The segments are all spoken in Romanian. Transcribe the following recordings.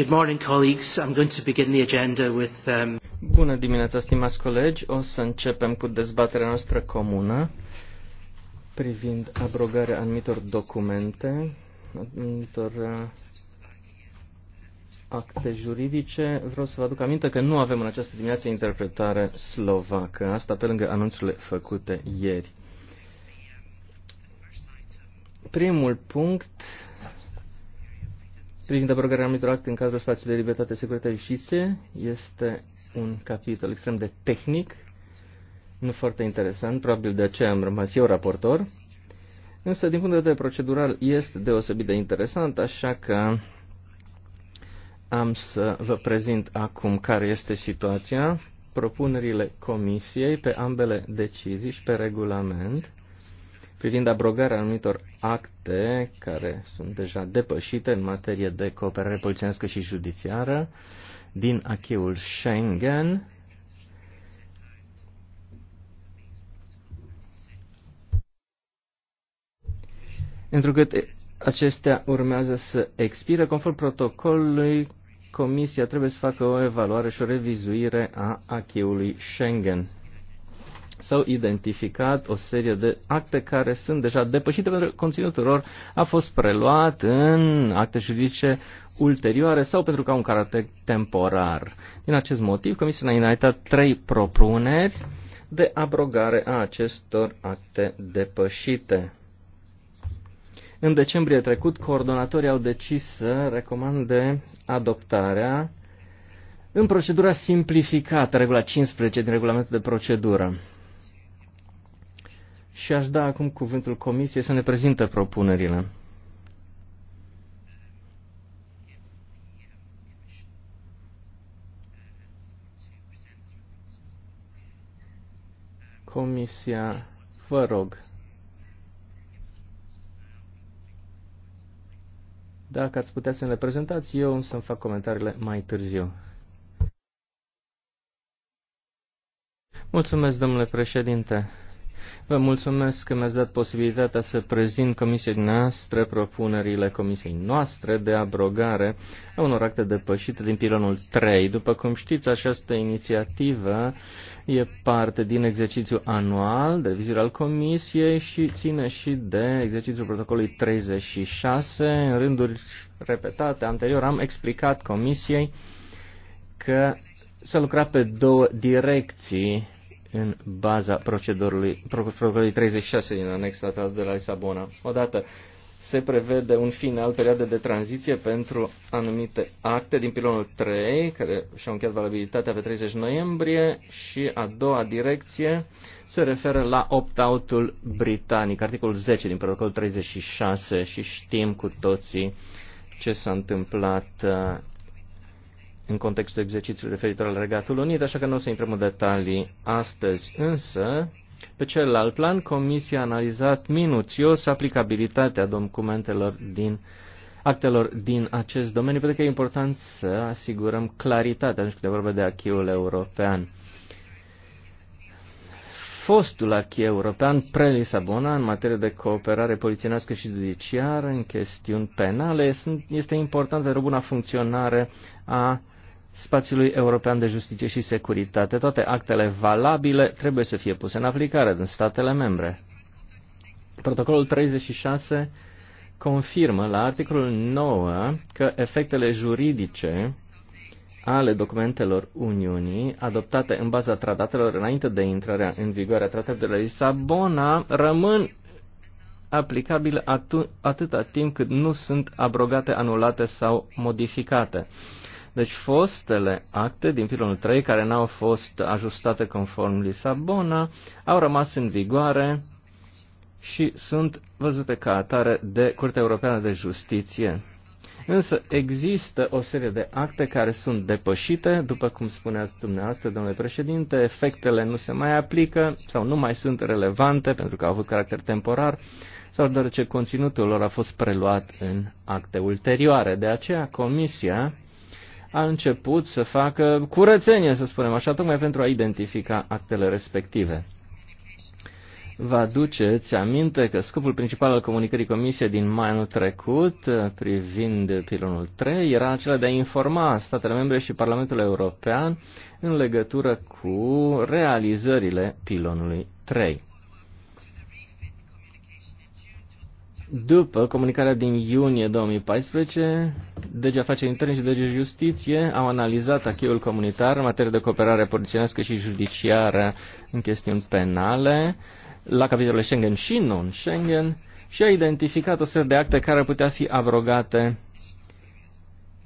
Good morning, colleagues. I'm going to begin the agenda with. Um... Bună dimineața, stimați colegi. O să începem cu dezbaterea noastră comună privind abrogarea anumitor documente, anumitor uh, acte juridice. Vreau să vă aduc aminte că nu avem în această dimineață interpretare slovacă. Asta pe lângă anunțurile făcute ieri. Primul punct privind abrogarea anumitor acte în cazul spațiului de libertate, securitate, justiție. Este un capitol extrem de tehnic, nu foarte interesant, probabil de aceea am rămas eu raportor. Însă, din punct de vedere procedural, este deosebit de interesant, așa că am să vă prezint acum care este situația, propunerile comisiei pe ambele decizii și pe regulament privind abrogarea anumitor acte care sunt deja depășite în materie de cooperare polițienescă și judiciară din acheul Schengen. Întrucât acestea urmează să expire, conform protocolului, Comisia trebuie să facă o evaluare și o revizuire a acheului Schengen s-au identificat o serie de acte care sunt deja depășite pentru că conținutul lor a fost preluat în acte juridice ulterioare sau pentru că au un caracter temporar. Din acest motiv, Comisia a înaintat trei propuneri de abrogare a acestor acte depășite. În decembrie trecut, coordonatorii au decis să recomande adoptarea în procedura simplificată, regula 15 din regulamentul de procedură și aș da acum cuvântul Comisiei să ne prezintă propunerile. Comisia, vă rog, dacă ați putea să ne prezentați, eu îmi să-mi fac comentariile mai târziu. Mulțumesc, domnule președinte. Vă mulțumesc că mi-ați dat posibilitatea să prezint comisiei noastre propunerile comisiei noastre de abrogare a unor acte depășite din pilonul 3. După cum știți, această inițiativă e parte din exercițiul anual de vizire al comisiei și ține și de exercițiul protocolului 36. În rânduri repetate anterior am explicat comisiei că s-a lucrat pe două direcții în baza procedurului, procedurului 36 din anexa tras de la Lisabona. Odată, se prevede un final, perioadă de tranziție pentru anumite acte din pilonul 3, care și-au încheiat valabilitatea pe 30 noiembrie, și a doua direcție se referă la opt-out-ul britanic, articolul 10 din protocolul 36 și știm cu toții ce s-a întâmplat uh, în contextul exercițiului referitor al Regatul Unit, așa că nu o să intrăm în detalii astăzi. Însă, pe celălalt plan, Comisia a analizat minuțios aplicabilitatea documentelor din actelor din acest domeniu, pentru că e important să asigurăm claritatea atunci când e vorba de achiul european. Fostul achie european pre-Lisabona în materie de cooperare polițienească și judiciară în chestiuni penale este important pentru buna funcționare a uh, spațiului european de justiție și securitate. Toate actele valabile trebuie să fie puse în aplicare din statele membre. Protocolul 36 confirmă la articolul 9 că efectele juridice ale documentelor Uniunii adoptate în baza tratatelor înainte de intrarea în vigoare a tratatului de Lisabona rămân aplicabile atâta timp cât nu sunt abrogate, anulate sau modificate. Deci fostele acte din pilonul 3 care n-au fost ajustate conform Lisabona au rămas în vigoare și sunt văzute ca atare de Curtea Europeană de Justiție. Însă există o serie de acte care sunt depășite, după cum spuneați dumneavoastră, domnule președinte, efectele nu se mai aplică sau nu mai sunt relevante pentru că au avut caracter temporar sau deoarece conținutul lor a fost preluat în acte ulterioare. De aceea Comisia a început să facă curățenie, să spunem așa, tocmai pentru a identifica actele respective. Vă aduceți aminte că scopul principal al comunicării Comisiei din mai anul trecut, uh, privind pilonul 3, era acela de a informa statele membre și Parlamentul European în legătură cu realizările pilonului 3. După comunicarea din iunie 2014, DG Afaceri Interne și DG Justiție au analizat acheiul comunitar în materie de cooperare polițienească și judiciară în chestiuni penale, la capitolele Schengen și non-Schengen, și a identificat o serie de acte care putea fi abrogate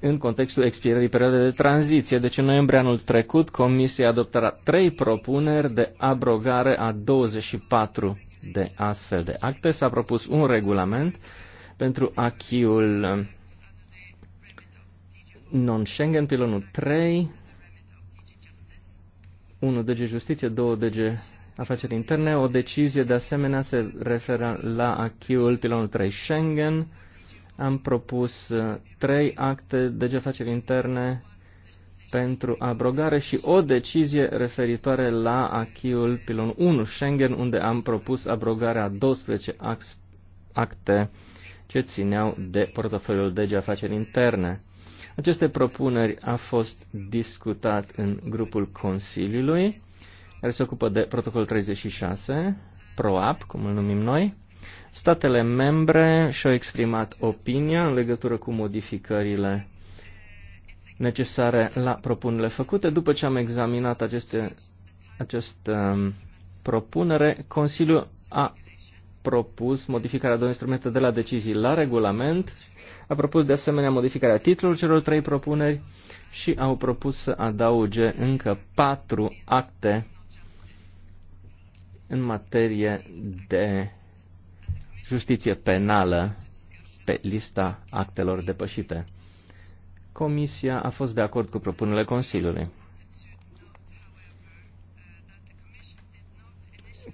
în contextul expirării perioadei de tranziție. Deci în noiembrie anul trecut, Comisia adoptara trei propuneri de abrogare a 24 de astfel de acte. S-a propus un regulament pentru achiul um, non-Schengen, pilonul 3, 1 DG Justiție, 2 DG Afaceri Interne. O decizie de asemenea se referă la achiul pilonul 3 Schengen. Am propus uh, trei acte DG Afaceri Interne, pentru abrogare și o decizie referitoare la achiul pilon 1 Schengen, unde am propus abrogarea 12 acte ce țineau de portofoliul de afaceri interne. Aceste propuneri a fost discutat în grupul Consiliului, care se ocupă de protocolul 36, PROAP, cum îl numim noi. Statele membre și-au exprimat opinia în legătură cu modificările necesare la propunerile făcute. După ce am examinat aceste, acest um, propunere, Consiliul a propus modificarea două instrumente de la decizii la regulament, a propus de asemenea modificarea titlului celor trei propuneri și au propus să adauge încă patru acte în materie de justiție penală pe lista actelor depășite. Comisia a fost de acord cu propunerile Consiliului.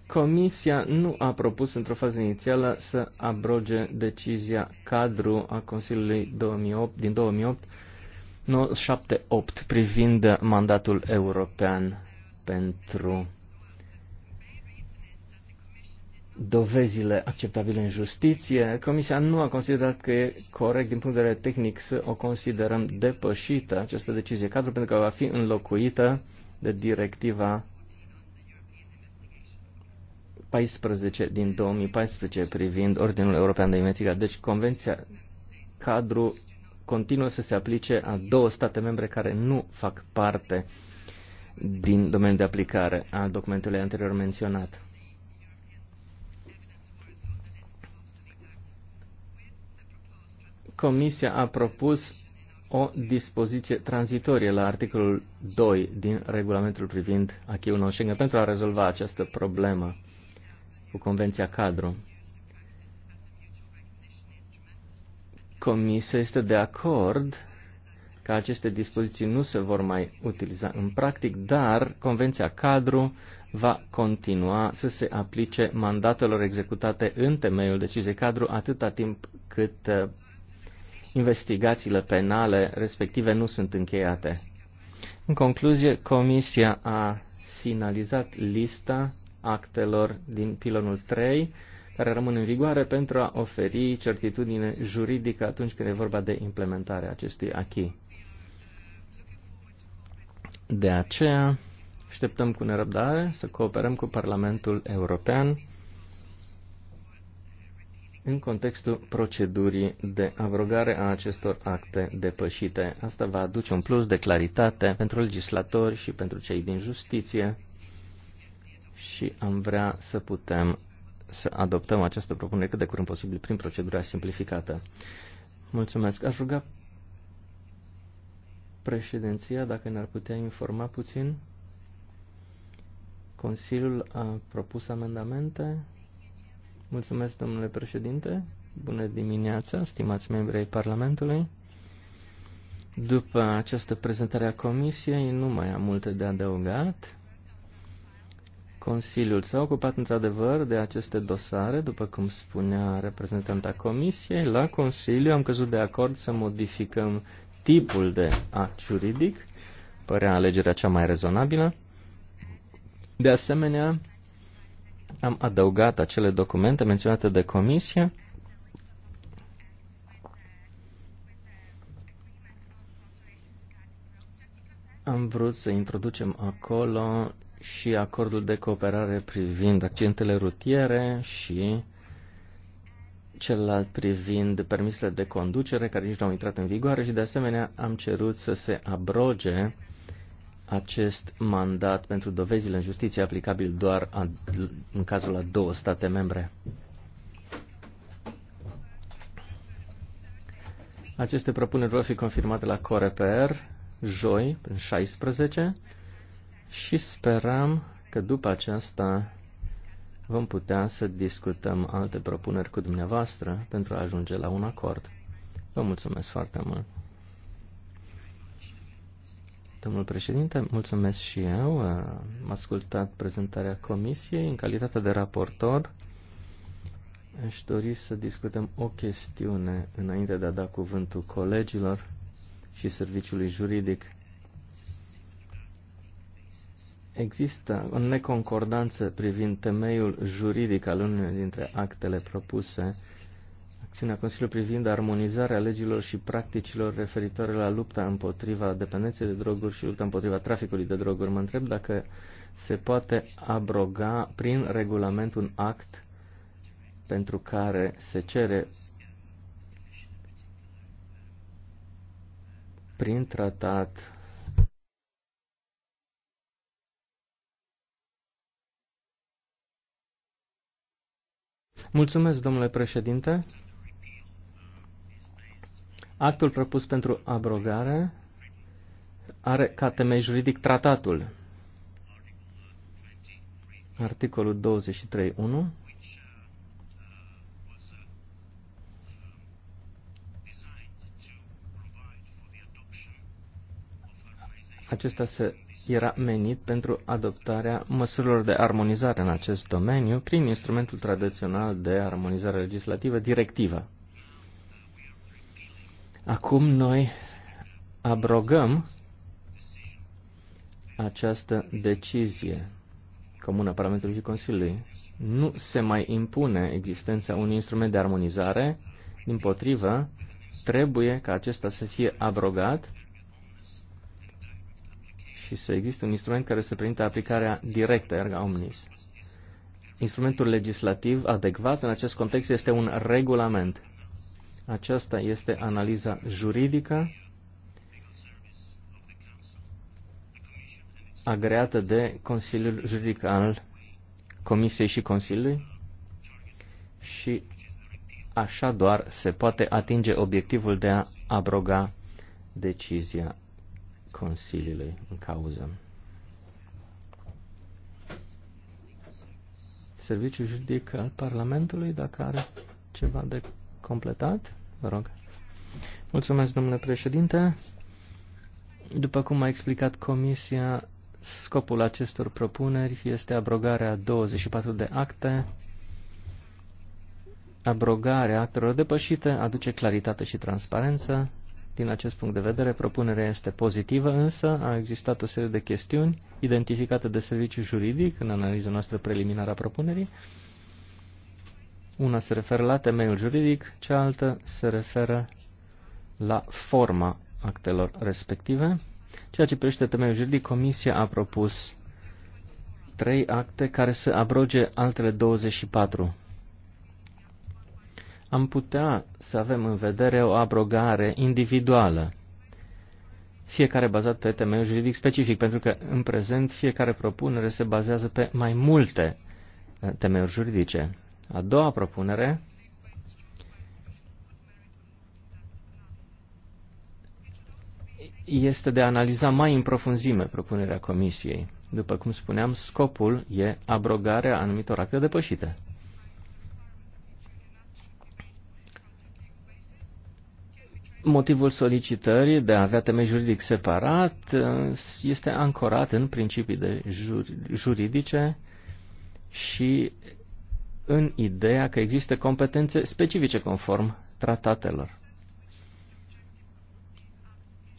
Comisia nu a propus într-o fază inițială să abroge decizia cadru a Consiliului 2008, din 2008 978 privind mandatul european pentru dovezile acceptabile în justiție. Comisia nu a considerat că e corect din punct de vedere tehnic să o considerăm depășită, această decizie cadru, pentru că va fi înlocuită de directiva 14 din 2014 privind Ordinul European de Investigare. Deci convenția cadru continuă să se aplice a două state membre care nu fac parte din domeniul de aplicare a documentului anterior menționat. Comisia a propus o dispoziție tranzitorie la articolul 2 din regulamentul privind acquis non-Schengen pentru a rezolva această problemă cu Convenția Cadru. Comisia este de acord că aceste dispoziții nu se vor mai utiliza în practic, dar Convenția Cadru va continua să se aplice mandatelor executate în temeiul deciziei cadru atâta timp cât investigațiile penale respective nu sunt încheiate. În concluzie, Comisia a finalizat lista actelor din pilonul 3 care rămân în vigoare pentru a oferi certitudine juridică atunci când e vorba de implementarea acestui achi. De aceea, așteptăm cu nerăbdare să cooperăm cu Parlamentul European în contextul procedurii de abrogare a acestor acte depășite. Asta va aduce un plus de claritate pentru legislatori și pentru cei din justiție și am vrea să putem să adoptăm această propunere cât de curând posibil prin procedura simplificată. Mulțumesc. Aș ruga președinția dacă ne-ar putea informa puțin. Consiliul a propus amendamente. Mulțumesc, domnule președinte. Bună dimineața, stimați membri ai Parlamentului. După această prezentare a Comisiei, nu mai am multe de adăugat. Consiliul s-a ocupat într-adevăr de aceste dosare, după cum spunea reprezentanta Comisiei. La Consiliu am căzut de acord să modificăm tipul de act juridic, părea alegerea cea mai rezonabilă. De asemenea, am adăugat acele documente menționate de comisie Am vrut să introducem acolo și acordul de cooperare privind accidentele rutiere și celălalt privind permisele de conducere, care nici nu au intrat în vigoare și de asemenea am cerut să se abroge acest mandat pentru dovezile în justiție aplicabil doar în cazul a două state membre. Aceste propuneri vor fi confirmate la Coreper joi, în 16, și sperăm că după aceasta vom putea să discutăm alte propuneri cu dumneavoastră pentru a ajunge la un acord. Vă mulțumesc foarte mult! Domnul președinte, mulțumesc și eu. Am ascultat prezentarea comisiei în calitate de raportor. Aș dori să discutăm o chestiune înainte de a da cuvântul colegilor și serviciului juridic. Există o neconcordanță privind temeiul juridic al unei dintre actele propuse acțiunea Consiliului privind armonizarea legilor și practicilor referitoare la lupta împotriva dependenței de droguri și lupta împotriva traficului de droguri. Mă întreb dacă se poate abroga prin regulament un act pentru care se cere prin tratat Mulțumesc, domnule președinte. Actul propus pentru abrogare are ca temei juridic tratatul, articolul 23.1, acesta se era menit pentru adoptarea măsurilor de armonizare în acest domeniu prin instrumentul tradițional de armonizare legislativă, directiva. Acum noi abrogăm această decizie comună Parlamentului și Consiliului. Nu se mai impune existența unui instrument de armonizare, din potrivă, trebuie ca acesta să fie abrogat și să existe un instrument care să permită aplicarea directă, erga omnis. Instrumentul legislativ adecvat în acest context este un regulament. Aceasta este analiza juridică agreată de Consiliul Juridic al Comisiei și Consiliului și așa doar se poate atinge obiectivul de a abroga decizia Consiliului în cauză. Serviciul Juridic al Parlamentului, dacă are ceva de completat. Vă rog. Mulțumesc, domnule președinte. După cum a explicat Comisia, scopul acestor propuneri este abrogarea 24 de acte. Abrogarea actelor depășite aduce claritate și transparență. Din acest punct de vedere, propunerea este pozitivă, însă a existat o serie de chestiuni identificate de serviciu juridic în analiza noastră preliminară a propunerii una se referă la temeiul juridic, cealaltă se referă la forma actelor respective. Ceea ce privește temeiul juridic, Comisia a propus trei acte care să abroge altele 24. Am putea să avem în vedere o abrogare individuală, fiecare bazat pe temeiul juridic specific, pentru că în prezent fiecare propunere se bazează pe mai multe eh, temeiuri juridice. A doua propunere este de a analiza mai în profunzime propunerea Comisiei. După cum spuneam, scopul e abrogarea anumitor acte depășite. Motivul solicitării de a avea temei juridic separat uh, este ancorat în principii de juridice și în ideea că există competențe specifice conform tratatelor.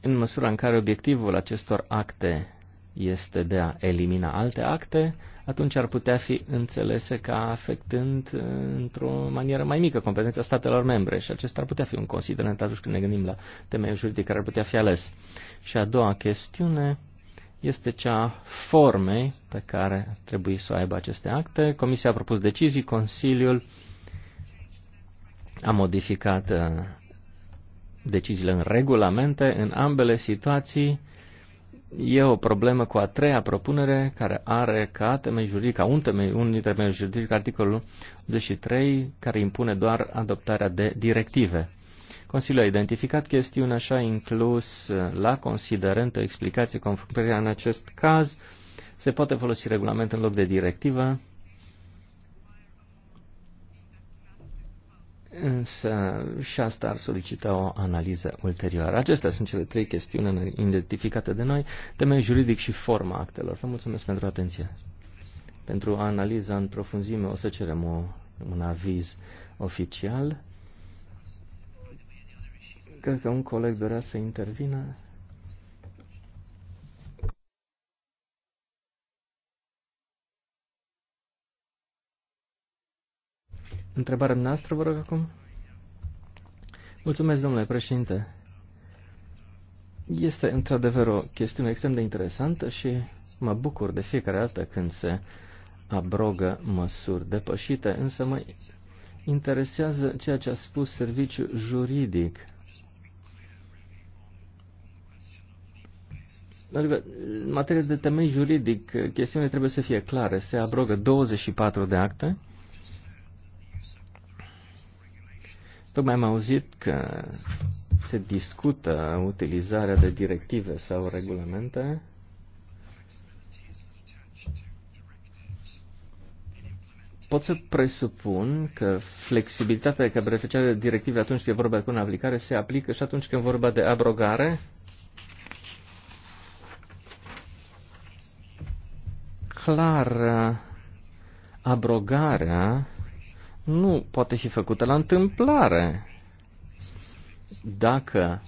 În măsura în care obiectivul acestor acte este de a elimina alte acte, atunci ar putea fi înțelese ca afectând uh, într-o manieră mai mică competența statelor membre și acesta ar putea fi un considerent atunci când ne gândim la temeiul juridic care ar putea fi ales. Și a doua chestiune este cea formei pe care trebuie să o aibă aceste acte. Comisia a propus decizii, Consiliul a modificat uh, deciziile în regulamente. În ambele situații e o problemă cu a treia propunere care are ca temei juridic, ca un, temei, un dintre temei juridic, articolul 23, care impune doar adoptarea de directive. Consiliul a identificat chestiunea și a inclus la considerent o explicație conform care în acest caz se poate folosi regulament în loc de directivă, însă și asta ar solicita o analiză ulterioară. Acestea sunt cele trei chestiuni identificate de noi, temei juridic și forma actelor. Vă mulțumesc pentru atenție. Pentru analiza în profunzime o să cerem o, un aviz oficial Cred că un coleg dorea să intervină. Întrebarea noastră, vă rog, acum? Mulțumesc, domnule președinte. Este într-adevăr o chestiune extrem de interesantă și mă bucur de fiecare dată când se abrogă măsuri depășite, însă mă interesează ceea ce a spus serviciul juridic Adică, în materie de temei juridic, chestiunile trebuie să fie clare. Se abrogă 24 de acte. Tocmai am auzit că se discută utilizarea de directive sau regulamente. Pot să presupun că flexibilitatea de care beneficiază directive atunci când e vorba de până aplicare se aplică și atunci când e vorba de abrogare? clar, abrogarea nu poate fi făcută la întâmplare. Dacă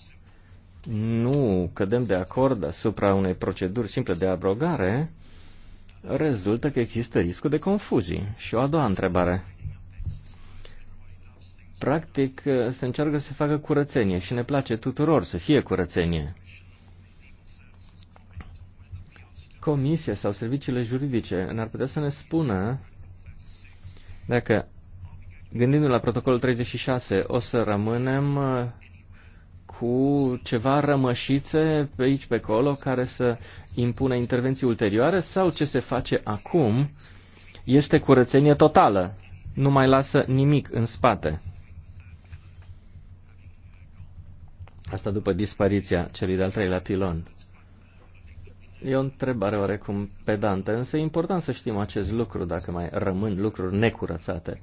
nu cădem de acord asupra unei proceduri simple de abrogare, rezultă că există riscul de confuzii. Și o a doua întrebare. Practic, se încearcă să facă curățenie și ne place tuturor să fie curățenie. Comisia sau serviciile juridice ne-ar putea să ne spună dacă, gândindu la protocolul 36, o să rămânem uh, cu ceva rămășițe pe aici, pe acolo, care să impună intervenții ulterioare sau ce se face acum este curățenie totală. Nu mai lasă nimic în spate. Asta după dispariția celui de-al treilea pilon. E o întrebare oarecum pedantă, însă e important să știm acest lucru dacă mai rămân lucruri necurățate.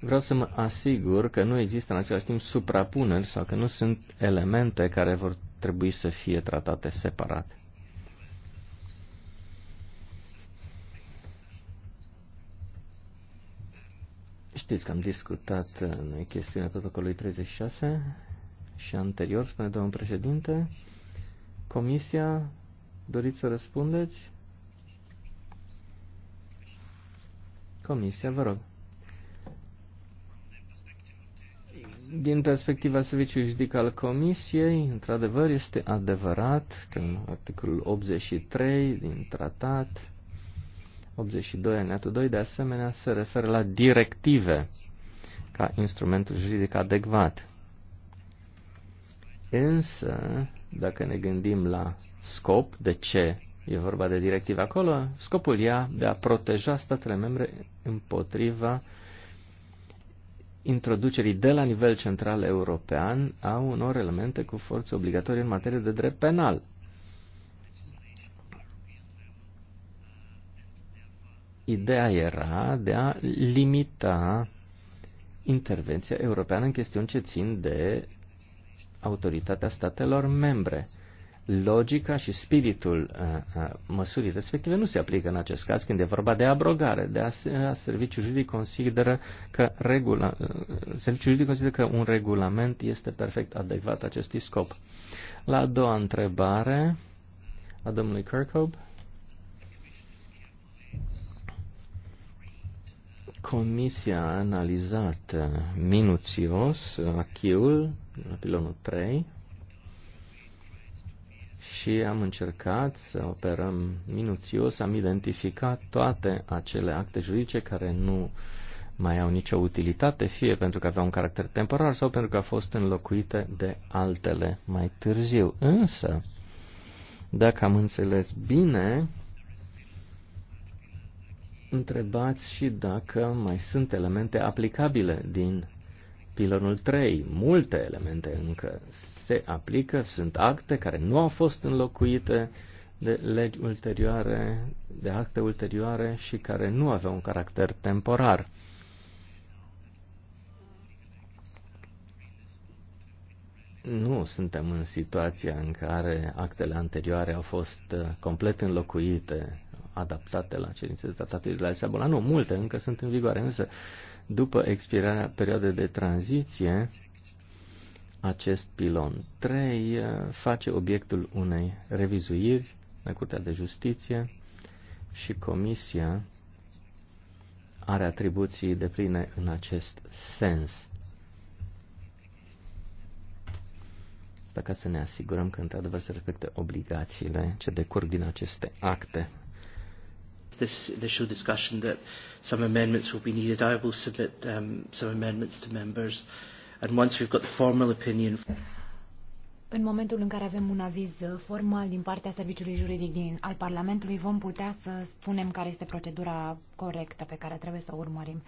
Vreau să mă asigur că nu există în același timp suprapuneri sau că nu sunt elemente care vor trebui să fie tratate separat. Știți că am discutat în chestiunea protocolului 36 și anterior, spune domnul președinte, Comisia Doriți să răspundeți? Comisia, vă rog. Din perspectiva serviciului juridic al Comisiei, într-adevăr, este adevărat că în articolul 83 din tratat, 82 aneatul 2, de asemenea, se referă la directive ca instrumentul juridic adecvat. Însă, dacă ne gândim la scop. De ce e vorba de directivă acolo? Scopul ea de a proteja statele membre împotriva introducerii de la nivel central european a unor elemente cu forță obligatorie în materie de drept penal. Ideea era de a limita intervenția europeană în chestiuni ce țin de autoritatea statelor membre logica și spiritul uh, uh, măsurii respective nu se aplică în acest caz când e vorba de abrogare. De asemenea, serviciul juridic consideră că regula, uh, serviciul juridic consideră că un regulament este perfect adecvat acestui scop. La a doua întrebare a domnului Kirkhope. Comisia a analizat minuțios achiul la pilonul 3 și am încercat să operăm minuțios, am identificat toate acele acte juridice care nu mai au nicio utilitate, fie pentru că aveau un caracter temporar sau pentru că au fost înlocuite de altele mai târziu. Însă, dacă am înțeles bine, întrebați și dacă mai sunt elemente aplicabile din Pilonul 3. Multe elemente încă se aplică, sunt acte care nu au fost înlocuite de legi ulterioare, de acte ulterioare și care nu aveau un caracter temporar. Nu suntem în situația în care actele anterioare au fost uh, complet înlocuite, adaptate la cerințele tratatului de la Lisabona. Nu, multe încă sunt în vigoare, însă după expirarea perioadei de tranziție, acest pilon 3 eh, face obiectul unei revizuiri la Curtea de Justiție și Comisia are atribuții de pline în acest sens. Asta ca să ne asigurăm că într-adevăr se respectă obligațiile ce decurg din aceste acte this initial discussion that some amendments will be needed. I will submit um, some amendments to members. And once we've got the formal opinion... În momentul în care avem un aviz uh, formal din partea Serviciului Juridic din, al Parlamentului, vom putea să spunem care este procedura corectă pe care trebuie să o urmărim.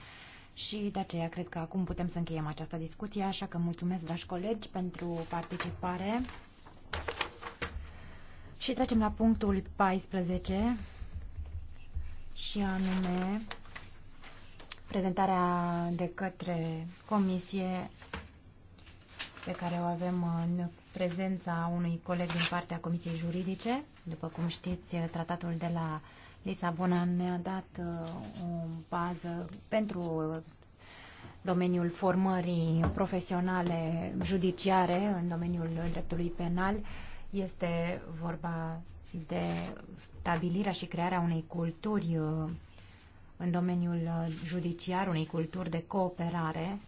Și de aceea cred că acum putem să încheiem această discuție, așa că mulțumesc, dragi colegi, pentru participare. Și trecem la punctul 14 și anume prezentarea de către comisie pe care o avem în prezența unui coleg din partea Comisiei Juridice. După cum știți, tratatul de la Lisabona ne-a dat uh, o bază pentru domeniul formării profesionale judiciare în domeniul dreptului penal. Este vorba de stabilirea și crearea unei culturi uh, în domeniul uh, judiciar, unei culturi de cooperare.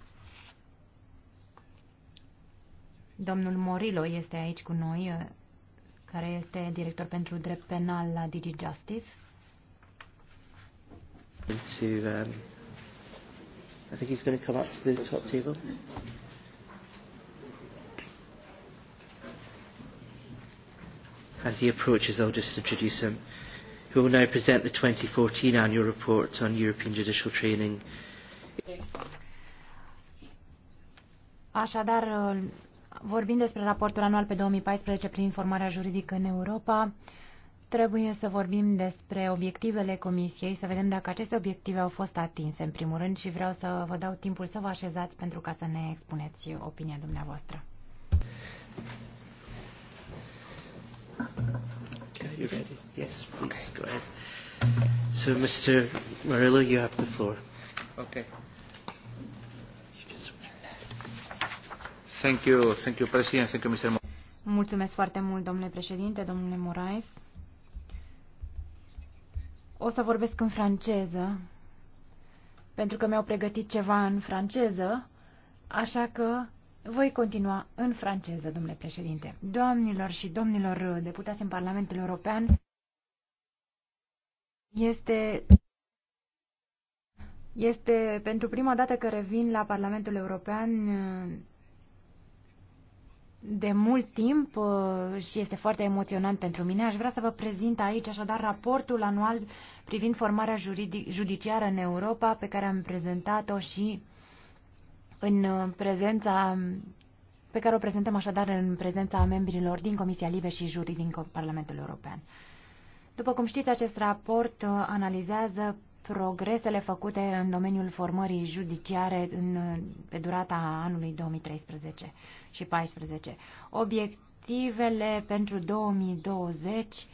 Domnul Morilo este aici cu noi, uh, care este director pentru drept penal la Digi Justice. To, um, I think he's going to come up to the top table. as he approaches, I'll just introduce him, who will now present the 2014 annual report on European Judicial Training. Așadar, vorbind despre raportul anual pe 2014 prin informarea juridică în Europa, trebuie să vorbim despre obiectivele Comisiei, să vedem dacă aceste obiective au fost atinse, în primul rând, și vreau să vă dau timpul să vă așezați pentru ca să ne expuneți opinia dumneavoastră you ready? Yes, please go ahead. So, Mr. you have the floor. Okay. Thank you, thank you, President. Thank you, Mr. Mulțumesc foarte mult, domnule președinte, domnule Moraes. O să vorbesc în franceză, pentru că mi-au pregătit ceva în franceză, așa că voi continua în franceză, domnule președinte. Doamnilor și domnilor deputați în Parlamentul European, este, este pentru prima dată că revin la Parlamentul European uh, de mult timp uh, și este foarte emoționant pentru mine. Aș vrea să vă prezint aici așadar raportul anual privind formarea judiciară în Europa pe care am prezentat-o și uh, în uh, prezența pe care o prezentăm așadar în prezența membrilor din Comisia Libe și Jurii din Parlamentul European. După cum știți, acest raport uh, analizează progresele făcute în domeniul formării judiciare în, uh, pe durata anului 2013 și 2014. Obiectivele pentru 2020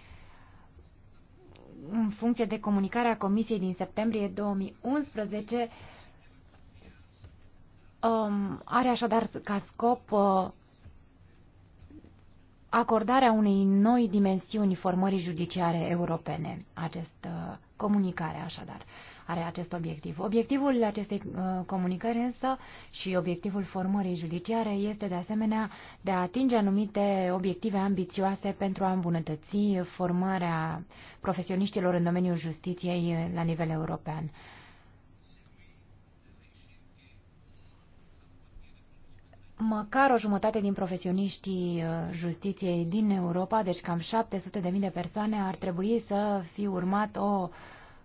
în funcție de comunicarea Comisiei din septembrie 2011 um, are așadar ca scop uh, acordarea unei noi dimensiuni formării judiciare europene. Această uh, comunicare, așadar, are acest obiectiv. Obiectivul acestei uh, comunicări însă și obiectivul formării judiciare este de asemenea de a atinge anumite obiective ambițioase pentru a îmbunătăți formarea profesioniștilor în domeniul justiției la nivel european. măcar o jumătate din profesioniștii uh, justiției din Europa, deci cam 700.000 de persoane, ar trebui să fi urmat o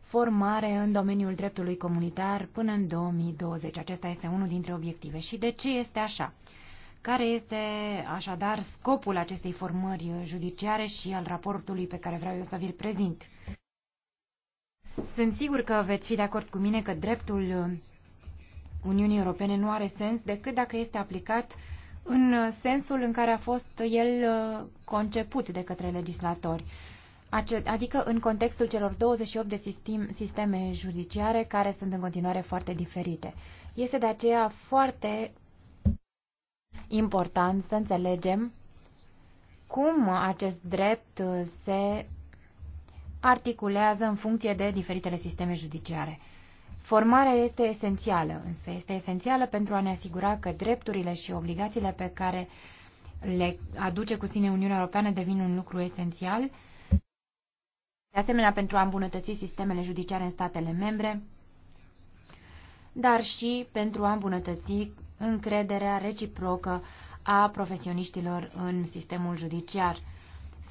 formare în domeniul dreptului comunitar până în 2020. Acesta este unul dintre obiective. Și de ce este așa? Care este așadar scopul acestei formări judiciare și al raportului pe care vreau eu să vi-l prezint? Sunt sigur că veți fi de acord cu mine că dreptul Uniunii Europene nu are sens decât dacă este aplicat în sensul în care a fost el uh, conceput de către legislatori, adică în contextul celor 28 de sisteme judiciare care sunt în continuare foarte diferite. Este de aceea foarte important să înțelegem cum acest drept uh, se articulează în funcție de diferitele sisteme judiciare. Formarea este esențială, însă este esențială pentru a ne asigura că drepturile și obligațiile pe care le aduce cu sine Uniunea Europeană devin un lucru esențial, de asemenea pentru a îmbunătăți sistemele judiciare în statele membre, dar și pentru a îmbunătăți încrederea reciprocă a profesioniștilor în sistemul judiciar.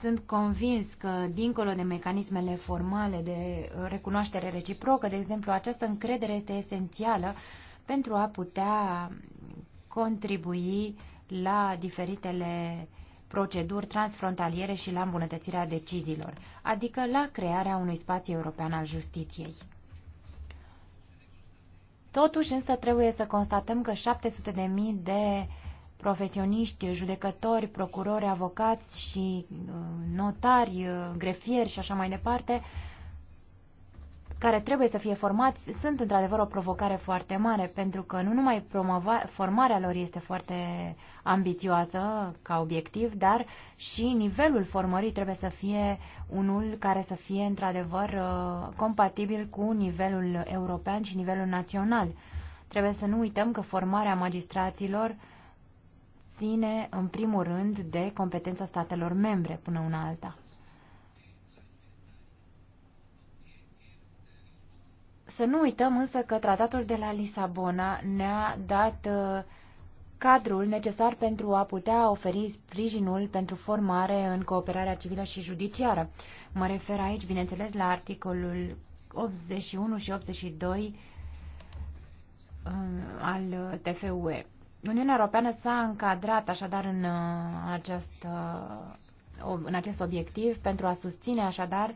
Sunt convins că, dincolo de mecanismele formale de uh, recunoaștere reciprocă, de exemplu, această încredere este esențială pentru a putea contribui la diferitele proceduri transfrontaliere și la îmbunătățirea deciziilor, adică la crearea unui spațiu european al justiției. Totuși însă trebuie să constatăm că 700.000 de profesioniști, judecători, procurori, avocați și uh, notari, uh, grefieri și așa mai departe, care trebuie să fie formați, sunt într-adevăr o provocare foarte mare, pentru că nu numai promova, formarea lor este foarte ambițioasă ca obiectiv, dar și nivelul formării trebuie să fie unul care să fie într-adevăr uh, compatibil cu nivelul european și nivelul național. Trebuie să nu uităm că formarea magistraților uh, ține, în primul rând, de competența statelor membre până una alta. Să nu uităm însă că tratatul de la Lisabona ne-a dat uh, cadrul necesar pentru a putea oferi sprijinul pentru formare în cooperarea civilă și judiciară. Mă refer aici, bineînțeles, la articolul 81 și 82 uh, al TFUE. Uniunea Europeană s-a încadrat așadar în uh, acest, uh, în acest obiectiv pentru a susține așadar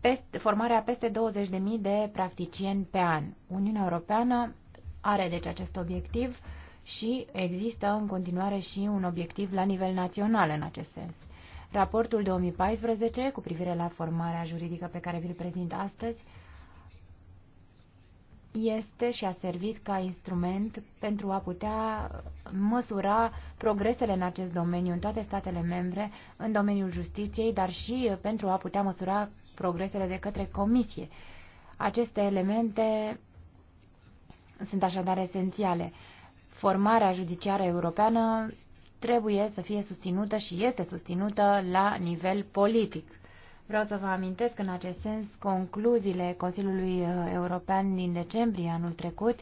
peste, formarea peste 20.000 de practicieni pe an. Uniunea Europeană are deci acest obiectiv și există în continuare și un obiectiv la nivel național în acest sens. Raportul 2014 cu privire la formarea juridică pe care vi-l prezint astăzi este și a servit ca instrument pentru a putea măsura progresele în acest domeniu în toate statele membre, în domeniul justiției, dar și pentru a putea măsura progresele de către comisie. Aceste elemente sunt așadar esențiale. Formarea judiciară europeană trebuie să fie susținută și este susținută la nivel politic. Vreau să vă amintesc în acest sens concluziile Consiliului uh, European din decembrie anul trecut,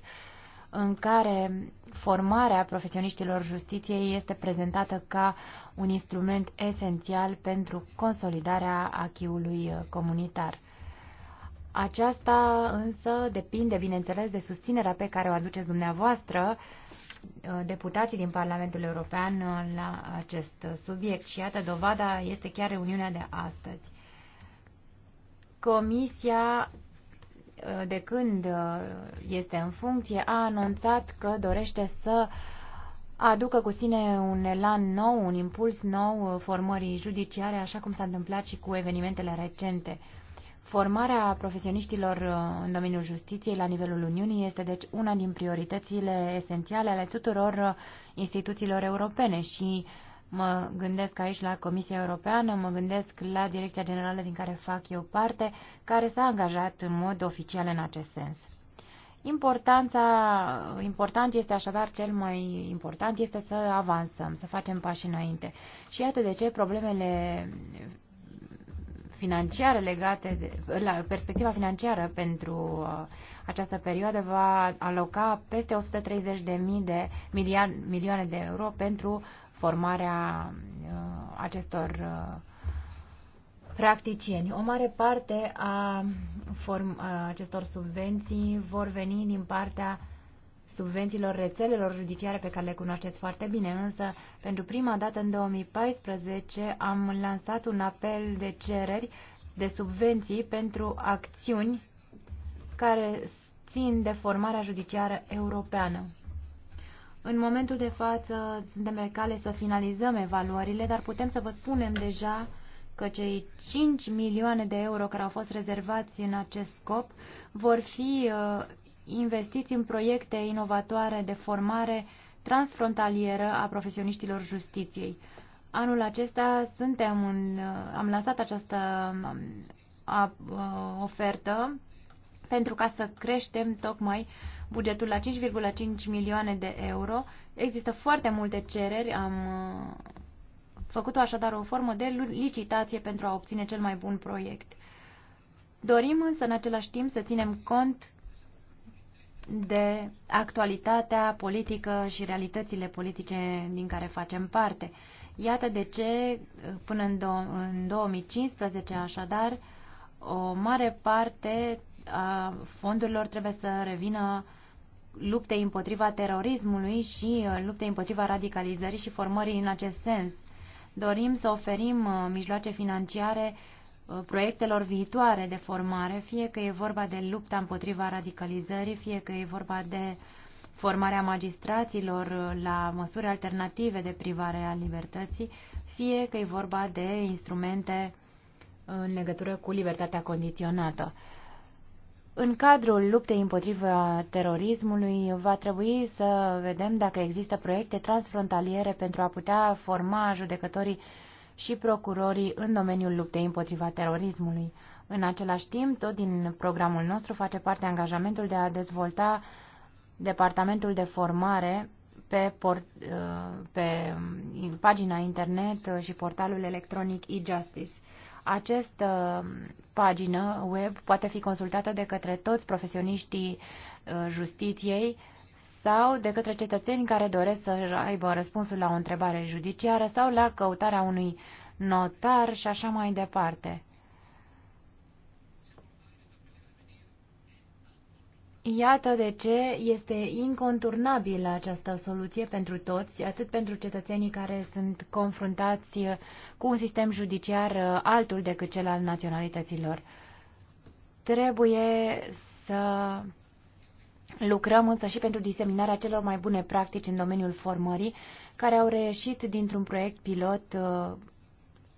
în care formarea profesioniștilor justiției este prezentată ca un instrument esențial pentru consolidarea achiului uh, comunitar. Aceasta însă depinde, bineînțeles, de susținerea pe care o aduceți dumneavoastră, uh, deputații din Parlamentul European, la acest subiect. Și iată, dovada este chiar reuniunea de astăzi. Comisia, uh, de când uh, este în funcție, a anunțat că dorește să aducă cu sine un elan nou, un impuls nou uh, formării judiciare, așa cum s-a întâmplat și cu evenimentele recente. Formarea profesioniștilor în domeniul justiției la nivelul Uniunii este deci una din prioritățile esențiale ale tuturor instituțiilor europene și uh, Mă gândesc aici la Comisia Europeană, mă gândesc la Direcția Generală din care fac eu parte, care s-a angajat în mod oficial în acest sens. Importanța, important este așadar, cel mai important este să avansăm, să facem pași înainte. Și iată de ce problemele financiare legate de, la perspectiva financiară pentru uh, această perioadă va aloca peste 130 de, mii de miliard, milioane de euro pentru formarea uh, acestor uh, practicieni. O mare parte a, form, uh, acestor subvenții vor veni din partea subvențiilor rețelelor judiciare pe care le cunoașteți foarte bine, însă pentru prima dată în 2014 am lansat un apel de cereri de subvenții pentru acțiuni care țin de formarea judiciară europeană. În momentul de față suntem pe cale să finalizăm evaluările, dar putem să vă spunem deja că cei 5 milioane de euro care au fost rezervați în acest scop vor fi uh, investiți în proiecte inovatoare de formare transfrontalieră a profesioniștilor justiției. Anul acesta suntem în, uh, am lansat această um, uh, ofertă pentru ca să creștem tocmai uh, bugetul la 5,5 milioane de euro. Există foarte multe cereri, am uh, făcut așadar o formă de licitație pentru a obține cel mai bun proiect. Dorim însă în același timp să ținem cont de actualitatea politică și realitățile politice din care facem parte. Iată de ce uh, până în, în 2015 așadar o mare parte a fondurilor trebuie să revină luptei împotriva terorismului și uh, luptei împotriva radicalizării și formării în acest sens. Dorim să oferim uh, mijloace financiare uh, proiectelor viitoare de formare, fie că e vorba de lupta împotriva radicalizării, fie că e vorba de formarea magistraților la măsuri alternative de privare a libertății, fie că e vorba de instrumente în legătură cu libertatea condiționată. În cadrul luptei împotriva terorismului va trebui să vedem dacă există proiecte transfrontaliere pentru a putea forma judecătorii și procurorii în domeniul luptei împotriva terorismului. În același timp, tot din programul nostru face parte angajamentul de a dezvolta departamentul de formare pe, port, pe uh, pagina internet și portalul electronic e-justice. Această uh, pagină web poate fi consultată de către toți profesioniștii uh, justiției sau de către cetățeni care doresc să aibă răspunsul la o întrebare judiciară sau la căutarea unui notar și așa mai departe. Iată de ce este inconturnabilă această soluție pentru toți, atât pentru cetățenii care sunt confruntați cu un sistem judiciar altul decât cel al naționalităților. Trebuie să lucrăm însă și pentru diseminarea celor mai bune practici în domeniul formării, care au reieșit dintr-un proiect pilot uh,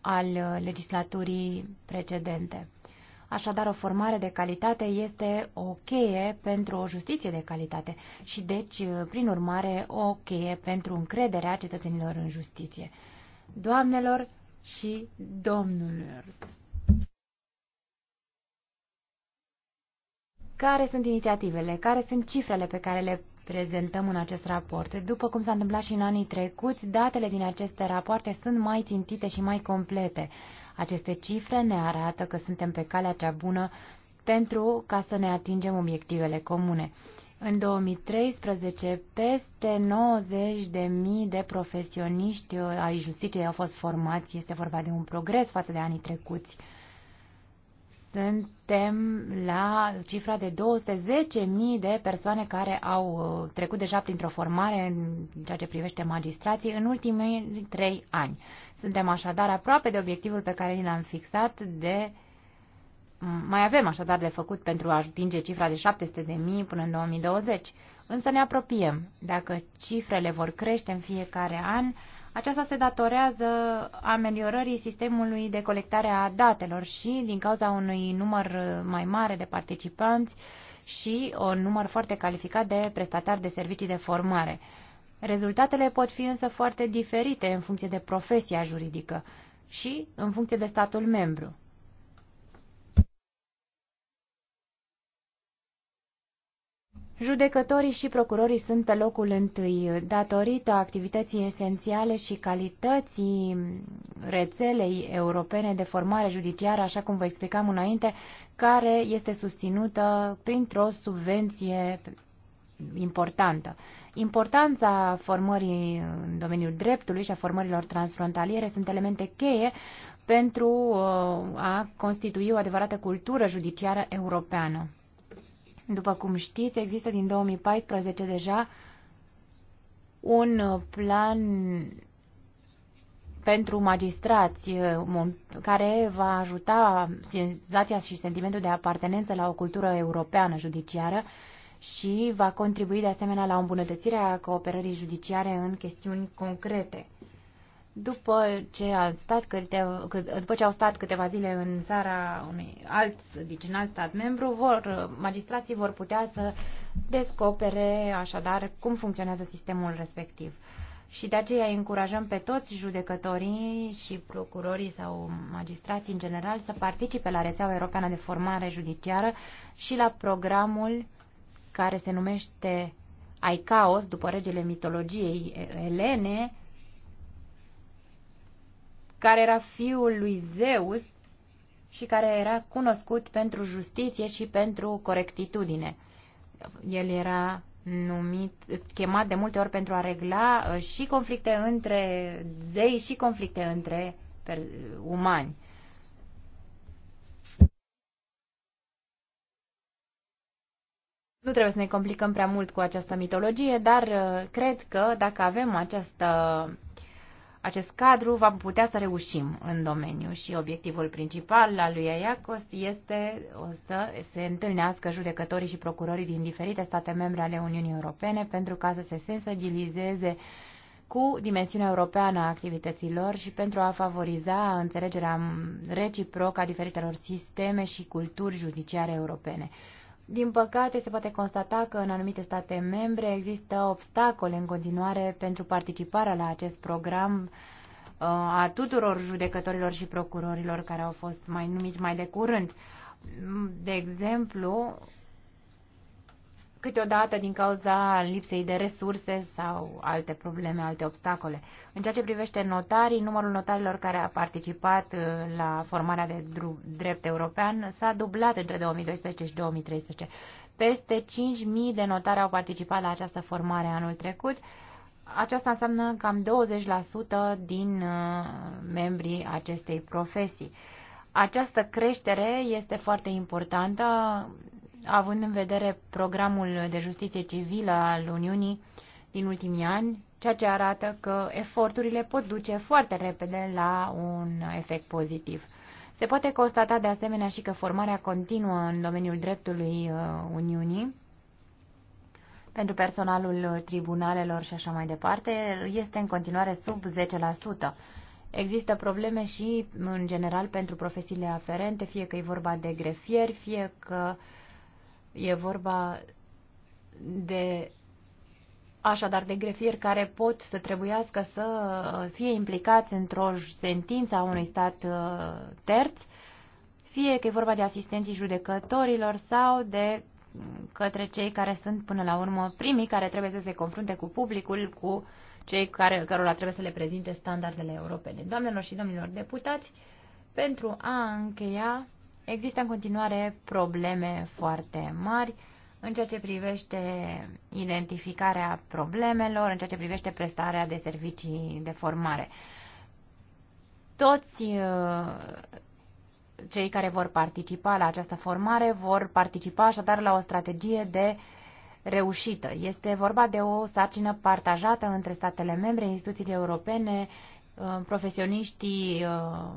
al legislaturii precedente. Așadar, o formare de calitate este o cheie pentru o justiție de calitate și, deci, prin urmare, o cheie pentru încrederea cetățenilor în justiție. Doamnelor și domnilor, care sunt inițiativele, care sunt cifrele pe care le prezentăm în acest raport. După cum s-a întâmplat și în anii trecuți, datele din aceste rapoarte sunt mai țintite și mai complete. Aceste cifre ne arată că suntem pe calea cea bună pentru ca să ne atingem obiectivele comune. În 2013, peste 90.000 de profesioniști uh, ai justiției au fost formați. Este vorba de un progres față de anii trecuți. Suntem la cifra de 210.000 de persoane care au uh, trecut deja printr-o formare în ceea ce privește magistrații în ultimii trei ani. Suntem așadar aproape de obiectivul pe care ni l-am fixat de mai avem așadar de făcut pentru a atinge cifra de 700.000 până în 2020, însă ne apropiem. Dacă cifrele vor crește în fiecare an, aceasta se datorează ameliorării sistemului de colectare a datelor și din cauza unui număr mai mare de participanți și un număr foarte calificat de prestatari de servicii de formare. Rezultatele pot fi însă foarte diferite în funcție de profesia juridică și în funcție de statul membru. Judecătorii și procurorii sunt pe locul întâi datorită activității esențiale și calității rețelei europene de formare judiciară, așa cum vă explicam înainte, care este susținută printr-o subvenție importantă. Importanța formării în domeniul dreptului și a formărilor transfrontaliere sunt elemente cheie pentru uh, a constitui o adevărată cultură judiciară europeană. După cum știți, există din 2014 deja un plan pentru magistrați uh, care va ajuta senzația și sentimentul de apartenență la o cultură europeană judiciară și va contribui de asemenea la îmbunătățirea cooperării judiciare în chestiuni concrete. După ce, au stat câteva, după ce au stat câteva zile în țara unui alt, deci în alt stat membru, vor, magistrații vor putea să descopere așadar cum funcționează sistemul respectiv. Și de aceea îi încurajăm pe toți judecătorii și procurorii sau magistrații în general să participe la rețeaua europeană de formare judiciară și la programul care se numește Aicaos, după regele mitologiei elene, care era fiul lui Zeus și care era cunoscut pentru justiție și pentru corectitudine. El era numit, chemat de multe ori pentru a regla uh, și conflicte între zei și conflicte între umani. Nu trebuie să ne complicăm prea mult cu această mitologie, dar uh, cred că dacă avem această, acest cadru, vom putea să reușim în domeniu și obiectivul principal al lui Iacos este să se întâlnească judecătorii și procurorii din diferite state membre ale Uniunii Europene pentru ca să se sensibilizeze cu dimensiunea europeană a activităților și pentru a favoriza înțelegerea reciprocă a diferitelor sisteme și culturi judiciare europene. Din păcate, se poate constata că în anumite state membre există obstacole în continuare pentru participarea la acest program uh, a tuturor judecătorilor și procurorilor care au fost mai numiți mai de curând. De exemplu, câteodată din cauza lipsei de resurse sau alte probleme, alte obstacole. În ceea ce privește notarii, numărul notarilor care a participat uh, la formarea de drept european s-a dublat între 2012 și 2013. Peste 5.000 de notari au participat la această formare anul trecut. Aceasta înseamnă cam 20% din uh, membrii acestei profesii. Această creștere este foarte importantă având în vedere programul de justiție civilă al Uniunii din ultimii ani, ceea ce arată că eforturile pot duce foarte repede la un efect pozitiv. Se poate constata de asemenea și că formarea continuă în domeniul dreptului uh, Uniunii pentru personalul tribunalelor și așa mai departe este în continuare sub 10%. Există probleme și, în general, pentru profesiile aferente, fie că e vorba de grefieri, fie că uh, E vorba de așadar de grefieri care pot să trebuiască să fie implicați într-o sentință a unui stat uh, terț, fie că e vorba de asistenții judecătorilor sau de mm, către cei care sunt până la urmă primii care trebuie să se confrunte cu publicul, cu cei care, cărora trebuie să le prezinte standardele europene. Doamnelor și domnilor deputați, pentru a încheia, Există în continuare probleme foarte mari în ceea ce privește identificarea problemelor, în ceea ce privește prestarea de servicii de formare. Toți uh, cei care vor participa la această formare vor participa așadar la o strategie de reușită. Este vorba de o sarcină partajată între statele membre, instituțiile europene, uh, profesioniștii uh,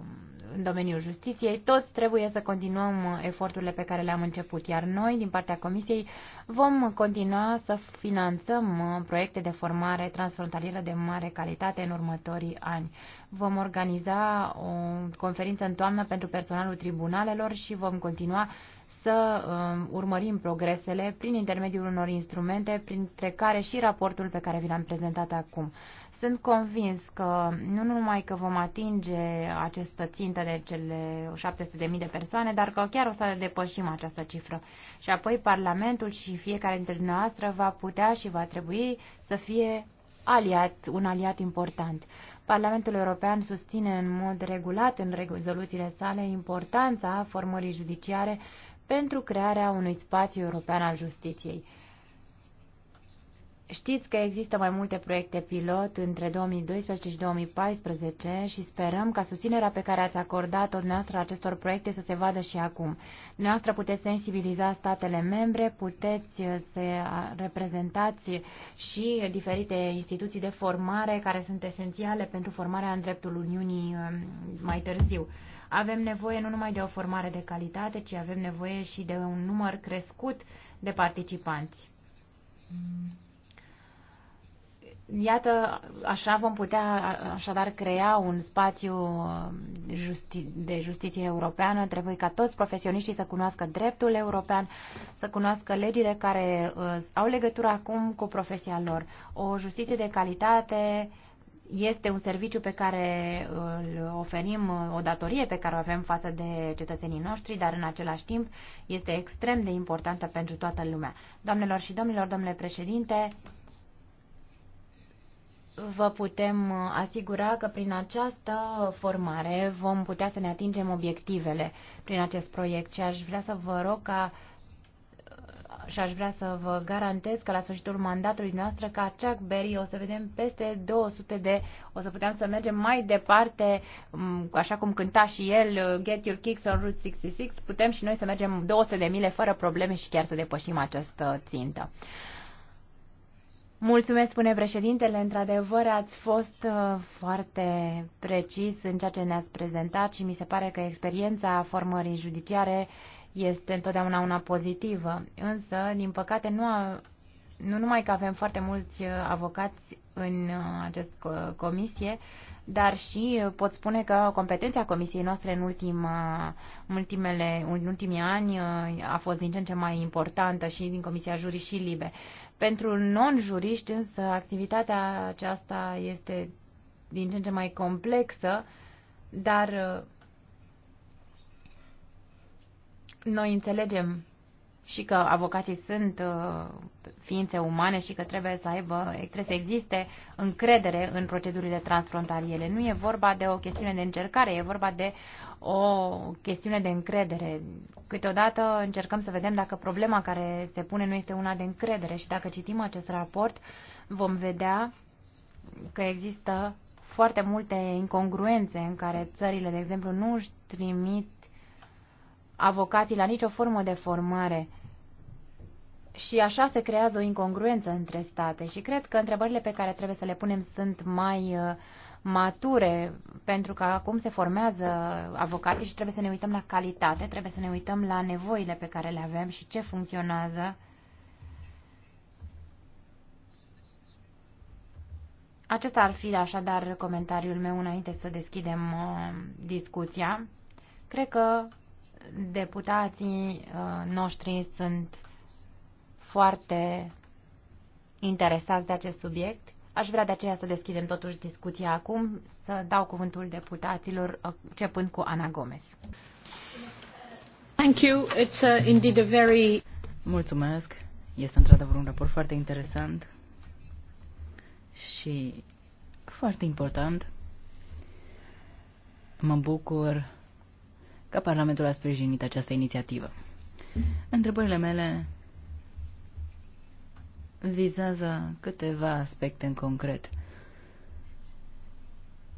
în domeniul justiției, toți trebuie să continuăm eforturile pe care le-am început, iar noi, din partea Comisiei, vom continua să finanțăm proiecte de formare transfrontalieră de mare calitate în următorii ani. Vom organiza o conferință în toamnă pentru personalul tribunalelor și vom continua să um, urmărim progresele prin intermediul unor instrumente, printre care și raportul pe care vi l-am prezentat acum. Sunt convins că nu numai că vom atinge această țintă de cele 700.000 de persoane, dar că chiar o să depășim această cifră. Și apoi Parlamentul și fiecare dintre noastre va putea și va trebui să fie aliat, un aliat important. Parlamentul European susține în mod regulat în rezoluțiile sale importanța formării judiciare pentru crearea unui spațiu european al justiției. Știți că există mai multe proiecte pilot între 2012 și 2014 și sperăm ca susținerea pe care ați acordat-o noastră acestor proiecte să se vadă și acum. Noastră puteți sensibiliza statele membre, puteți uh, să reprezentați și diferite instituții de formare care sunt esențiale pentru formarea în dreptul Uniunii um, mai târziu. Avem nevoie nu numai de o formare de calitate, ci avem nevoie și de un număr crescut de participanți. Mm. Iată, așa vom putea așadar crea un spațiu um, justi- de justiție europeană. Trebuie ca toți profesioniștii să cunoască dreptul european, să cunoască legile care uh, au legătură acum cu profesia lor. O justiție de calitate este un serviciu pe care uh, îl oferim, uh, o datorie pe care o avem față de cetățenii noștri, dar în același timp este extrem de importantă pentru toată lumea. Doamnelor și domnilor, domnule președinte, vă putem uh, asigura că prin această formare vom putea să ne atingem obiectivele prin acest proiect și aș vrea să vă rog ca uh, și aș vrea să vă garantez că la sfârșitul mandatului noastră ca Chuck Berry o să vedem peste 200 de, o să putem să mergem mai departe, mm, așa cum cânta și el uh, Get Your Kicks on Route 66, putem și noi să mergem 200 de mile fără probleme și chiar să depășim această țintă. Mulțumesc, spune președintele. Într-adevăr, ați fost uh, foarte precis în ceea ce ne-ați prezentat și mi se pare că experiența formării judiciare este întotdeauna una pozitivă. Însă, din păcate, nu, a, nu numai că avem foarte mulți uh, avocați în uh, această comisie, dar și pot spune că competența comisiei noastre în, ultima, ultimele, în ultimii ani uh, a fost din ce în ce mai importantă și din Comisia Jurii și Libe. Pentru non-juriști însă activitatea aceasta este din ce în ce mai complexă, dar uh, noi înțelegem și că avocații sunt uh, ființe umane și că trebuie să aibă, trebuie să existe încredere în procedurile transfrontaliere. Nu e vorba de o chestiune de încercare, e vorba de o chestiune de încredere. Câteodată încercăm să vedem dacă problema care se pune nu este una de încredere și dacă citim acest raport vom vedea că există foarte multe incongruențe în care țările, de exemplu, nu își trimit avocații la nicio formă de formare. Și așa se creează o incongruență între state și cred că întrebările pe care trebuie să le punem sunt mai uh, mature, pentru că acum se formează avocații și trebuie să ne uităm la calitate, trebuie să ne uităm la nevoile pe care le avem și ce funcționează. Acesta ar fi așadar comentariul meu înainte să deschidem uh, discuția. Cred că deputații uh, noștri sunt foarte interesați de acest subiect. Aș vrea de aceea să deschidem totuși discuția acum, să dau cuvântul deputaților, uh, începând cu Ana Gomes. Thank you. It's a, uh, indeed a very... Mulțumesc. Este într-adevăr un raport foarte interesant și foarte important. Mă bucur că Parlamentul a sprijinit această inițiativă. Întrebările mele vizează câteva aspecte în concret.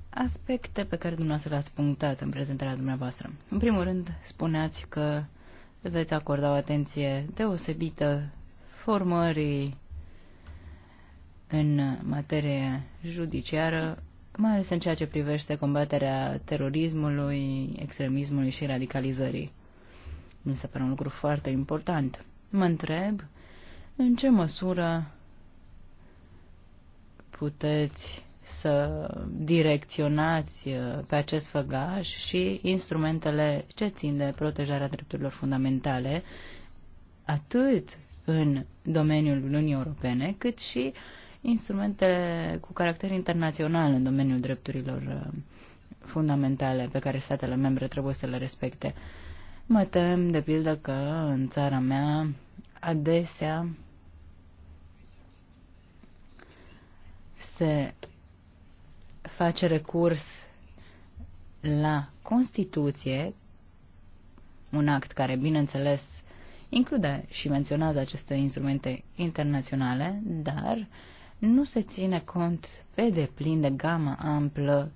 Aspecte pe care dumneavoastră le-ați punctat în prezentarea dumneavoastră. În primul rând, spuneați că veți acorda o atenție deosebită formării în materie judiciară mai ales în ceea ce privește combaterea terorismului, extremismului și radicalizării. Mi se pare un lucru foarte important. Mă întreb în ce măsură puteți să direcționați uh, pe acest făgaș și instrumentele ce țin de protejarea drepturilor fundamentale, atât în domeniul Uniunii Europene, cât și instrumente cu caracter internațional în domeniul drepturilor uh, fundamentale pe care statele membre trebuie să le respecte. Mă tem, de pildă, că în țara mea adesea se face recurs la Constituție, un act care, bineînțeles, include și menționează aceste instrumente internaționale, dar nu se ține cont pe deplin de gama amplă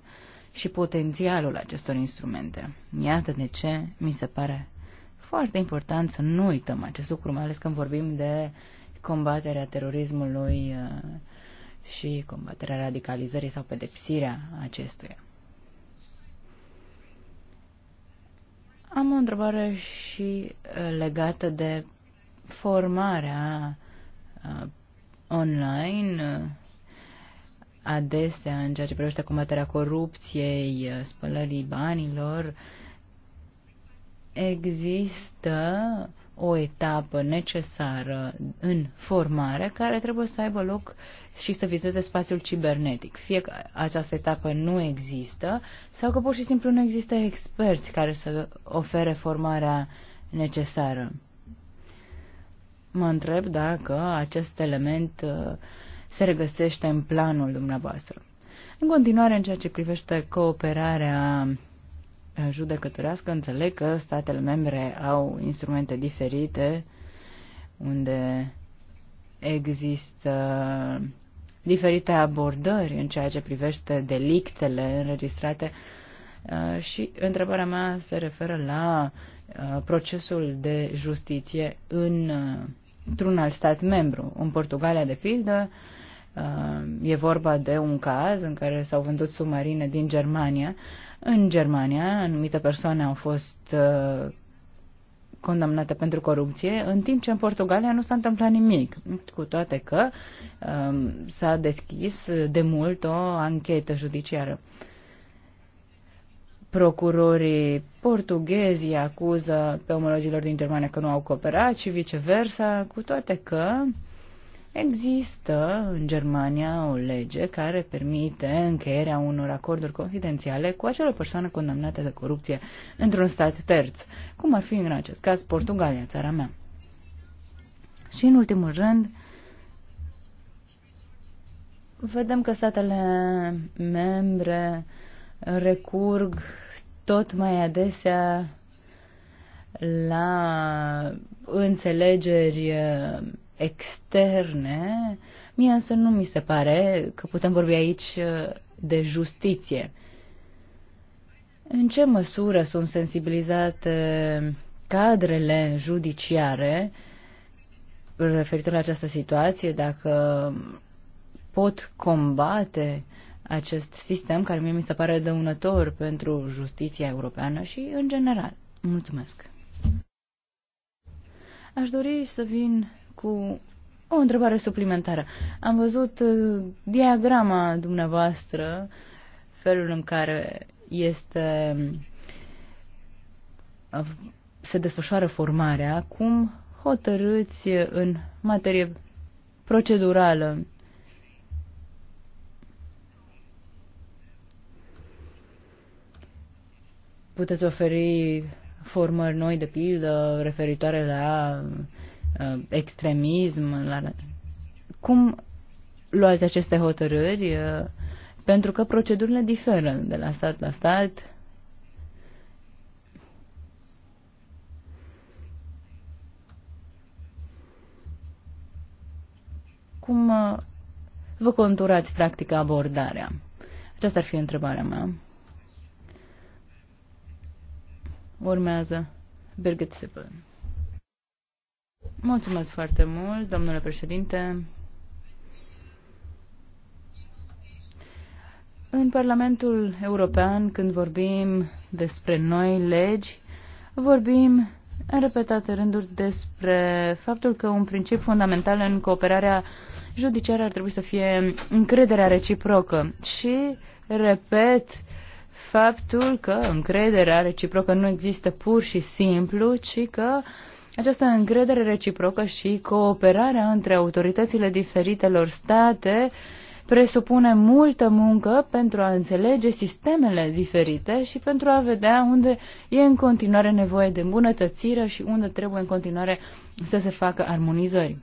și potențialul acestor instrumente. Iată de ce mi se pare foarte important să nu uităm acest lucru, mai ales când vorbim de combaterea terorismului uh, și combaterea radicalizării sau pedepsirea acestuia. Am o întrebare și uh, legată de formarea uh, online, uh, adesea în ceea ce privește combaterea corupției, uh, spălării banilor, există o etapă necesară în formare care trebuie să aibă loc și să vizeze spațiul cibernetic. Fie că această etapă nu există sau că pur și simplu nu există experți care să ofere formarea necesară mă întreb dacă acest element uh, se regăsește în planul dumneavoastră. În continuare, în ceea ce privește cooperarea uh, judecătorească, înțeleg că statele membre au instrumente diferite unde există diferite abordări în ceea ce privește delictele înregistrate uh, și întrebarea mea se referă la procesul de justiție în într-un alt stat membru. În Portugalia, de pildă, uh, e vorba de un caz în care s-au vândut submarine din Germania. În Germania, anumite persoane au fost uh, condamnate pentru corupție, în timp ce în Portugalia nu s-a întâmplat nimic, cu toate că uh, s-a deschis de mult o anchetă judiciară procurorii portughezi acuză pe omologilor din Germania că nu au cooperat și viceversa, cu toate că există în Germania o lege care permite încheierea unor acorduri confidențiale cu acele persoane condamnate de corupție într-un stat terț, cum ar fi în acest caz Portugalia, țara mea. Și în ultimul rând, vedem că statele membre recurg tot mai adesea la înțelegeri uh, externe, mie însă nu mi se pare că putem vorbi aici uh, de justiție. În ce măsură sunt sensibilizate uh, cadrele judiciare referitor la această situație, dacă pot combate acest sistem care mie mi se pare dăunător pentru justiția europeană și în general. Mulțumesc. Aș dori să vin cu o întrebare suplimentară. Am văzut uh, diagrama dumneavoastră, felul în care este uh, se desfășoară formarea, cum hotărâți în materie procedurală puteți oferi formări noi, de pildă, referitoare la uh, extremism? La... Cum luați aceste hotărâri? Uh, pentru că procedurile diferă de la stat la stat. Cum ă, vă conturați practic abordarea? Aceasta ar fi întrebarea mea. Urmează Birgit Sippel. Mulțumesc foarte mult, domnule președinte. În Parlamentul European, când vorbim despre noi legi, vorbim în repetate rânduri despre faptul că un principiu fundamental în cooperarea judiciară ar trebui să fie încrederea reciprocă. Și, repet, uh, faptul că încrederea reciprocă nu există pur și simplu, ci că această încredere reciprocă și cooperarea între autoritățile diferitelor state presupune multă muncă pentru a înțelege sistemele diferite și pentru a vedea unde e în continuare nevoie de îmbunătățire și unde trebuie în continuare să se facă armonizări.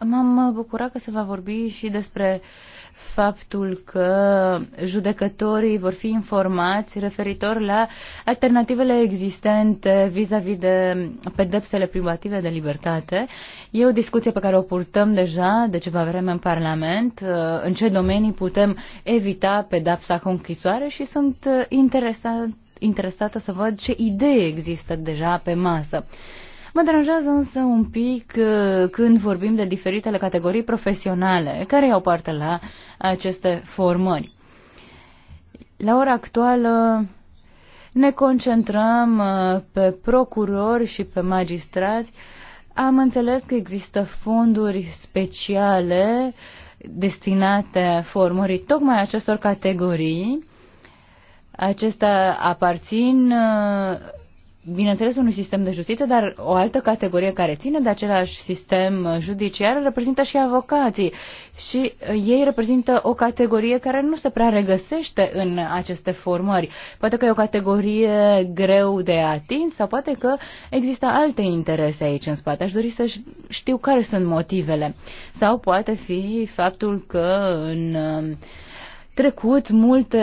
M-am bucurat că se va vorbi și despre faptul că judecătorii vor fi informați referitor la alternativele existente vis-a-vis -vis de pedepsele privative de libertate. E o discuție pe care o purtăm deja de ceva vreme în Parlament, în ce domenii putem evita pedepsa cu închisoare și sunt interesat, interesată să văd ce idei există deja pe masă. Mă deranjează însă un pic uh, când vorbim de diferitele categorii profesionale care iau parte la aceste formări. La ora actuală ne concentrăm uh, pe procurori și pe magistrați. Am înțeles că există fonduri speciale destinate formării tocmai acestor categorii. Acestea aparțin uh, bineînțeles, unui sistem de justiție, dar o altă categorie care ține de același sistem judiciar reprezintă și avocații. Și uh, ei reprezintă o categorie care nu se prea regăsește în aceste formări. Poate că e o categorie greu de atins sau poate că există alte interese aici în spate. Aș dori să știu care sunt motivele. Sau poate fi faptul că în uh, trecut multe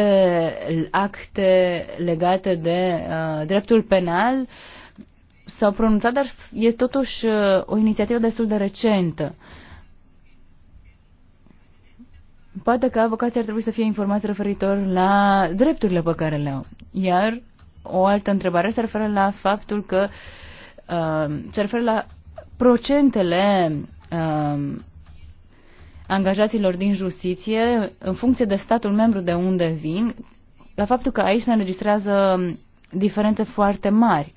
acte legate de uh, dreptul penal s-au pronunțat, dar e totuși uh, o inițiativă destul de recentă. Poate că avocații ar trebui să fie informați referitor la drepturile pe care le au. Iar o altă întrebare se referă la faptul că uh, se referă la procentele uh, angajaților din justiție, în funcție de statul membru de unde vin, la faptul că aici se înregistrează diferențe foarte mari.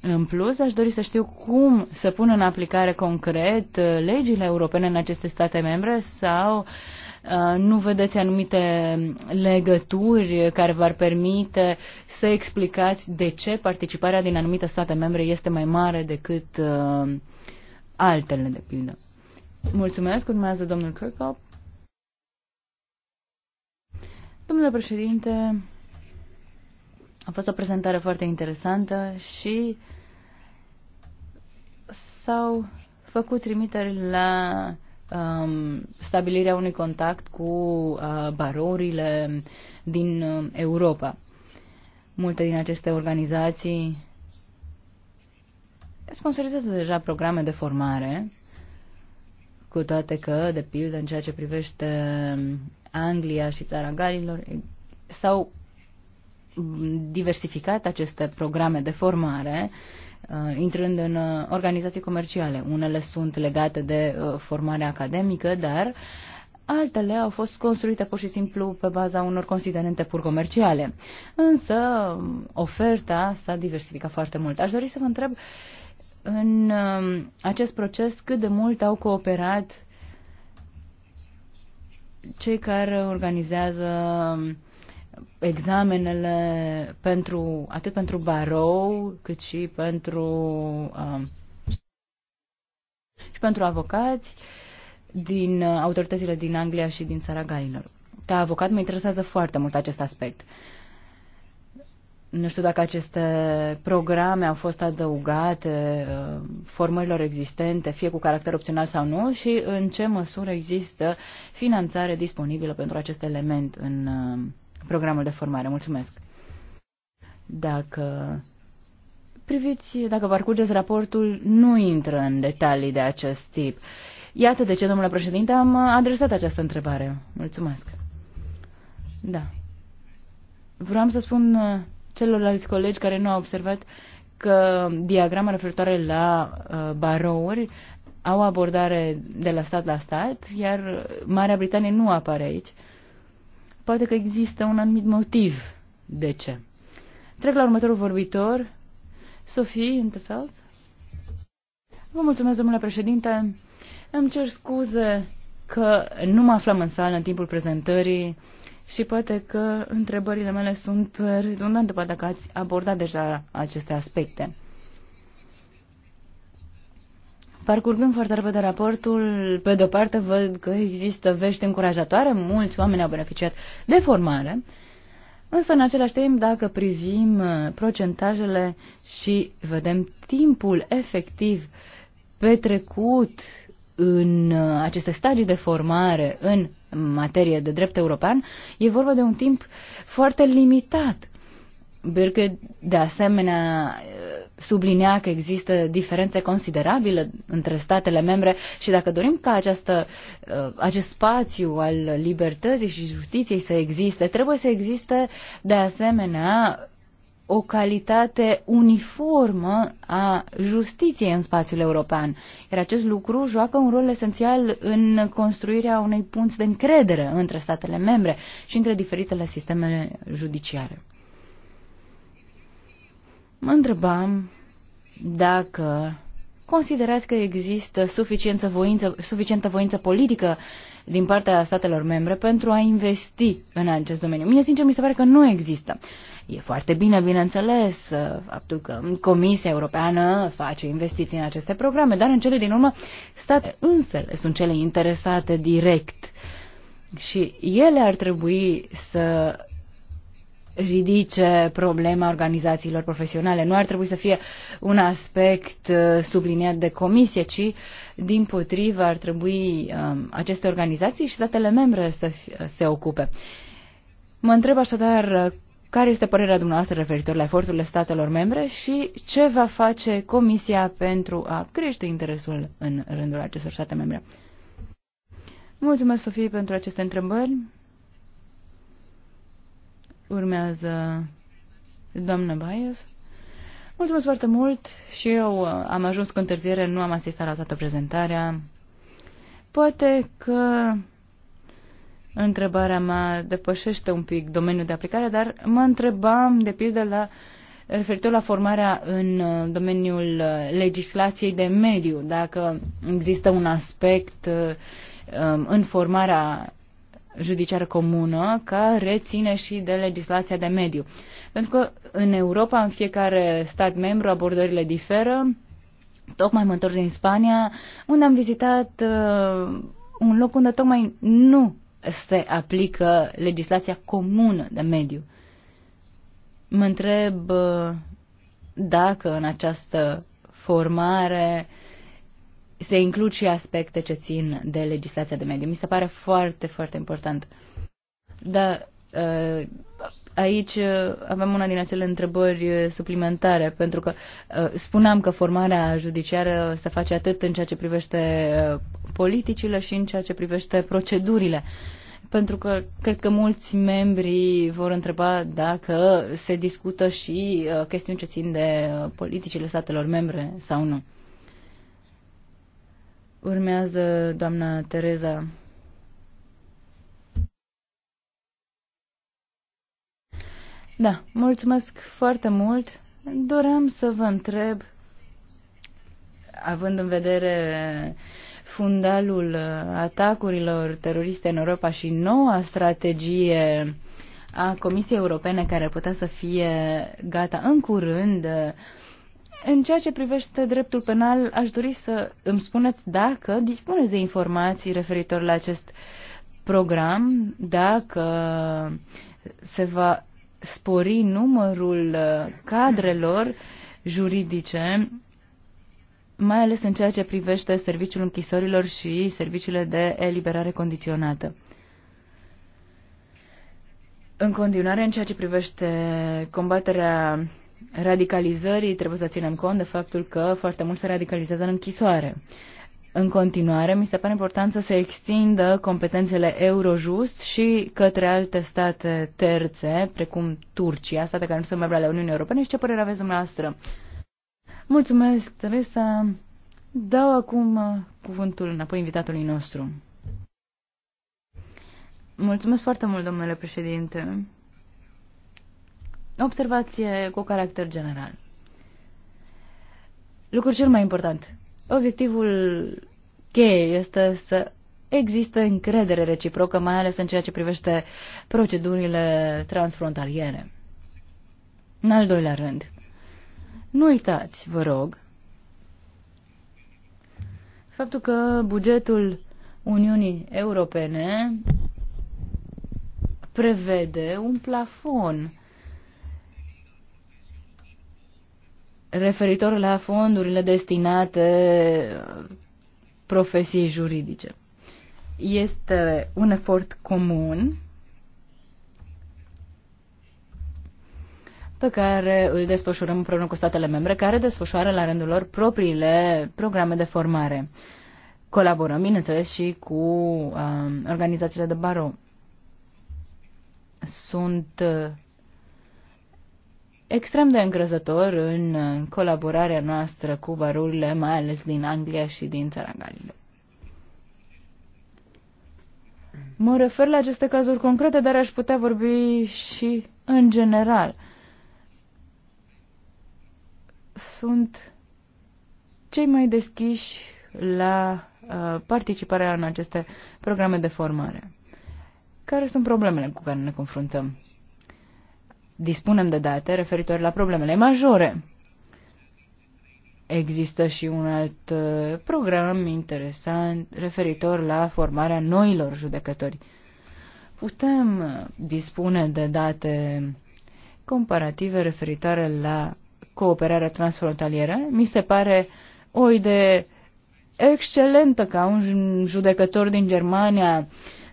În plus, aș dori să știu cum să pun în aplicare concret uh, legile europene în aceste state membre sau uh, nu vedeți anumite legături care v-ar permite să explicați de ce participarea din anumite state membre este mai mare decât uh, altele, de pildă. Mulțumesc, urmează domnul Kirchhoff. Domnule președinte, a fost o prezentare foarte interesantă și s-au făcut trimiteri la um, stabilirea unui contact cu uh, barourile din uh, Europa. Multe din aceste organizații sponsorizează deja programe de formare cu toate că, de pildă, în ceea ce privește Anglia și țara Galilor, s-au diversificat aceste programe de formare, uh, intrând în uh, organizații comerciale. Unele sunt legate de uh, formare academică, dar altele au fost construite pur și simplu pe baza unor considerente pur comerciale. Însă um, oferta s-a diversificat foarte mult. Aș dori să vă întreb în um, acest proces cât de mult au cooperat cei care organizează um, examenele pentru, atât pentru barou, cât și pentru, um, și pentru avocați din uh, autoritățile din Anglia și din țara Galilor. Ca avocat mă interesează foarte mult acest aspect. Uh, nu știu dacă aceste programe au fost adăugate uh, formărilor existente, fie cu caracter opțional sau nu, și în ce măsură există finanțare disponibilă pentru acest element în uh, programul de formare. Mulțumesc! Dacă priviți, dacă vă arcurgeți raportul, nu intră în detalii de acest tip. Iată de ce, domnule președinte, am uh, adresat această întrebare. Mulțumesc! Da. Vreau să spun celorlalți colegi care nu au observat că diagrama referitoare la uh, barouri au abordare de la stat la stat, iar Marea Britanie nu apare aici. Poate că există un anumit motiv de ce. Trec la următorul vorbitor, Sofie Intefeld. Vă mulțumesc, domnule președinte. Îmi cer scuze că nu mă aflam în sală în timpul prezentării și poate că întrebările mele sunt redundante, poate că ați abordat deja aceste aspecte. Parcurgând foarte repede raportul, pe de-o parte văd că există vești încurajatoare, mulți oameni au beneficiat de formare, însă în același timp dacă privim uh, procentajele și vedem timpul efectiv petrecut în uh, aceste stagii de formare în materie de drept european, e vorba de un timp foarte limitat. Birke, de asemenea, uh, sublinea că există diferențe considerabile între statele membre și dacă dorim ca această, uh, acest spațiu al libertății și justiției să existe, trebuie să existe, de asemenea, o calitate uniformă a justiției în spațiul european. Iar acest lucru joacă un rol esențial în construirea unei punți de încredere între statele membre și între diferitele sisteme judiciare. Mă întrebam dacă considerați că există suficientă voință, suficientă voință politică din partea statelor membre pentru a investi în acest domeniu. Mie, sincer, mi se pare că nu există. E foarte bine, bineînțeles, uh, faptul că Comisia Europeană face investiții în aceste programe, dar în cele din urmă state însă sunt cele interesate direct și ele ar trebui să ridice problema organizațiilor profesionale. Nu ar trebui să fie un aspect uh, subliniat de comisie, ci din potrivă ar trebui um, aceste organizații și statele membre să se ocupe. Mă întreb așadar uh, care este părerea dumneavoastră referitor la eforturile statelor membre și ce va face Comisia pentru a crește interesul în rândul acestor state membre? Mulțumesc, Sofie, pentru aceste întrebări. Urmează doamna Baios. Mulțumesc foarte mult și eu uh, am ajuns cu întârziere, nu am asistat la toată prezentarea. Poate că întrebarea mea depășește un pic domeniul de aplicare, dar mă întrebam, de pildă, la, referitor la formarea în uh, domeniul uh, legislației de mediu, dacă există un aspect um, în formarea judiciar comună care ține și de legislația de mediu. Pentru că în Europa, în fiecare stat membru, abordările diferă. Tocmai mă întorc din Spania, unde am vizitat uh, un loc unde tocmai nu se aplică legislația comună de mediu. Mă întreb uh, dacă în această formare uh, se includ și aspecte ce țin de legislația de mediu. Mi se pare foarte, foarte important. Da, uh, aici uh, avem una din acele întrebări uh, suplimentare, pentru că spuneam că formarea judiciară se face atât în ceea ce privește politicile și în ceea ce privește procedurile. Pentru că cred că mulți membri vor întreba dacă se discută și chestiuni ce țin de politicile statelor membre sau nu. Urmează doamna Tereza. Da, mulțumesc foarte mult. Doream să vă întreb, având în vedere fundalul atacurilor teroriste în Europa și noua strategie a Comisiei Europene care putea să fie gata în curând, uh, în ceea ce privește dreptul penal, aș dori să îmi spuneți dacă dispuneți de informații referitor la acest program, dacă se va spori numărul uh, cadrelor juridice, mai ales în ceea ce privește serviciul închisorilor și serviciile de eliberare condiționată. În continuare, în ceea ce privește combaterea radicalizării trebuie să ținem cont de faptul că foarte mult se radicalizează în închisoare. În continuare, mi se pare important să se extindă competențele Eurojust și către alte state terțe, precum Turcia, state care nu sunt membre ale Uniunii Europene. Și ce părere aveți dumneavoastră? Mulțumesc, Teresa. Dau acum uh, cuvântul înapoi invitatului nostru. Mulțumesc foarte mult, domnule președinte. Observație cu caracter general. Lucrul cel mai important. Obiectivul cheie este să există încredere reciprocă, mai ales în ceea ce privește procedurile transfrontaliere. În al doilea rând, nu uitați, vă rog, faptul că bugetul Uniunii Europene prevede un plafon referitor la fondurile destinate profesiei juridice. Este un efort comun pe care îl desfășurăm împreună cu statele membre, care desfășoară la rândul lor propriile programe de formare. Colaborăm, bineînțeles, și cu uh, organizațiile de barou. Sunt uh, extrem de încrezător în colaborarea noastră cu barurile, mai ales din Anglia și din țara Galilor. Mă refer la aceste cazuri concrete, dar aș putea vorbi și în general. Sunt cei mai deschiși la uh, participarea în aceste programe de formare. Care sunt problemele cu care ne confruntăm? dispunem de date referitoare la problemele majore. Există și un alt uh, program interesant referitor la formarea noilor judecători. Putem uh, dispune de date comparative referitoare la cooperarea transfrontalieră. Mi se pare o idee excelentă ca un judecător din Germania uh,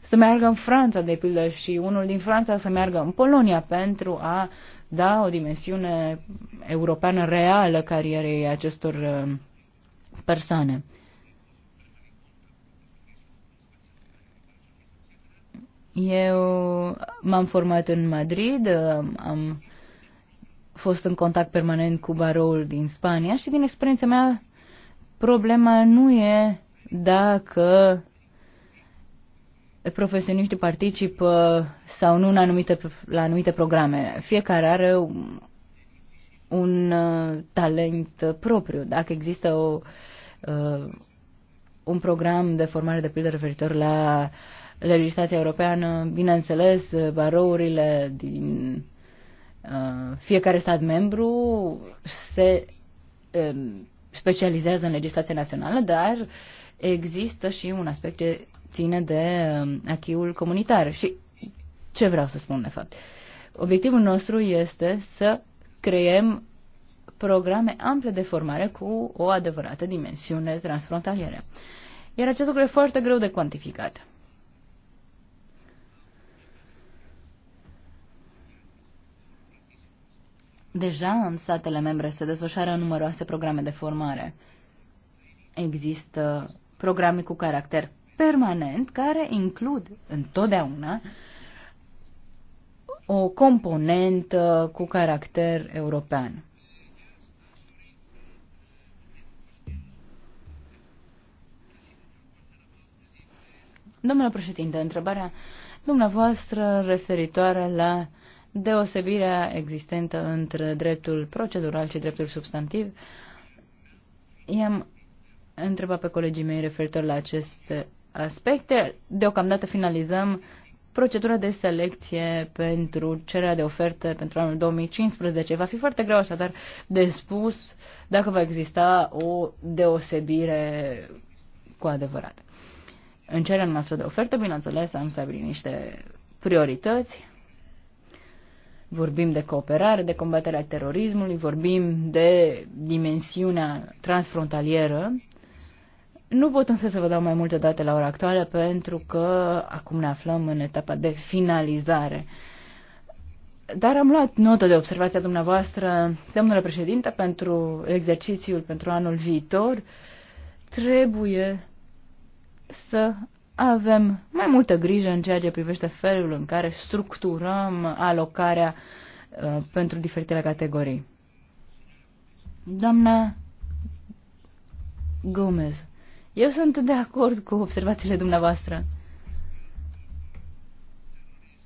să meargă în Franța, de pildă, și unul din Franța să meargă în Polonia pentru a da o dimensiune europeană reală carierei acestor uh, persoane. Eu m-am format în Madrid, uh, am fost în contact permanent cu baroul din Spania și din experiența mea problema nu e dacă profesioniștii participă sau nu în anumite, la anumite programe. Fiecare are un, uh, talent propriu. Dacă există o, uh, un program de formare de pildă referitor la legislația europeană, bineînțeles, barourile din uh, fiecare stat membru se specializează în legislația națională, dar există și un aspect ține de um, achiul comunitar. Și ce vreau să spun, de fapt? Obiectivul nostru este să creem programe ample de formare cu o adevărată dimensiune transfrontalieră. Iar acest lucru e foarte greu de cuantificat. Deja în statele membre se desfășoară numeroase programe de formare. Există programe cu caracter permanent care includ întotdeauna o componentă cu caracter european. Domnule președinte, întrebarea dumneavoastră referitoare la deosebirea existentă între dreptul procedural și dreptul substantiv, i-am întrebat pe colegii mei referitor la aceste aspecte. Deocamdată finalizăm procedura de selecție pentru cererea de oferte pentru anul 2015. Va fi foarte greu așadar de spus dacă va exista o deosebire cu adevărat. În cererea noastră de ofertă, bineînțeles, am stabilit niște priorități. Vorbim de cooperare, de combaterea terorismului, vorbim de dimensiunea transfrontalieră nu pot însă să vă dau mai multe date la ora actuală pentru că acum ne aflăm în etapa de finalizare. Dar am luat notă de observația dumneavoastră, domnule președinte, pentru exercițiul pentru anul viitor. Trebuie să avem mai multă grijă în ceea ce privește felul în care structurăm alocarea uh, pentru diferitele categorii. Doamna Gomez. Eu sunt de acord cu observațiile dumneavoastră.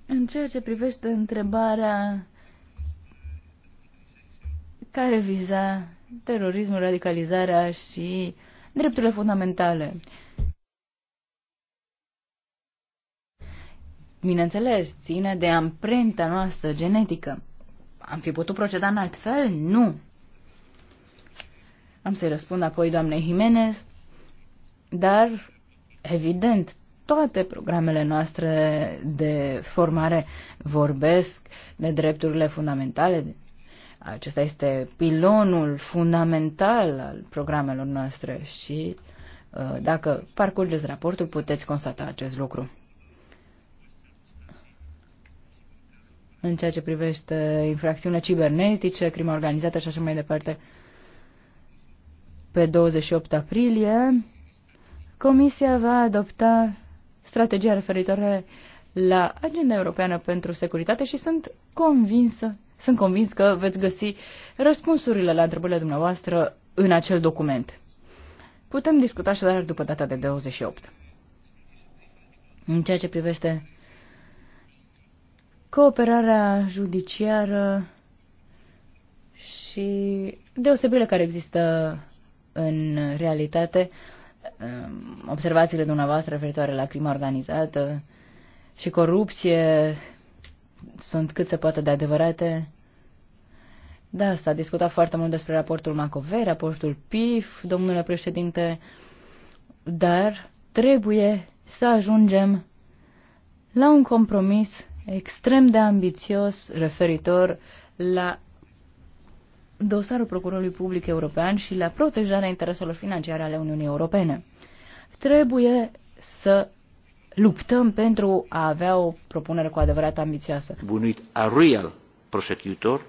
În ceea ce privește întrebarea care viza terorismul, radicalizarea și drepturile fundamentale. Bineînțeles, ține de amprenta noastră genetică. Am fi putut proceda în alt fel? Nu. Am să-i răspund apoi doamnei Jimenez. Dar, evident, toate programele noastre de formare vorbesc de drepturile fundamentale. Acesta este pilonul fundamental al programelor noastre și uh, dacă parcurgeți raportul puteți constata acest lucru. În ceea ce privește infracțiunile cibernetice, crima organizată și așa mai departe, pe 28 aprilie Comisia va adopta strategia referitoare la agenda europeană pentru securitate și sunt convinsă, sunt convins că veți găsi răspunsurile la întrebările dumneavoastră în acel document. Putem discuta și dar după data de 28. În ceea ce privește cooperarea judiciară și deosebirile care există în realitate, Um, observațiile dumneavoastră referitoare la crimă organizată și corupție sunt cât se poate de adevărate. Da, s-a discutat foarte mult despre raportul Macovei, raportul PIF, domnule președinte, dar trebuie să ajungem la un compromis extrem de ambițios referitor la dosarul Procurorului Public European și la protejarea intereselor financiare ale Uniunii Europene. Trebuie să luptăm pentru a avea o propunere cu adevărat ambițioasă. Bunuit a real prosecutor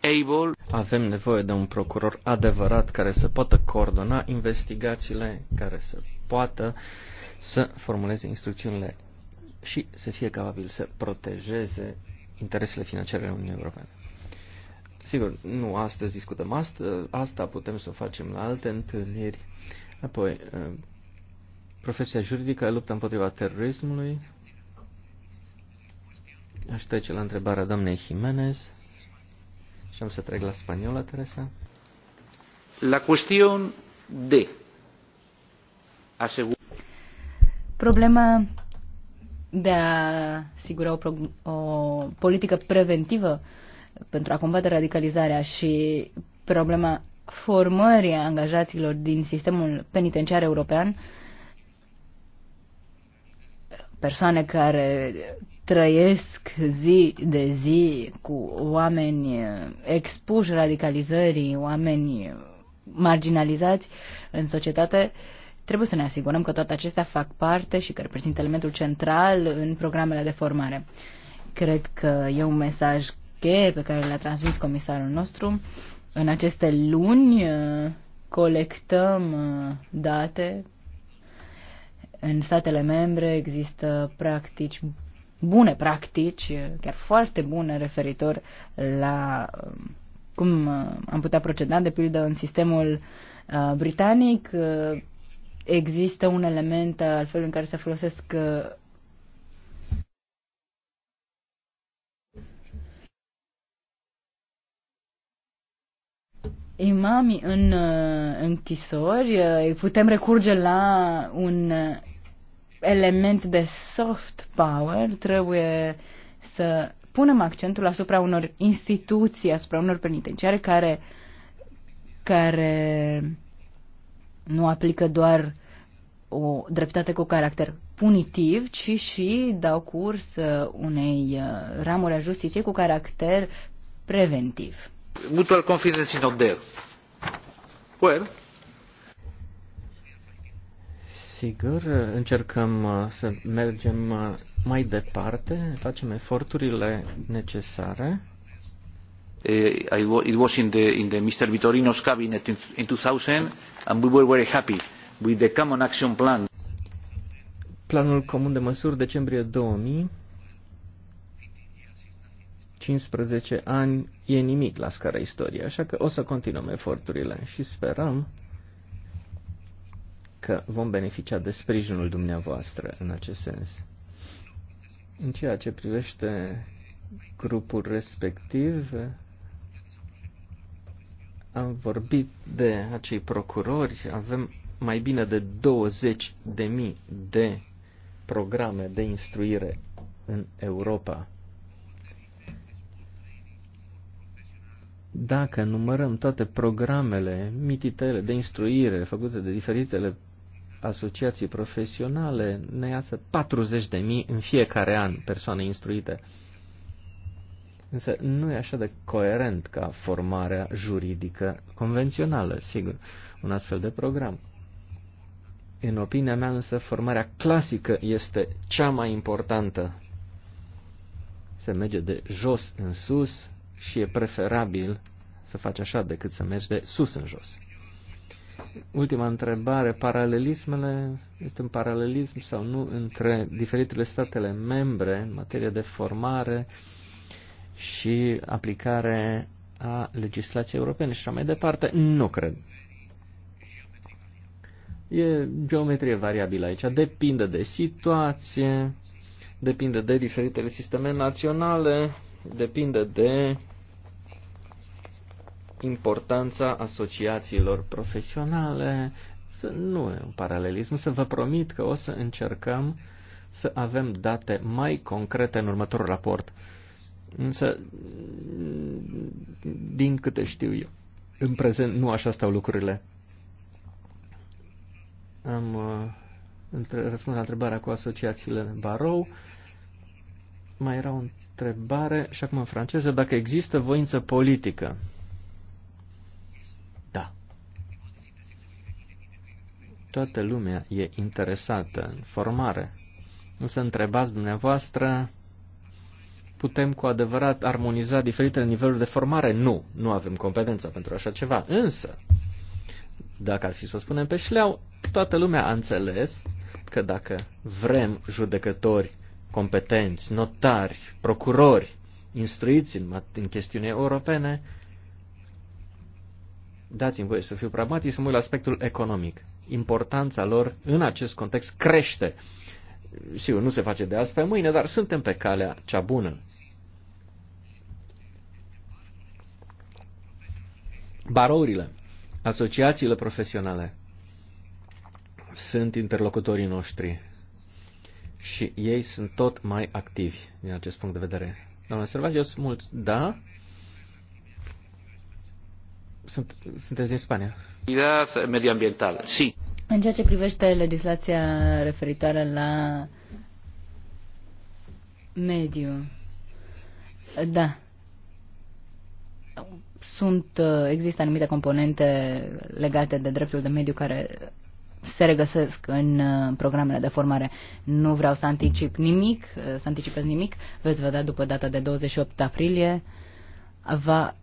able... Avem nevoie de un procuror adevărat care să poată coordona investigațiile, care să poată să formuleze instrucțiunile și să fie capabil să protejeze interesele financiare ale Uniunii Europene. Sigur, nu astăzi discutăm asta, asta putem să o facem la alte întâlniri. Apoi, uh, profesia juridică, lupta împotriva terorismului. Aș trece la întrebarea doamnei Jimenez și am să trec la spaniola, Teresa. La cuestión de asegur... Problema de a asigura o, o politică preventivă uh, pentru a combate radicalizarea și problema formării angajaților din sistemul penitenciar european, persoane care trăiesc zi de zi cu oameni expuși radicalizării, oameni marginalizați în societate, trebuie să ne asigurăm că toate acestea fac parte și că reprezintă elementul central în programele de formare. Cred că e un mesaj cheie pe care le-a transmis comisarul nostru. În aceste luni uh, colectăm uh, date. În statele membre există practici bune practici, uh, chiar foarte bune referitor la um, cum am putea proceda, de pildă în sistemul britanic există un element al felului în care se folosesc imami în uh, închisori, uh, putem recurge la un uh, element de soft power, trebuie să punem accentul asupra unor instituții, asupra unor penitenciare care, care nu aplică doar o dreptate cu caracter punitiv, ci și dau curs unei ramuri a justiției cu caracter preventiv mutual confidence in not Well. Sigur, încercăm uh, să mergem uh, mai departe, facem eforturile necesare. Eh, it was in the, in the Mr. Vitorino's cabinet in, in 2000 and we were very happy with the common action plan. Planul comun de măsuri decembrie 2000 15 ani e nimic la scara istoriei, așa că o să continuăm eforturile și sperăm că vom beneficia de sprijinul dumneavoastră în acest sens. În ceea ce privește grupul respectiv, am vorbit de acei procurori, avem mai bine de 20.000 de programe de instruire în Europa. Dacă numărăm toate programele mititele de instruire făcute de diferitele asociații profesionale, ne iasă 40.000 în fiecare an persoane instruite. Însă nu e așa de coerent ca formarea juridică convențională, sigur, un astfel de program. În opinia mea însă formarea clasică este cea mai importantă. Se merge de jos în sus, și e preferabil să faci așa decât să mergi de sus în jos. Ultima întrebare, paralelismele, este un paralelism sau nu între diferitele statele membre în materie de formare și aplicare a legislației europene și așa mai departe? Nu cred. E geometrie variabilă aici. Depinde de situație, depinde de diferitele sisteme naționale, depinde de importanța asociațiilor profesionale, să nu e un paralelism, să vă promit că o să încercăm să avem date mai concrete în următorul raport. Însă, din câte știu eu, în prezent nu așa stau lucrurile. Am uh, răspuns la întrebarea cu asociațiile Barou. Mai era o întrebare, și acum în franceză, dacă există voință politică Toată lumea e interesată în formare. Însă întrebați dumneavoastră, putem cu adevărat armoniza diferitele niveluri de formare? Nu, nu avem competența pentru așa ceva. Însă, dacă ar fi să o spunem pe șleau, toată lumea a înțeles că dacă vrem judecători competenți, notari, procurori, instruiți în, în chestiuni europene, dați-mi voie să fiu pragmatic, să mă uit la aspectul economic importanța lor în acest context crește. Sigur, nu se face de azi pe mâine, dar suntem pe calea cea bună. Barourile, asociațiile profesionale sunt interlocutorii noștri și ei sunt tot mai activi din acest punct de vedere. Doamna sunt mulți, da, sunt, sunteți din Spania. Mediambiental, sí. În ceea ce privește legislația referitoare la mediu, da, sunt, există anumite componente legate de dreptul de mediu care se regăsesc în uh, programele de formare. Nu vreau să anticip nimic, uh, să anticipez nimic. Veți vedea după data de 28 aprilie va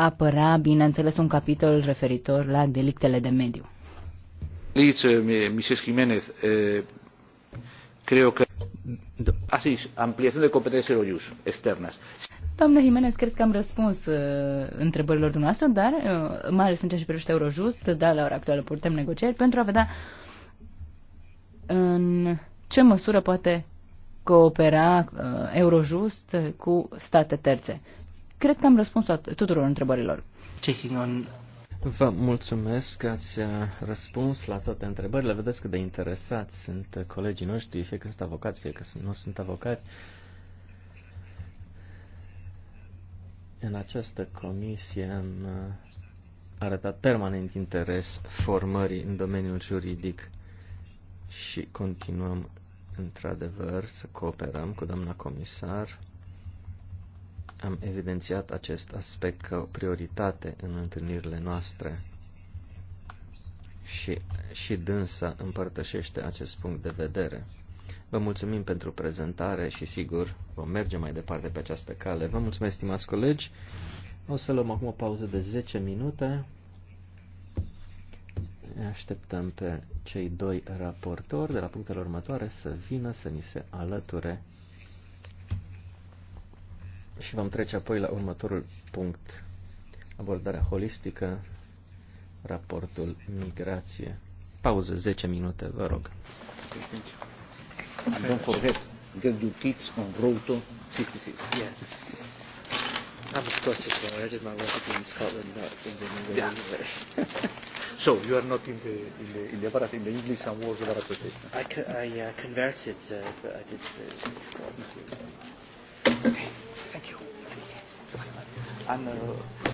apăra, bineînțeles, un capitol referitor la delictele de mediu. Eh, Mrs. Jiménez, eh, creo Así, ampliación de competencias Eurojust externas. Doamna Jimenez, cred că am răspuns uh, întrebărilor dumneavoastră, dar uh, mai ales în ceea ce privește Eurojust, da, la ora actuală purtăm negocieri pentru a vedea în ce măsură poate coopera uh, Eurojust cu state terțe. Cred că am răspuns tuturor întrebărilor. Vă mulțumesc că ați uh, răspuns la toate întrebările. Vedeți cât de interesați sunt colegii noștri, fie că sunt avocați, fie că nu sunt avocați. În această comisie am uh, arătat permanent interes formării în domeniul juridic și continuăm într-adevăr să cooperăm cu doamna comisar am evidențiat acest aspect ca o prioritate în întâlnirile noastre și, și dânsa împărtășește acest punct de vedere. Vă mulțumim pentru prezentare și, sigur, vom merge mai departe pe această cale. Vă mulțumesc, stimați colegi. O să luăm acum o pauză de 10 minute. Ne așteptăm pe cei doi raportori de la punctele următoare să vină să ni se alăture. Și vom trece apoi la următorul punct. Abordarea holistică, raportul migrație. Pauză 10 minute, vă rog. don't forget, get your kids on road to Yeah. I'm Scottish, so I did my work in Scotland, not in the Netherlands. Yeah. so you are not in the in the in the, Barat, in the English and words of Barakote. I, I uh, converted, uh, but I did the uh, Scottish. Okay an uh,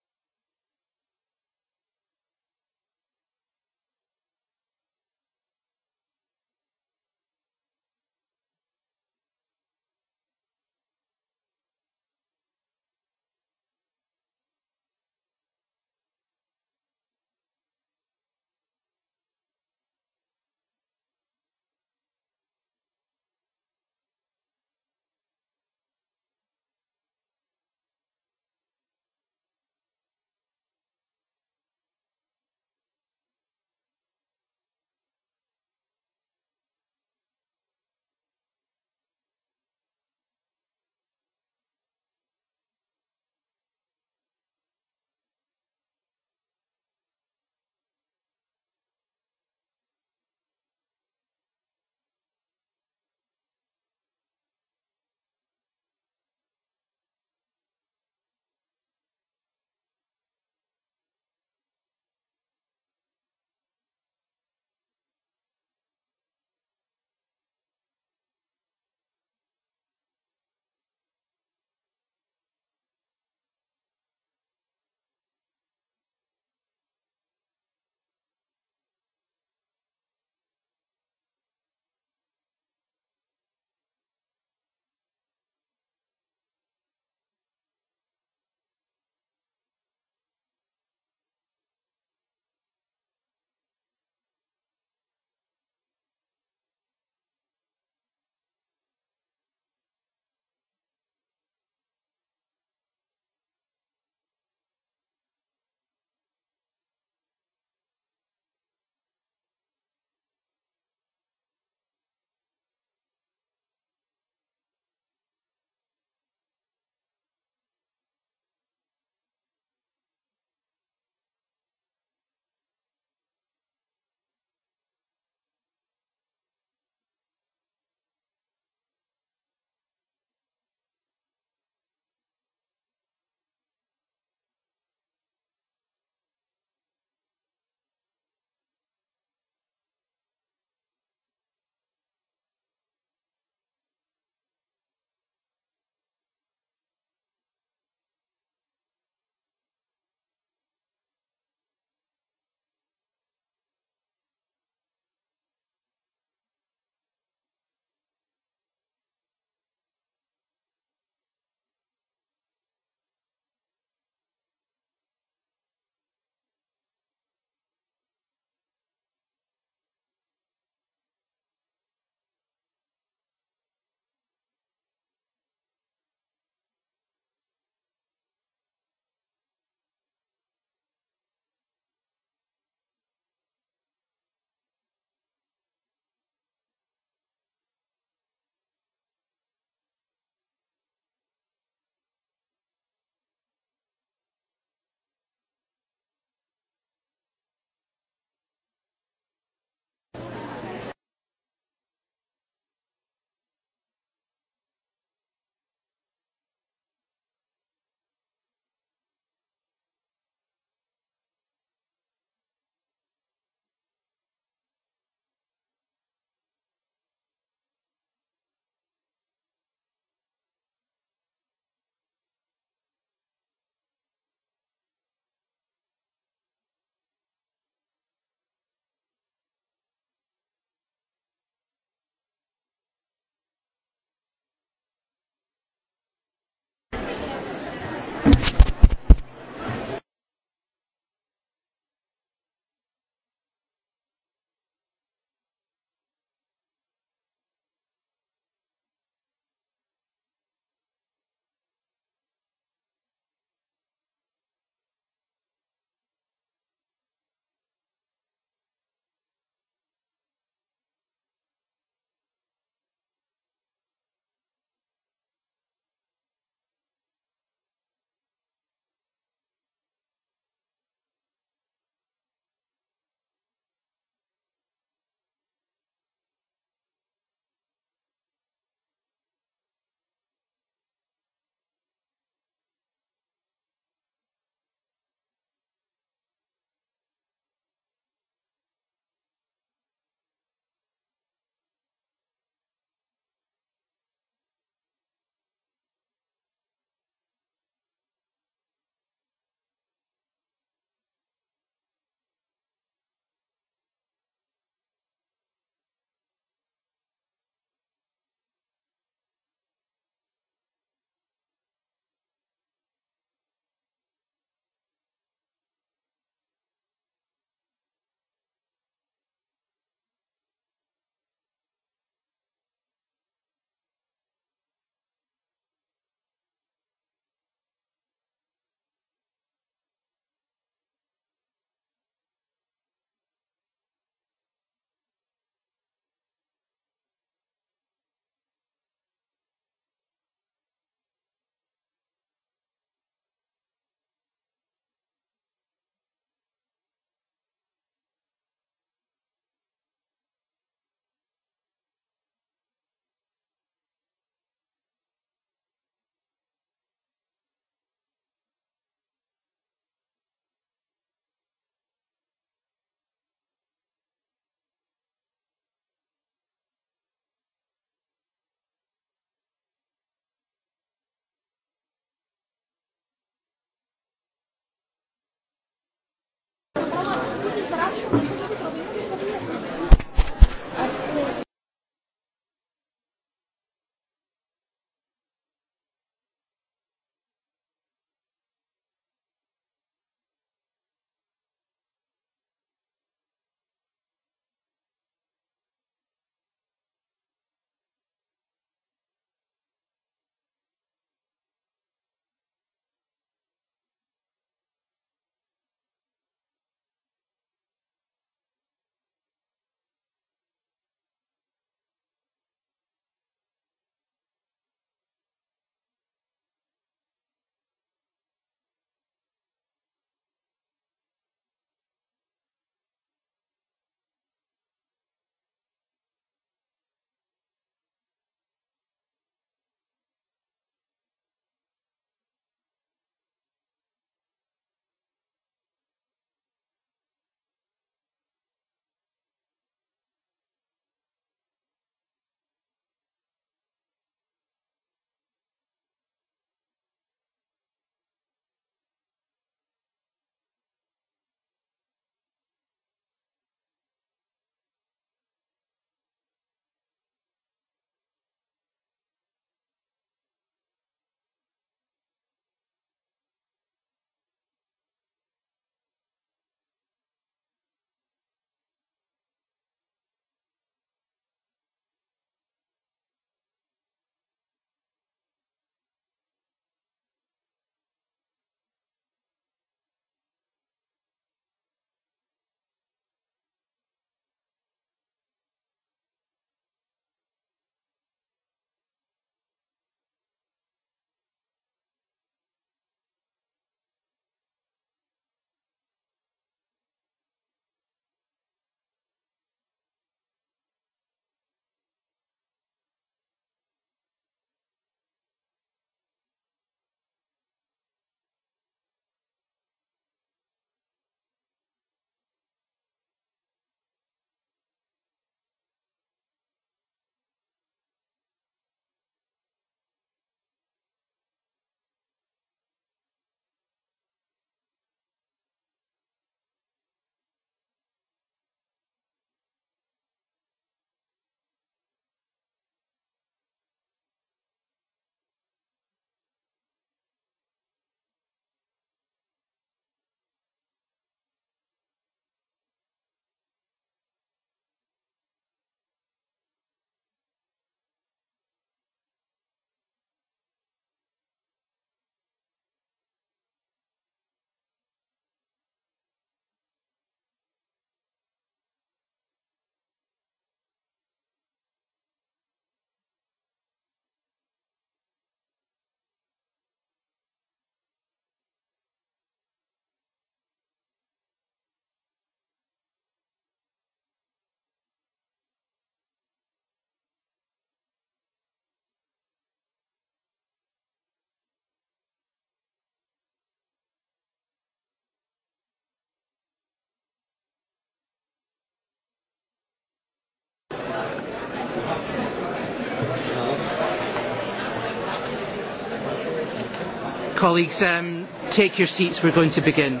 Colleagues, um, take your seats. We're going to begin.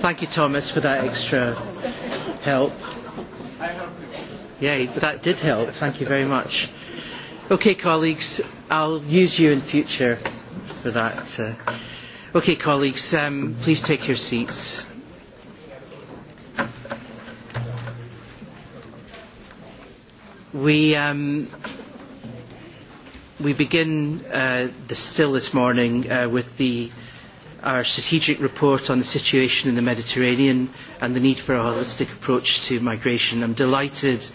Thank you, Thomas, for that extra help. Yeah, that did help. Thank you very much. Okay, colleagues, I'll use you in future for that. Uh, okay, colleagues, um, please take your seats. We um, we begin uh, this, still this morning uh, with the, our strategic report on the situation in the Mediterranean and the need for a holistic approach to migration. I'm delighted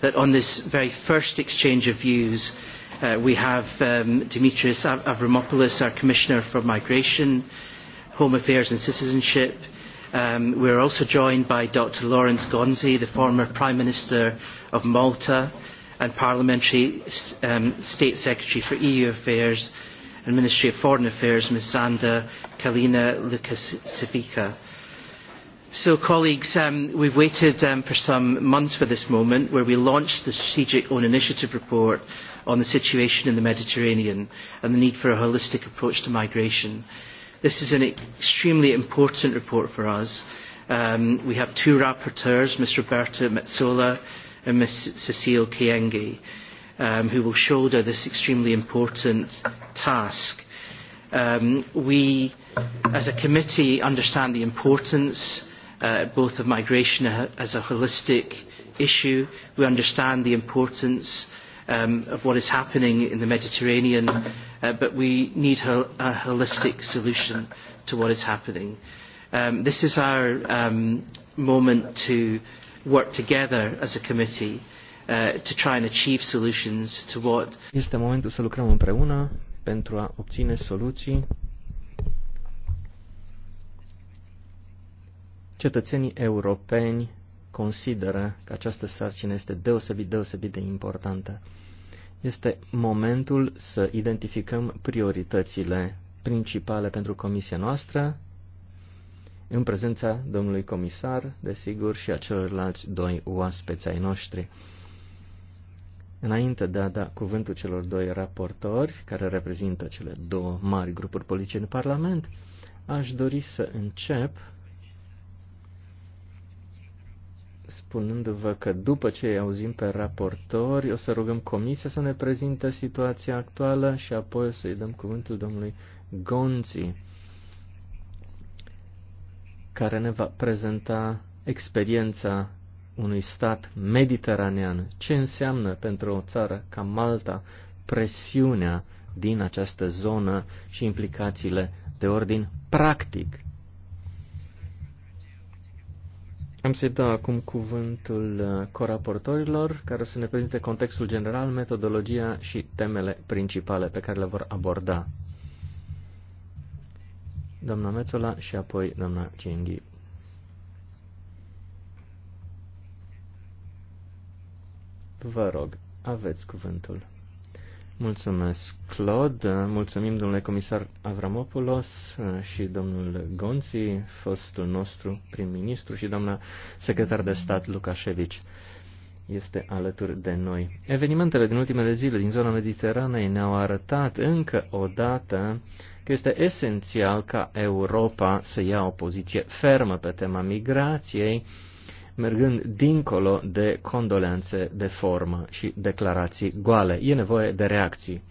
that on this very first exchange of views, uh, we have um, Dimitris Av Avramopoulos, our Commissioner for Migration, Home Affairs and Citizenship. Um, we are also joined by Dr. Lawrence Gonzi, the former Prime Minister of Malta, and Parliamentary um, State Secretary for EU Affairs and Ministry of Foreign Affairs, Ms. Sanda Kalina Lukasevica. So, colleagues, um, we've waited um, for some months for this moment where we launched the Strategic Own Initiative report on the situation in the Mediterranean and the need for a holistic approach to migration. This is an extremely important report for us. Um, we have two rapporteurs, Ms. Roberta Metsola and uh, Ms Cecile Kienge, um, who will shoulder this extremely important task. Um, we, as a committee, understand the importance uh, both of migration as a holistic issue. We understand the importance um, of what is happening in the Mediterranean, uh, but we need hol a holistic solution to what is happening. Um, this is our um, moment to uh, work together as a committee uh, to try and achieve solutions to what Este momentul să lucrăm împreună pentru a obține soluții Cetățenii europeni consideră că această sarcină este deosebit, deosebit de importantă. Este momentul să identificăm prioritățile principale pentru comisia noastră în prezența domnului comisar, desigur, și a celorlalți doi oaspeți ai noștri. Înainte de a da cuvântul celor doi raportori, care reprezintă cele două mari grupuri politice în Parlament, aș dori să încep spunându-vă că după ce îi auzim pe raportori, o să rugăm comisia să ne prezinte situația actuală și apoi o să-i dăm cuvântul domnului Gonții care ne va prezenta experiența unui stat mediteranean. Ce înseamnă pentru o țară ca Malta presiunea din această zonă și implicațiile de ordin practic? Am să-i dau acum cuvântul uh, coraportorilor care să ne prezinte contextul general, metodologia și temele principale pe care le vor aborda doamna Mețola și apoi doamna Cenghi. Vă rog, aveți cuvântul. Mulțumesc, Claude. Mulțumim, domnule comisar Avramopoulos și domnul Gonții, fostul nostru prim-ministru și doamna secretar de stat Lukashevici este alături de noi. Evenimentele din ultimele zile din zona Mediteranei ne-au arătat încă o dată că este esențial ca Europa să ia o poziție fermă pe tema migrației, mergând dincolo de condolențe de formă și declarații goale. E nevoie de reacții.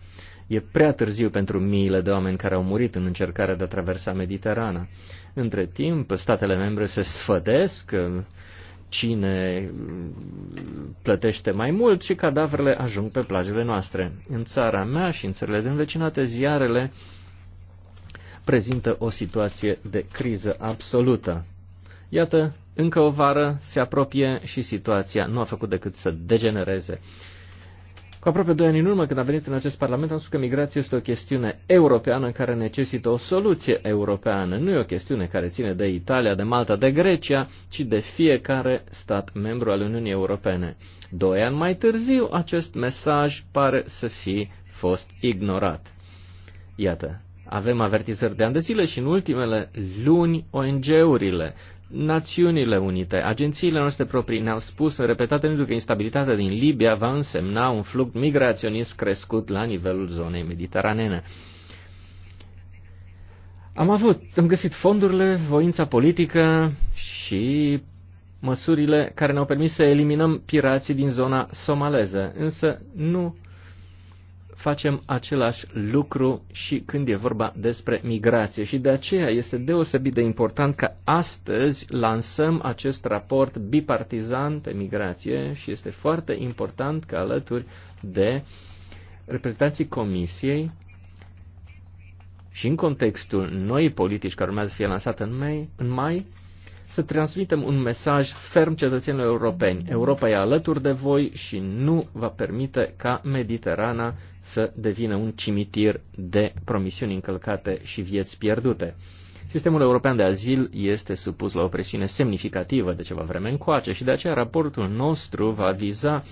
E prea târziu pentru miile de oameni care au murit în încercarea de a traversa Mediterana. Între timp, statele membre se sfădesc cine plătește mai mult și cadavrele ajung pe plajele noastre. În țara mea și în țările de învecinate, ziarele prezintă o situație de criză absolută. Iată, încă o vară se apropie și situația nu a făcut decât să degenereze. Cu aproape doi ani în urmă, când am venit în acest Parlament, am spus că migrația este o chestiune europeană în care necesită o soluție europeană. Nu e o chestiune care ține de Italia, de Malta, de Grecia, ci de fiecare stat membru al Uniunii Europene. Doi ani mai târziu, acest mesaj pare să fi fost ignorat. Iată, avem avertizări de ani de zile și în ultimele luni ONG-urile Națiunile Unite, agențiile noastre proprii ne-au spus în repetate rânduri că instabilitatea din Libia va însemna un flux migraționist crescut la nivelul zonei mediteranene. Am avut, am găsit fondurile, voința politică și măsurile care ne-au permis să eliminăm pirații din zona somaleză, însă nu facem același lucru și când e vorba despre migrație. Și de aceea este deosebit de important că astăzi lansăm acest raport bipartizan pe migrație și este foarte important că alături de reprezentanții Comisiei și în contextul noii politici care urmează să fie lansată în mai, în mai să transmitem un mesaj ferm cetățenilor europeni. Europa e alături de voi și nu va permite ca Mediterana să devină un cimitir de promisiuni încălcate și vieți pierdute. Sistemul european de azil este supus la o presiune semnificativă de ceva vreme încoace și de aceea raportul nostru va viza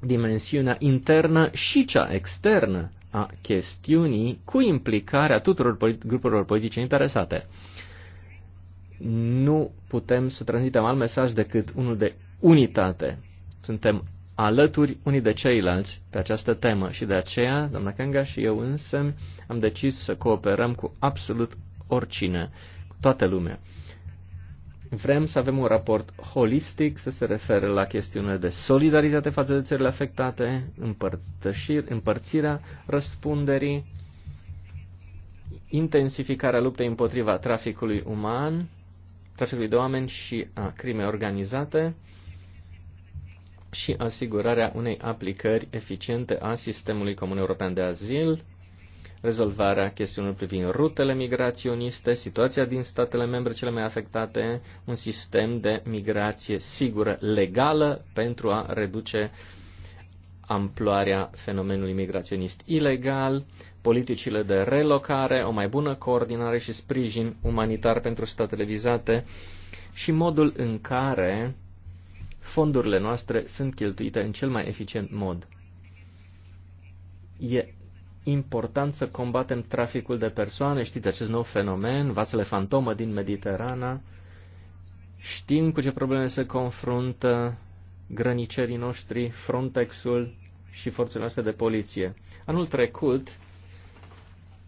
dimensiunea internă și cea externă a chestiunii cu implicarea tuturor grupurilor politice interesate nu putem să transmitem alt mesaj decât unul de unitate. Suntem alături unii de ceilalți pe această temă și de aceea, doamna Kanga și eu însă, am decis să cooperăm cu absolut oricine, cu toată lumea. Vrem să avem un raport holistic, să se refere la chestiunile de solidaritate față de țările afectate, împărțirea răspunderii, intensificarea luptei împotriva traficului uman traficului de oameni și a crimei organizate și asigurarea unei aplicări eficiente a sistemului comun european de azil, rezolvarea chestiunilor privind rutele migraționiste, situația din statele membre cele mai afectate, un sistem de migrație sigură, legală, pentru a reduce uh, amploarea fenomenului migraționist ilegal, politicile de relocare, o mai bună coordinare și sprijin umanitar pentru statele vizate și modul în care fondurile noastre sunt cheltuite în cel mai eficient mod. E important să combatem traficul de persoane, știți acest nou fenomen, vasele fantomă din Mediterana, știm cu ce probleme se confruntă grănicerii noștri, Frontexul, și forțele noastre de poliție. Anul trecut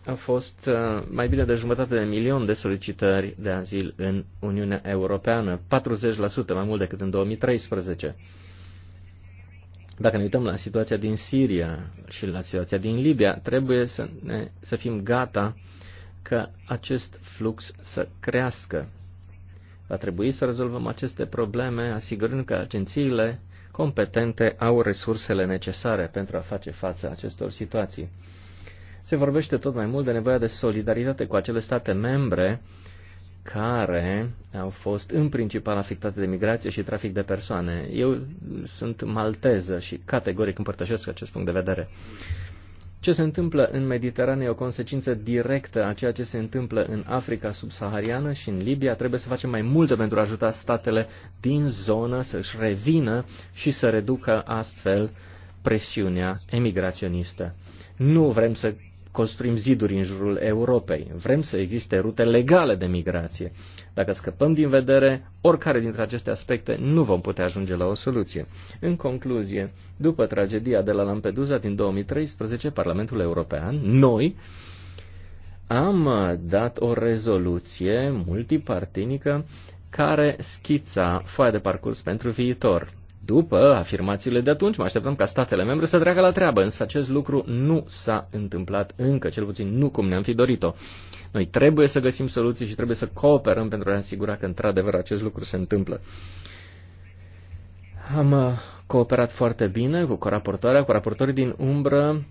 a fost uh, mai bine de jumătate de milion de solicitări de azil în Uniunea Europeană, 40% mai mult decât în 2013. Dacă ne uităm la situația din Siria și la situația din Libia, trebuie să, ne, să fim gata că acest flux să crească. Va trebui să rezolvăm aceste probleme, asigurând că agențiile competente au resursele necesare pentru a face față acestor situații. Se vorbește tot mai mult de nevoia de solidaritate cu acele state membre care au fost în principal afectate de migrație și trafic de persoane. Eu sunt malteză și categoric împărtășesc acest punct de vedere. Ce se întâmplă în Mediterană e o consecință directă a ceea ce se întâmplă în Africa subsahariană și în Libia. Trebuie să facem mai multe pentru a ajuta statele din zonă să-și revină și să reducă astfel presiunea emigraționistă. Nu vrem să construim ziduri în jurul Europei. Vrem să existe rute legale de migrație. Dacă scăpăm din vedere oricare dintre aceste aspecte, nu vom putea ajunge la o soluție. În concluzie, după tragedia de la Lampedusa din 2013, Parlamentul European, noi, am dat o rezoluție multipartinică care schița foaia de parcurs pentru viitor. După afirmațiile de atunci, mă așteptăm ca statele membre să treacă la treabă, însă acest lucru nu s-a întâmplat încă, cel puțin nu cum ne-am fi dorit-o. Noi trebuie să găsim soluții și trebuie să cooperăm pentru a ne asigura că într-adevăr acest lucru se întâmplă. Am uh, cooperat foarte bine cu coraportoarea, cu raportorii din umbră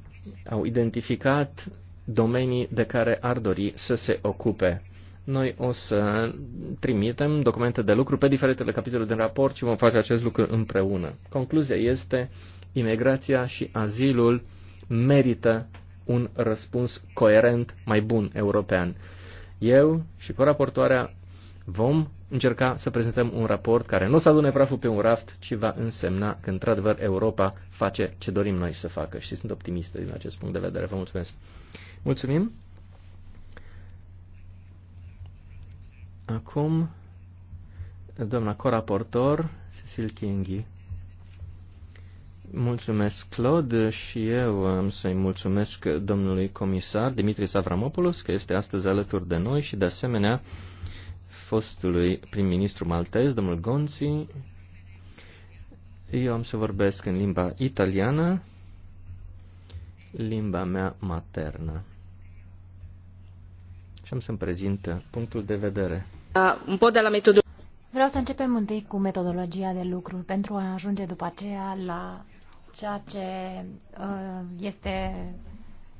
au identificat domenii de care ar dori să se ocupe. Noi o să trimitem documente de lucru pe diferitele capitole din raport și vom face acest lucru împreună. Concluzia este, imigrația și azilul merită un răspuns coerent mai bun european. Eu și coraportoarea vom încerca să prezentăm un raport care nu o să adune praful pe un raft, ci va însemna că, într-adevăr, Europa face ce dorim noi să facă. Și sunt optimistă din acest punct de vedere. Vă mulțumesc! Mulțumim! Acum, doamna coraportor, Cecil Kinghi. Mulțumesc, Claude, și eu am să-i mulțumesc domnului comisar Dimitris Savramopoulos că este astăzi alături de noi și, de asemenea, fostului prim-ministru maltez, domnul Gonzi. Eu am să vorbesc în limba italiană, limba mea maternă. Și am să-mi prezint punctul de vedere. Un po' Vreau să începem întâi cu metodologia de lucru pentru a ajunge după aceea la ceea ce uh, este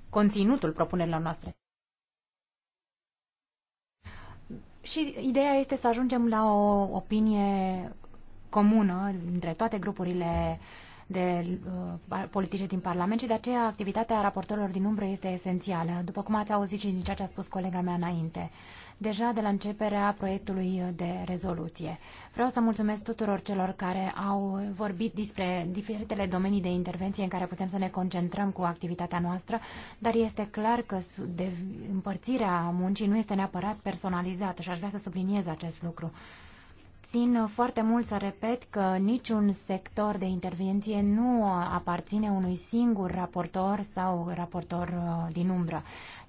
conținutul propunerilor noastre. Și ideea este să ajungem la o opinie comună între toate grupurile uh, de uh, politice din Parlament și de aceea activitatea raportorilor din umbră este esențială, după cum ați auzit și din ceea ce a spus colega mea înainte, deja de la începerea proiectului de rezoluție. Vreau să mulțumesc tuturor celor care au vorbit despre diferitele domenii de intervenție în care putem să ne concentrăm cu activitatea noastră, dar este clar că de împărțirea muncii nu este neapărat personalizată și aș vrea să subliniez acest lucru susțin foarte mult să repet că niciun sector de intervenție nu aparține unui singur raportor sau raportor uh, din umbră.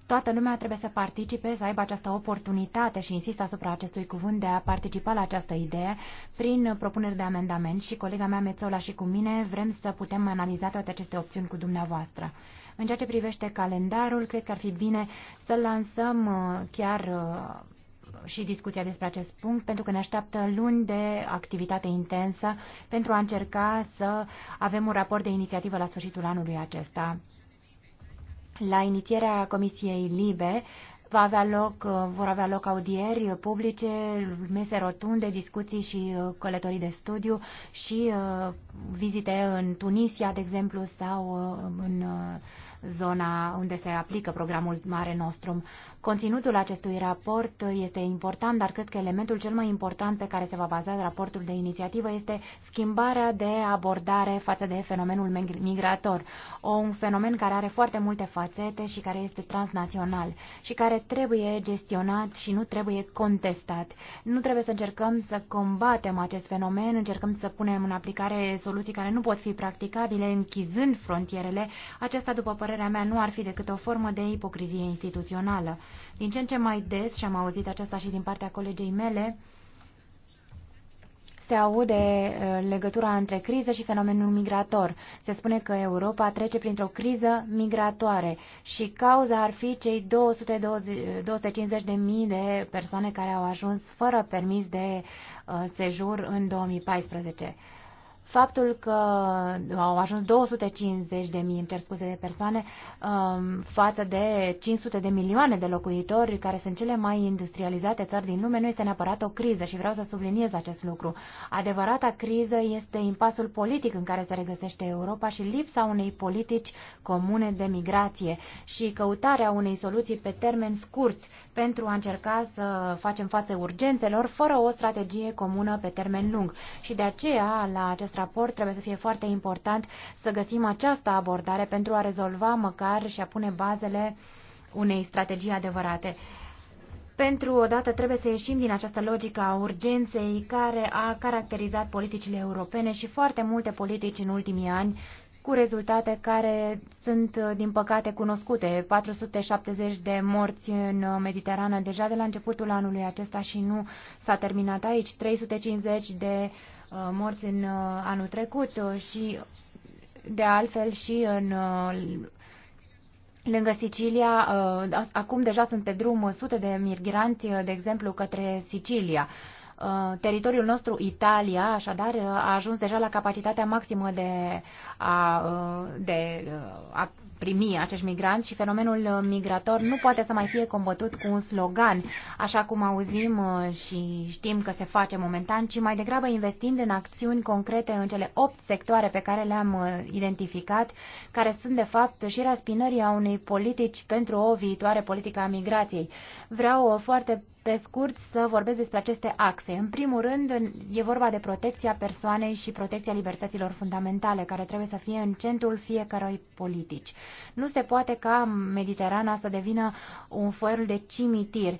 Toată lumea trebuie să participe, să aibă această oportunitate și insist asupra acestui cuvânt de a participa la această idee prin propuneri de amendament și colega mea Mețola și cu mine vrem să putem analiza toate aceste opțiuni cu dumneavoastră. În ceea ce privește calendarul, cred că ar fi bine să lansăm uh, chiar uh, și discuția despre acest punct, pentru că ne așteaptă luni de activitate intensă pentru a încerca să avem un raport de inițiativă la sfârșitul anului acesta. La inițierea Comisiei Libe, va avea loc, vor avea loc audieri publice, mese rotunde, discuții și uh, călătorii de studiu și uh, vizite în Tunisia, de exemplu, sau uh, în zona unde se aplică programul Mare Nostrum. Conținutul acestui raport este important, dar cred că elementul cel mai important pe care se va baza raportul de inițiativă este schimbarea de abordare față de fenomenul migrator, un fenomen care are foarte multe fațete și care este transnațional și care trebuie gestionat și nu trebuie contestat. Nu trebuie să încercăm să combatem acest fenomen, încercăm să punem în aplicare soluții care nu pot fi practicabile, închizând frontierele, aceasta după părerea părerea mea, nu ar fi decât o formă de ipocrizie instituțională. Din ce în ce mai des, și am auzit aceasta și din partea colegei mele, se aude uh, legătura între criză și fenomenul migrator. Se spune că Europa trece printr-o criză migratoare și cauza ar fi cei 250.000 de persoane care au ajuns fără permis de uh, sejur în 2014. Faptul că uh, au ajuns 250 de mii, îmi cer scuze, de persoane um, față de 500 de milioane de locuitori care sunt cele mai industrializate țări din lume nu este neapărat o criză și vreau să subliniez acest lucru. Adevărata criză este impasul politic în care se regăsește Europa și lipsa unei politici comune de migrație și căutarea unei soluții pe termen scurt pentru a încerca să facem față urgențelor fără o strategie comună pe termen lung. Și de aceea, la acest raport trebuie să fie foarte important să găsim această abordare pentru a rezolva măcar și a pune bazele unei strategii adevărate. Pentru o dată trebuie să ieșim din această logică a urgenței care a caracterizat politicile europene și foarte multe politici în ultimii ani cu rezultate care sunt, din păcate, cunoscute. 470 de morți în Mediterană deja de la începutul anului acesta și nu s-a terminat aici. 350 de Uh, morți în uh, anul trecut uh, și de altfel și în Lângă Sicilia, acum deja sunt pe drum sute de migranți, de exemplu, către Sicilia. Teritoriul nostru, Italia, așadar, a ajuns deja la capacitatea maximă de a, de a primi acești migranți și fenomenul uh, migrator nu poate să mai fie combătut cu un slogan, așa cum auzim uh, și știm că se face momentan, ci mai degrabă investind în acțiuni concrete în cele opt sectoare pe care le-am uh, identificat, care sunt de fapt și raspinării a unei politici pentru o viitoare politică a migrației. Vreau foarte pe scurt să vorbesc despre aceste axe. În primul rând, e vorba de protecția persoanei și protecția libertăților fundamentale, care trebuie să fie în centrul fiecărui politici. Nu se poate ca Mediterana să devină un fel de cimitir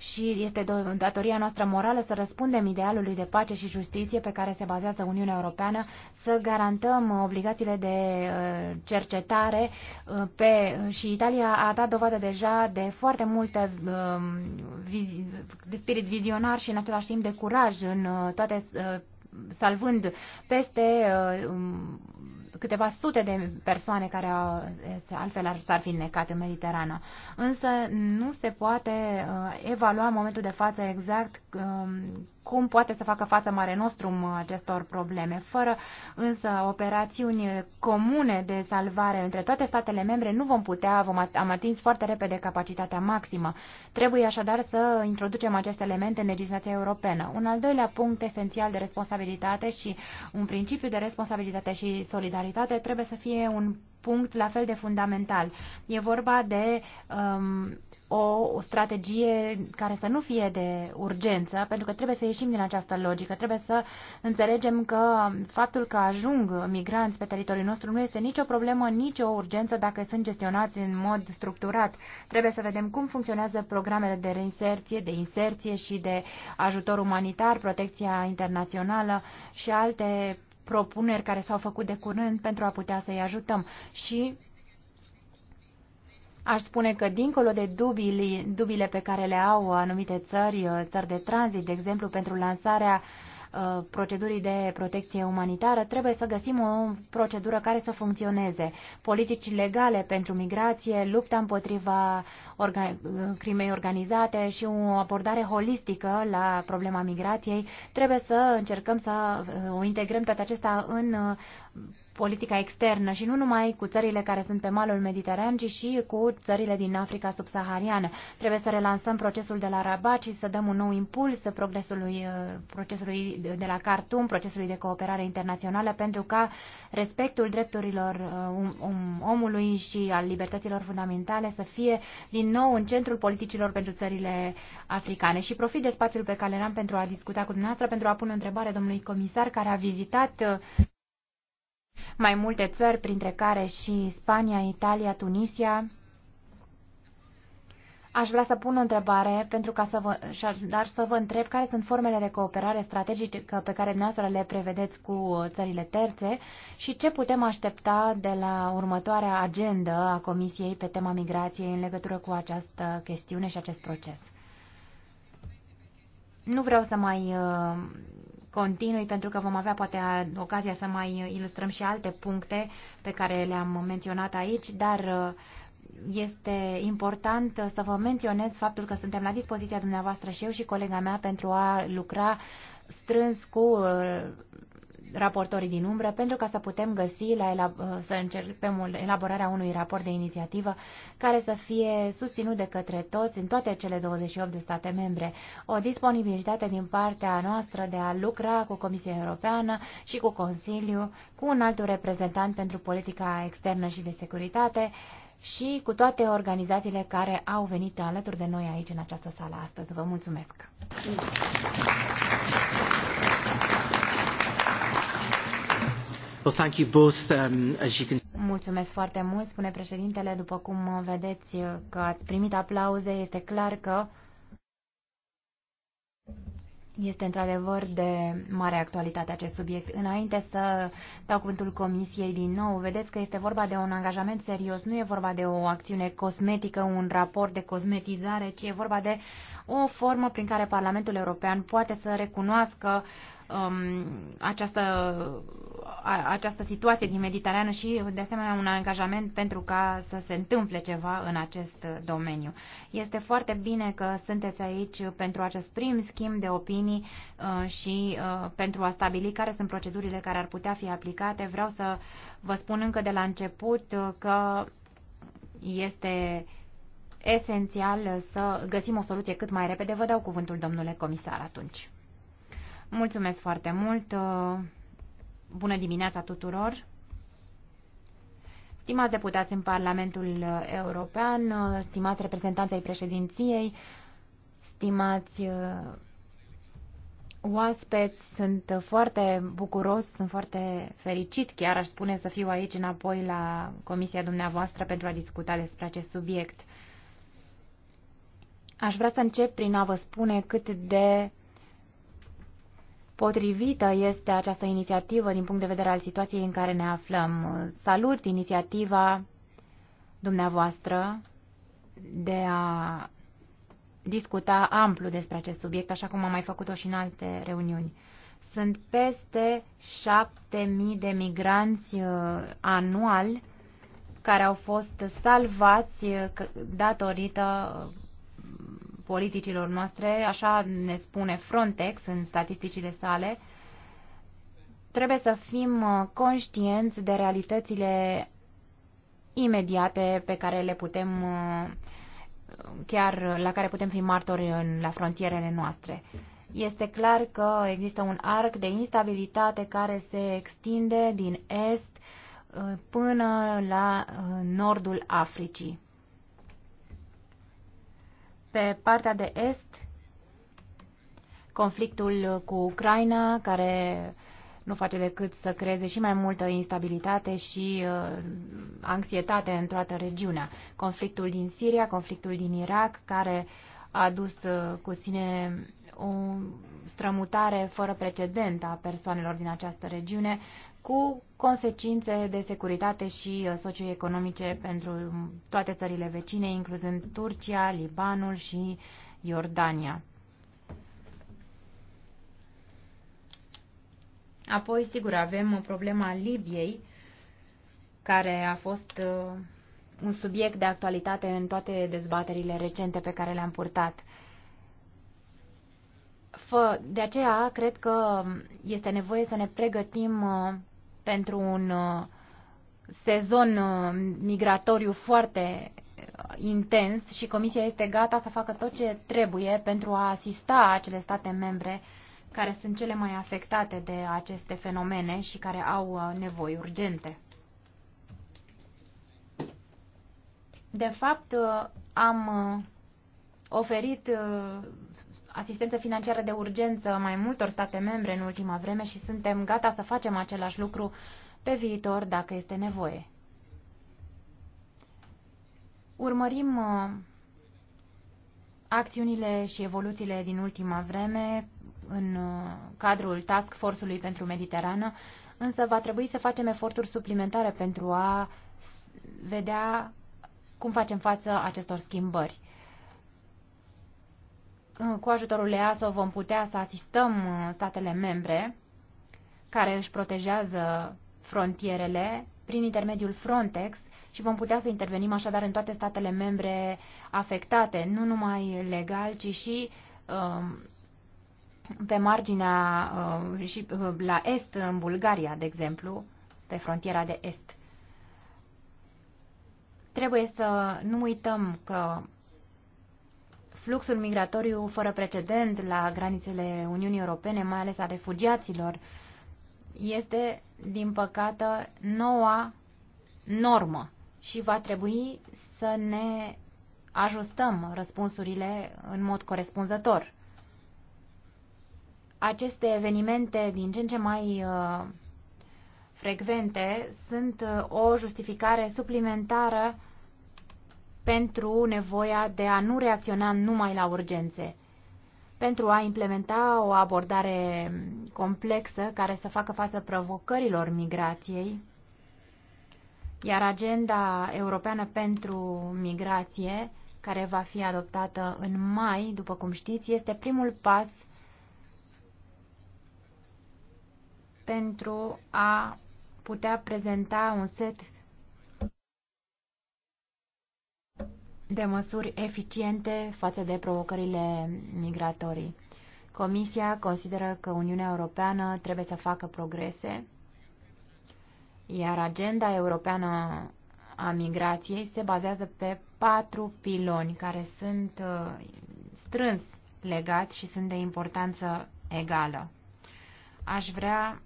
și este datoria noastră morală să răspundem idealului de pace și justiție pe care se bazează Uniunea Europeană, să garantăm obligațiile de uh, cercetare uh, pe, și Italia a dat dovadă deja de foarte multă uh, de spirit vizionar și în același timp de curaj în toate salvând peste câteva sute de persoane care au, altfel s-ar fi înnecat în Mediterana. Însă nu se poate uh, evalua în momentul de față exact um, cum poate să facă față Mare Nostrum uh, acestor probleme. Fără însă operațiuni comune de salvare între toate statele membre nu vom putea, vom, am atins foarte repede capacitatea maximă. Trebuie așadar să introducem aceste elemente în legislația europeană. Un al doilea punct esențial de responsabilitate și un principiu de responsabilitate și solidaritate trebuie să fie un punct la fel de fundamental. E vorba de um, o strategie care să nu fie de urgență, pentru că trebuie să ieșim din această logică. Trebuie să înțelegem că faptul că ajung migranți pe teritoriul nostru nu este nicio problemă, nicio urgență dacă sunt gestionați în mod structurat. Trebuie să vedem cum funcționează programele de reinserție, de inserție și de ajutor umanitar, protecția internațională și alte propuneri care s-au făcut de curând pentru a putea să-i ajutăm. Și Aș spune că, dincolo de dubile, dubile pe care le au anumite țări, țări de tranzit, de exemplu, pentru lansarea uh, procedurii de protecție umanitară, trebuie să găsim o procedură care să funcționeze. Politici legale pentru migrație, lupta împotriva orga crimei organizate și o abordare holistică la problema migrației. Trebuie să încercăm să uh, o integrăm toate acestea în uh, politica externă și nu numai cu țările care sunt pe malul Mediteran, ci și cu țările din Africa subsahariană. Trebuie să relansăm procesul de la Rabat și să dăm un nou impuls progresului, uh, procesului de la Khartoum, procesului de cooperare internațională, pentru ca respectul drepturilor uh, um, um, omului și al libertăților fundamentale să fie din nou în centrul politicilor pentru țările africane. Și profit de spațiul pe care l-am pentru a discuta cu dumneavoastră, pentru a pune o întrebare domnului comisar care a vizitat uh, mai multe țări, printre care și Spania, Italia, Tunisia. Aș vrea să pun o întrebare pentru ca să vă, dar să vă întreb care sunt formele de cooperare strategică pe care dumneavoastră le prevedeți cu uh, țările terțe și ce putem aștepta de la următoarea agendă a Comisiei pe tema migrației în legătură cu această chestiune și acest proces. Nu vreau să mai uh, continui pentru că vom avea poate ocazia să mai ilustrăm și alte puncte pe care le-am menționat aici, dar uh, este important să vă menționez faptul că suntem la dispoziția dumneavoastră și eu și colega mea pentru a lucra strâns cu uh, raportorii din umbră pentru ca să putem găsi, la să începem elaborarea unui raport de inițiativă care să fie susținut de către toți în toate cele 28 de state membre. O disponibilitate din partea noastră de a lucra cu Comisia Europeană și cu Consiliu, cu un altul reprezentant pentru politica externă și de securitate, și cu toate organizațiile care au venit alături de noi aici în această sală astăzi. Vă mulțumesc! Um, Mulțumesc foarte mult, spune președintele. După cum vedeți că ați primit aplauze, este clar că este într-adevăr de mare actualitate acest subiect. Înainte să dau cuvântul comisiei din nou, vedeți că este vorba de un angajament serios, nu e vorba de o acțiune cosmetică, un raport de cosmetizare, ci e vorba de o formă prin care Parlamentul European poate să recunoască uh, um, această, a, această situație din Mediterană și, de asemenea, un angajament pentru ca să se întâmple ceva în acest domeniu. Este foarte bine că sunteți aici pentru acest prim schimb de opinii uh, și uh, pentru a stabili care sunt procedurile care ar putea fi aplicate. Vreau să vă spun încă de la început uh, că este esențial să găsim o soluție cât mai repede. Vă dau cuvântul, domnule comisar, atunci. Mulțumesc foarte mult. Uh, bună dimineața tuturor. Stimați deputați în Parlamentul uh, European, uh, stimați reprezentanți ai președinției, stimați oaspeți, sunt foarte bucuros, sunt foarte fericit chiar, aș spune, să fiu aici înapoi la comisia dumneavoastră pentru a discuta despre acest subiect. Aș vrea să încep prin a vă spune cât de potrivită este această inițiativă din punct de vedere al situației în care ne aflăm. Salut inițiativa dumneavoastră de a discuta amplu despre acest subiect, așa cum am mai făcut-o și în alte reuniuni. Sunt peste 7.000 de migranți uh, anual care au fost salvați uh, datorită politicilor noastre, așa ne spune Frontex în statisticile sale, trebuie să fim uh, conștienți de realitățile imediate pe care le putem uh, chiar la care putem fi martori în, la frontierele noastre. Este clar că există un arc de instabilitate care se extinde din est uh, până la nordul Africii. Pe partea de est, conflictul cu Ucraina, care nu face decât să creeze și mai multă instabilitate și uh, anxietate în toată regiunea. Conflictul din Siria, conflictul din Irak, care a adus uh, cu sine o strămutare fără precedent a persoanelor din această regiune, cu consecințe de securitate și uh, socioeconomice pentru toate țările vecine, incluzând Turcia, Libanul și Iordania. Apoi, sigur, avem problema Libiei, care a fost uh, un subiect de actualitate în toate dezbaterile recente pe care le-am purtat. De aceea, cred că este nevoie să ne pregătim uh, pentru un uh, sezon uh, migratoriu foarte uh, intens și Comisia este gata să facă tot ce trebuie pentru a asista acele state membre care sunt cele mai afectate de aceste fenomene și care au nevoi urgente. De fapt, am oferit asistență financiară de urgență mai multor state membre în ultima vreme și suntem gata să facem același lucru pe viitor dacă este nevoie. Urmărim uh, acțiunile și evoluțiile din ultima vreme în uh, cadrul Task Force-ului pentru Mediterană, însă va trebui să facem eforturi suplimentare pentru a vedea cum facem față acestor schimbări. Uh, cu ajutorul EASO vom putea să asistăm uh, statele membre care își protejează frontierele prin intermediul Frontex și vom putea să intervenim așadar în toate statele membre afectate, nu numai legal, ci și um, pe marginea uh, și la est, în Bulgaria, de exemplu, pe frontiera de est. Trebuie să nu uităm că fluxul migratoriu fără precedent la granițele Uniunii Europene, mai ales a refugiaților, este, din păcate, noua normă și va trebui să ne ajustăm răspunsurile în mod corespunzător. Aceste evenimente din ce în ce mai uh, frecvente sunt uh, o justificare suplimentară pentru nevoia de a nu reacționa numai la urgențe, pentru a implementa o abordare complexă care să facă față provocărilor migrației, iar agenda europeană pentru migrație, care va fi adoptată în mai, după cum știți, este primul pas pentru a putea prezenta un set de măsuri eficiente față de provocările migratorii. Comisia consideră că Uniunea Europeană trebuie să facă progrese, iar agenda europeană a migrației se bazează pe patru piloni care sunt uh, strâns legați și sunt de importanță egală. Aș vrea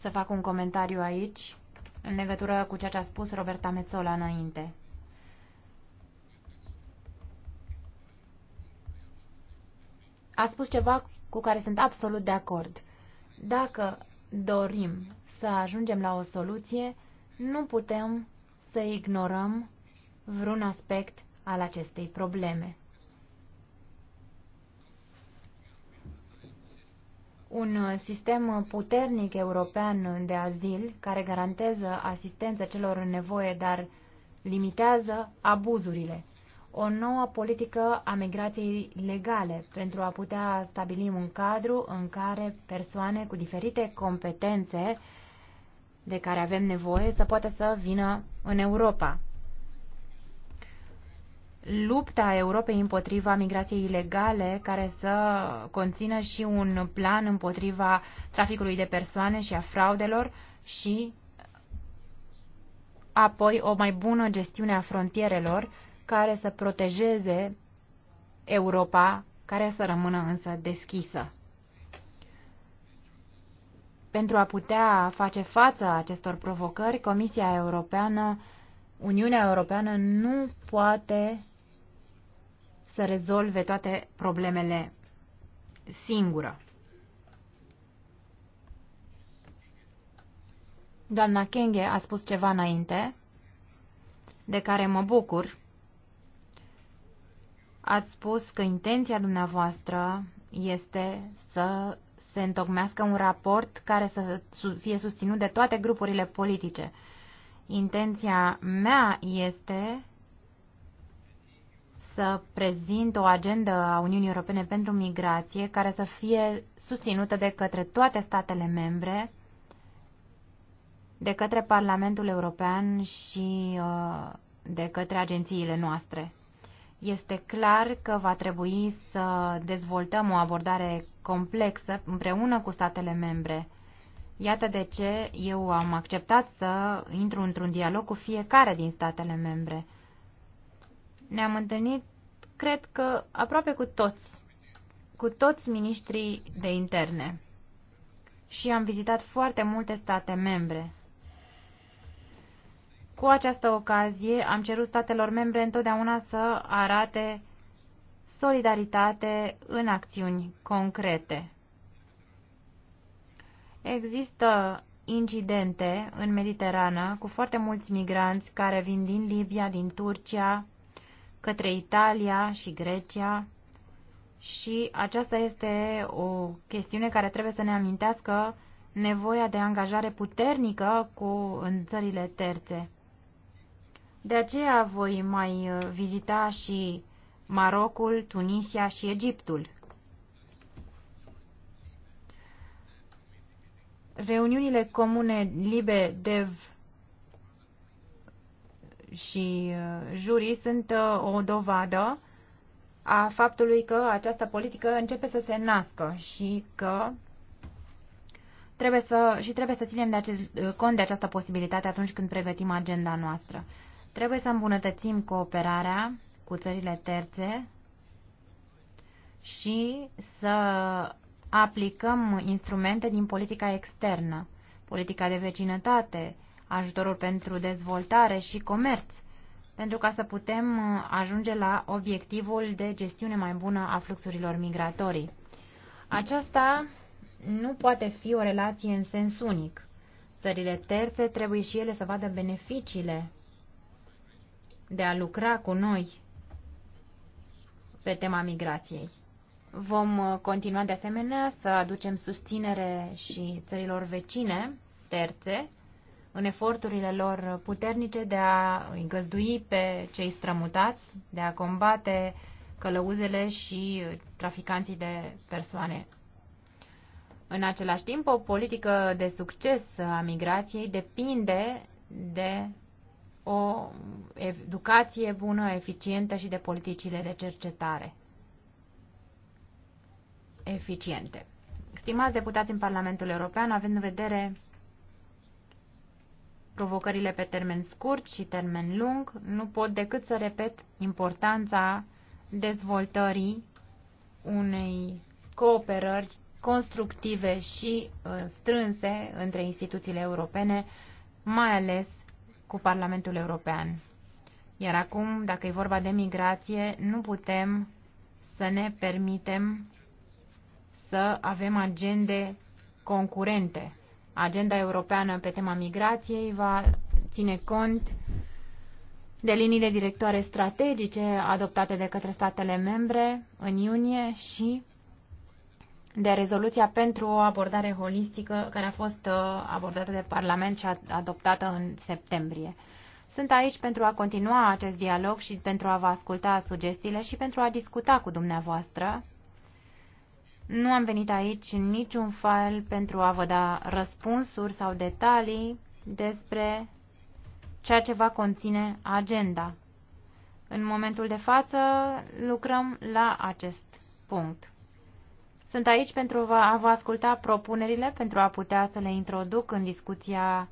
să fac un comentariu aici în legătură cu ceea ce a spus Roberta Mezzola înainte. A spus ceva cu care sunt absolut de acord. Dacă dorim să ajungem la o soluție, nu putem să ignorăm vreun aspect al acestei probleme. Un sistem puternic european de azil care garantează asistență celor în nevoie, dar limitează abuzurile o nouă politică a migrației legale pentru a putea stabili un cadru în care persoane cu diferite competențe de care avem nevoie să poată să vină în Europa. Lupta Europei împotriva migrației ilegale, care să conțină și un plan împotriva traficului de persoane și a fraudelor și apoi o mai bună gestiune a frontierelor, care să protejeze Europa, care să rămână însă deschisă. Pentru a putea face față acestor provocări, Comisia Europeană, Uniunea Europeană nu poate să rezolve toate problemele singură. Doamna Kenge a spus ceva înainte, de care mă bucur, Ați spus că intenția dumneavoastră este să se întocmească un raport care să fie susținut de toate grupurile politice. Intenția mea este să prezint o agendă a Uniunii Europene pentru migrație care să fie susținută de către toate statele membre, de către Parlamentul European și uh, de către agențiile noastre. Este clar că va trebui să dezvoltăm o abordare complexă împreună cu statele membre. Iată de ce eu am acceptat să intru într-un dialog cu fiecare din statele membre. Ne-am întâlnit, cred că, aproape cu toți, cu toți miniștrii de interne. Și am vizitat foarte multe state membre. Cu această ocazie am cerut statelor membre întotdeauna să arate solidaritate în acțiuni concrete. Există incidente în Mediterană cu foarte mulți migranți care vin din Libia, din Turcia, către Italia și Grecia și aceasta este o chestiune care trebuie să ne amintească nevoia de angajare puternică cu în țările terțe. De aceea voi mai uh, vizita și Marocul, Tunisia și Egiptul. Reuniunile comune Libe, Dev și uh, jurii sunt uh, o dovadă a faptului că această politică începe să se nască și că trebuie să, și trebuie să ținem de acest, cont de această posibilitate atunci când pregătim agenda noastră. Trebuie să îmbunătățim cooperarea cu țările terțe și să aplicăm instrumente din politica externă, politica de vecinătate, ajutorul pentru dezvoltare și comerț, pentru ca să putem ajunge la obiectivul de gestiune mai bună a fluxurilor migratorii. Aceasta nu poate fi o relație în sens unic. Țările terțe trebuie și ele să vadă beneficiile de a lucra cu noi pe tema migrației. Vom uh, continua de asemenea să aducem susținere și țărilor vecine, terțe, în eforturile lor puternice de a îi găzdui pe cei strămutați, de a combate călăuzele și uh, traficanții de persoane. În același timp, o politică de succes a migrației depinde de o educație bună, eficientă și de politicile de cercetare eficiente. Stimați deputați în Parlamentul European, având în vedere provocările pe termen scurt și termen lung, nu pot decât să repet importanța dezvoltării unei cooperări constructive și uh, strânse între instituțiile europene, mai ales cu Parlamentul European. Iar acum, dacă e vorba de migrație, nu putem să ne permitem să avem agende concurente. Agenda europeană pe tema migrației va ține cont de liniile directoare strategice adoptate de către statele membre în iunie și de rezoluția pentru o abordare holistică care a fost uh, abordată de Parlament și adoptată în septembrie. Sunt aici pentru a continua acest dialog și pentru a vă asculta sugestiile și pentru a discuta cu dumneavoastră. Nu am venit aici în niciun fel pentru a vă da răspunsuri sau detalii despre ceea ce va conține agenda. În momentul de față lucrăm la acest punct. Sunt aici pentru a vă asculta propunerile, pentru a putea să le introduc în discuția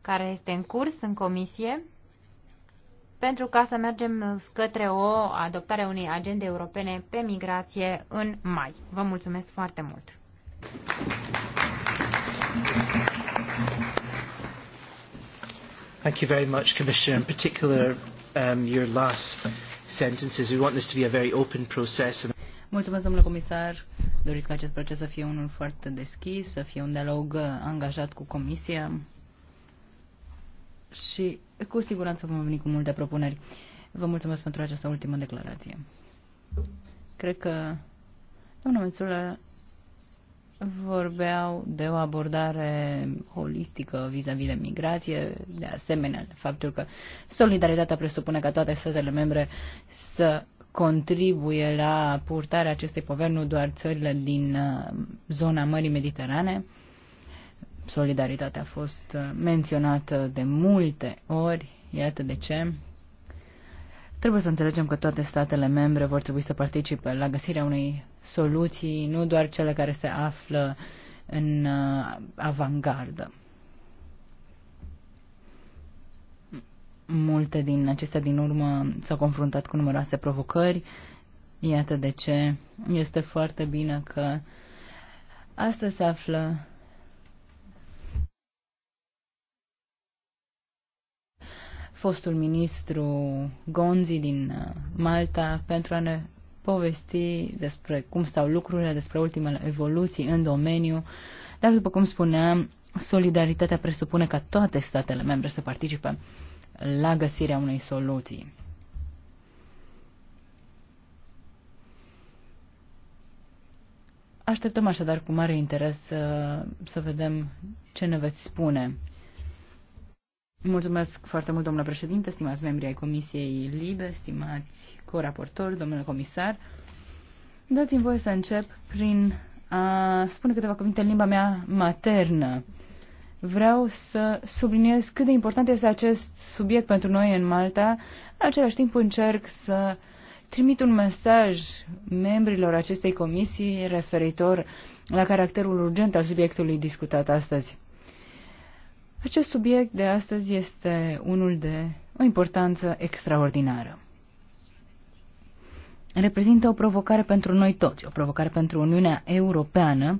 care este în curs în comisie, pentru ca să mergem către o adoptare unei agende europene pe migrație în mai. Vă mulțumesc foarte mult! Thank you very much, Commissioner. In particular, um, your last sentences. We want this to be a very open process. And Mulțumesc, domnule comisar. Doriți ca acest proces să fie unul foarte deschis, să fie un dialog uh, angajat cu Comisia și cu siguranță vom veni cu multe propuneri. Vă mulțumesc pentru această ultimă declarație. Cred că, domnul Mețulă, vorbeau de o abordare holistică vis-a-vis -vis de migrație, de asemenea, faptul că solidaritatea presupune ca toate statele membre să contribuie la purtarea acestei poveri nu doar țările din uh, zona Mării Mediterane. Solidaritatea a fost uh, menționată de multe ori, iată de ce. Trebuie să înțelegem că toate statele membre vor trebui să participe la găsirea unei soluții, nu doar cele care se află în uh, avangardă. Multe din acestea din urmă s-au confruntat cu numeroase provocări. Iată de ce este foarte bine că asta se află fostul ministru Gonzi din uh, Malta pentru a ne povesti despre cum stau lucrurile, despre ultimele evoluții în domeniu, dar după cum spuneam, solidaritatea presupune ca toate statele membre să participe la găsirea unei soluții. Așteptăm așadar cu mare interes să, uh, să vedem ce ne veți spune. Mulțumesc foarte mult, domnule președinte, stimați membri ai Comisiei Libe, stimați coraportori, domnule comisar. Dați-mi voie să încep prin a spune câteva cuvinte în limba mea maternă vreau să subliniez cât de important este acest subiect pentru noi în Malta. În același timp încerc să trimit un mesaj membrilor acestei comisii referitor la caracterul urgent al subiectului discutat astăzi. Acest subiect de astăzi este unul de o importanță extraordinară. Reprezintă o provocare pentru noi toți, o provocare pentru Uniunea Europeană,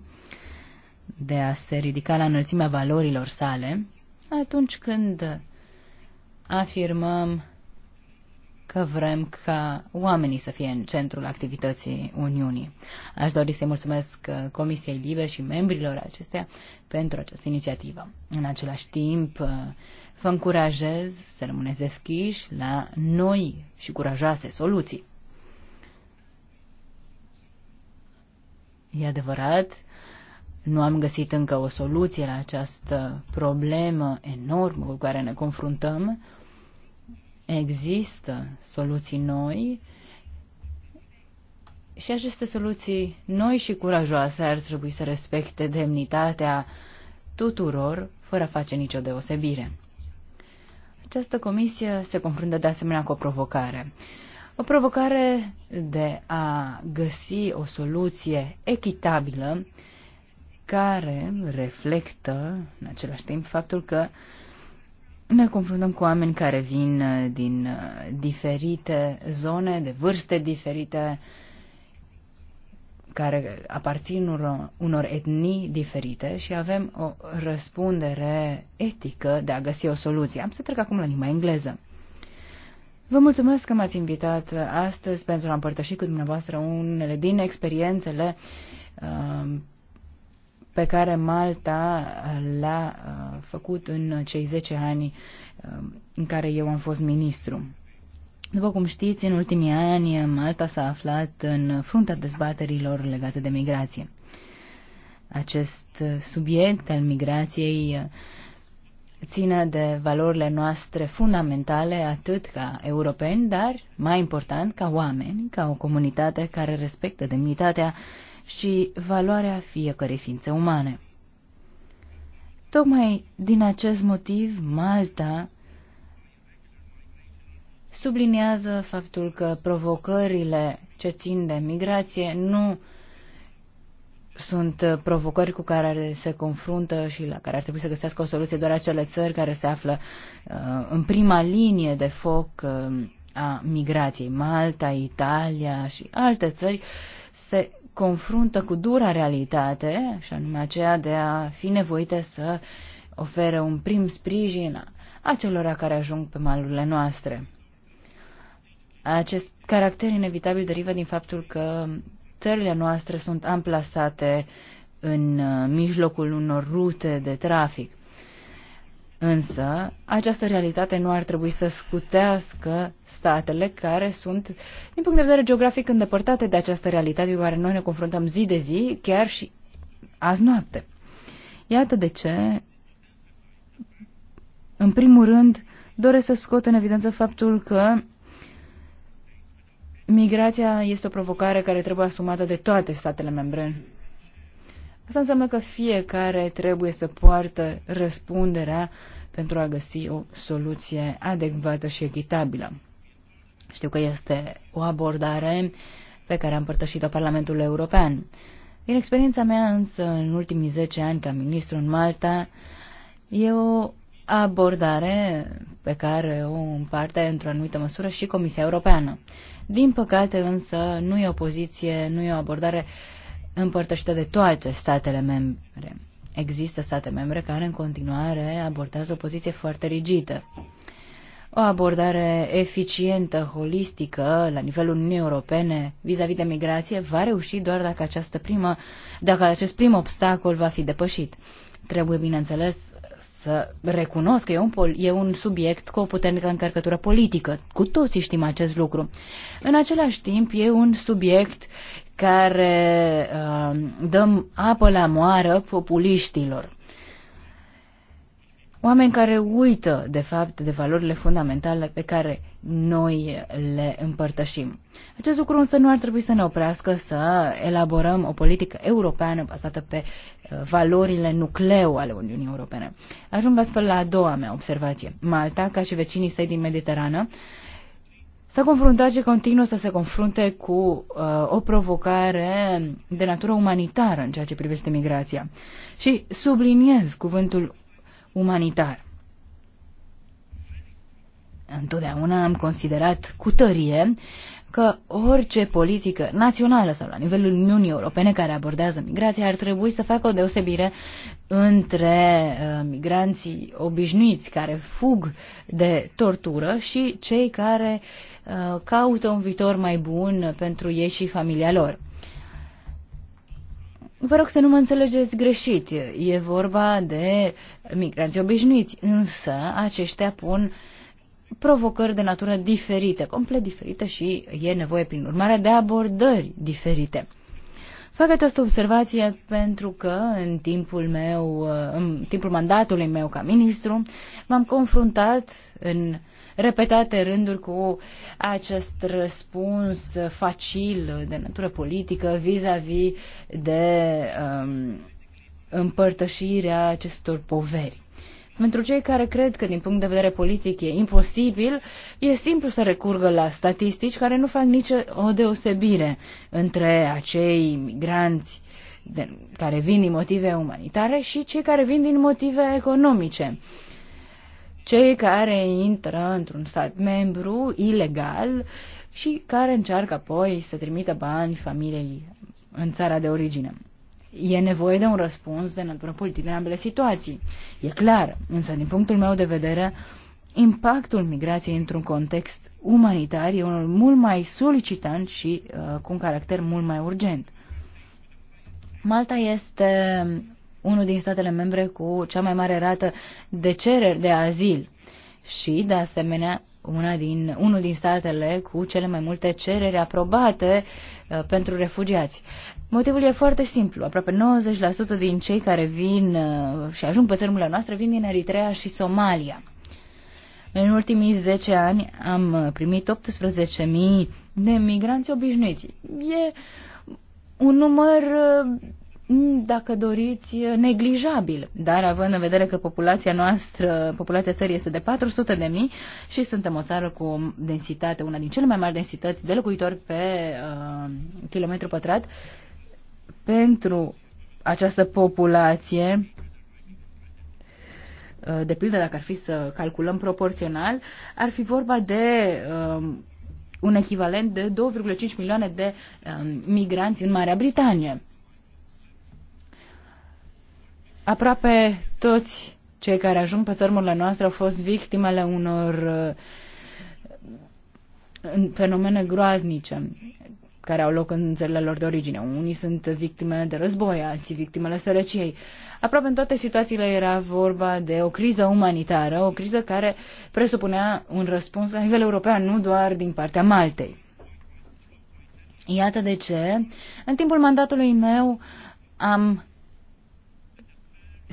de a se ridica la înălțimea valorilor sale, atunci când afirmăm că vrem ca oamenii să fie în centrul activității Uniunii. Aș dori să-i mulțumesc uh, Comisiei Libe și membrilor acesteia pentru această inițiativă. În același timp, uh, vă încurajez să rămâneți deschiși la noi și curajoase soluții. E adevărat nu am găsit încă o soluție la această problemă enormă cu care ne confruntăm. Există soluții noi și aceste soluții noi și curajoase ar trebui să respecte demnitatea tuturor, fără a face nicio deosebire. Această comisie se confruntă de asemenea cu o provocare. O provocare de a găsi o soluție echitabilă care reflectă în același timp faptul că ne confruntăm cu oameni care vin uh, din uh, diferite zone, de vârste diferite, care aparțin unor, etnii diferite și avem o răspundere etică de a găsi o soluție. Am să trec acum la limba engleză. Vă mulțumesc că m-ați invitat astăzi pentru a împărtăși cu dumneavoastră unele din experiențele uh, pe care Malta l-a uh, făcut în cei 10 ani uh, în care eu am fost ministru. După cum știți, în ultimii ani Malta s-a aflat în fruntea dezbaterilor legate de migrație. Acest subiect al migrației uh, ține de valorile noastre fundamentale atât ca europeni, dar mai important ca oameni, ca o comunitate care respectă demnitatea și valoarea fiecărei ființe umane. Tocmai din acest motiv, Malta subliniază faptul că provocările ce țin de migrație nu sunt provocări cu care se confruntă și la care ar trebui să găsească o soluție doar acele țări care se află uh, în prima linie de foc uh, a migrației. Malta, Italia și alte țări se confruntă cu dura realitate, și anume aceea de a fi nevoite să ofere un prim sprijin acelora care ajung pe malurile noastre. Acest caracter inevitabil derivă din faptul că țările noastre sunt amplasate în uh, mijlocul unor rute de trafic. Însă, această realitate nu ar trebui să scutească statele care sunt, din punct de vedere geografic, îndepărtate de această realitate cu care noi ne confruntăm zi de zi, chiar și azi noapte. Iată de ce, în primul rând, doresc să scot în evidență faptul că migrația este o provocare care trebuie asumată de toate statele membre Asta înseamnă că fiecare trebuie să poartă răspunderea pentru a găsi o soluție adecvată și echitabilă. Știu că este o abordare pe care am părtășit o Parlamentul European. Din experiența mea însă, în ultimii 10 ani ca ministru în Malta, e o abordare pe care o împarte într-o anumită măsură și Comisia Europeană. Din păcate însă nu e o poziție, nu e o abordare uh, împărtășită de toate statele membre. Există state membre care în continuare abordează o poziție foarte rigidă. O abordare eficientă, holistică, la nivelul Uniunii Europene, vis-a-vis -vis de migrație, va reuși doar dacă, această primă, dacă acest prim obstacol va fi depășit. Trebuie, bineînțeles, să recunosc că e un, e un subiect cu o puternică încărcătură politică. Cu toții știm acest lucru. În același timp, e un subiect care uh, dăm apă la moară populiștilor. Oameni care uită, de fapt, de valorile fundamentale pe care noi le împărtășim. Acest lucru însă nu ar trebui să ne oprească să elaborăm o politică europeană bazată pe uh, valorile nucleu ale Uniunii Europene. Ajung astfel la a doua mea observație. Malta, ca și vecinii săi din Mediterană, s-a confruntat și continuă să se confrunte cu uh, o provocare de natură umanitară în ceea ce privește migrația. Și subliniez cuvântul umanitar. Întotdeauna am considerat cu tărie că orice politică națională sau la nivelul Uniunii Europene care abordează migrația ar trebui să facă o deosebire între uh, migranții obișnuiți care fug de tortură și cei care uh, caută un viitor mai bun pentru ei și familia lor. Vă rog să nu mă înțelegeți greșit, e vorba de migranți obișnuiți, însă aceștia pun uh, provocări de natură diferite, complet diferite și e nevoie, prin urmare, de abordări diferite. Fac această observație pentru că în timpul meu, în timpul mandatului meu ca ministru, m-am confruntat în repetate rânduri cu acest răspuns facil de natură politică vis-a-vis -vis de um, împărtășirea acestor poveri. Pentru cei care cred că din punct de vedere politic e imposibil, e simplu să recurgă la statistici care nu fac nicio o deosebire între acei migranți de, care vin din motive umanitare și cei care vin din motive economice. Cei care intră într-un stat membru ilegal și care încearcă apoi să trimită bani familiei în țara de origine. E nevoie de un răspuns de natură politică în ambele situații. E clar, însă din punctul meu de vedere, impactul migrației într-un context umanitar e unul mult mai solicitant și uh, cu un caracter mult mai urgent. Malta este unul din statele membre cu cea mai mare rată de cereri de azil și, de asemenea, una din, unul din statele cu cele mai multe cereri aprobate uh, pentru refugiați. Motivul e foarte simplu. Aproape 90% din cei care vin uh, și ajung pe țărmurile noastre vin din Eritrea și Somalia. În ultimii 10 ani am primit 18.000 de migranți obișnuiți. E un număr uh, Mm, dacă doriți, neglijabil. Dar având în vedere că populația noastră, populația țării este de 400 de mii și suntem o țară cu o densitate, una din cele mai mari densități de locuitori pe uh, kilometru pătrat, pentru această populație, uh, de pildă dacă ar fi să calculăm proporțional, ar fi vorba de um, un echivalent de 2,5 milioane de um, migranți în Marea Britanie Aproape toți cei care ajung pe țărmurile noastre au fost victimele unor uh, fenomene groaznice care au loc în țările lor de origine. Unii sunt victime de război, alții victimele sărăciei. Aproape în toate situațiile era vorba de o criză umanitară, o criză care presupunea un răspuns la nivel european, nu doar din partea Maltei. Iată de ce, în timpul mandatului meu am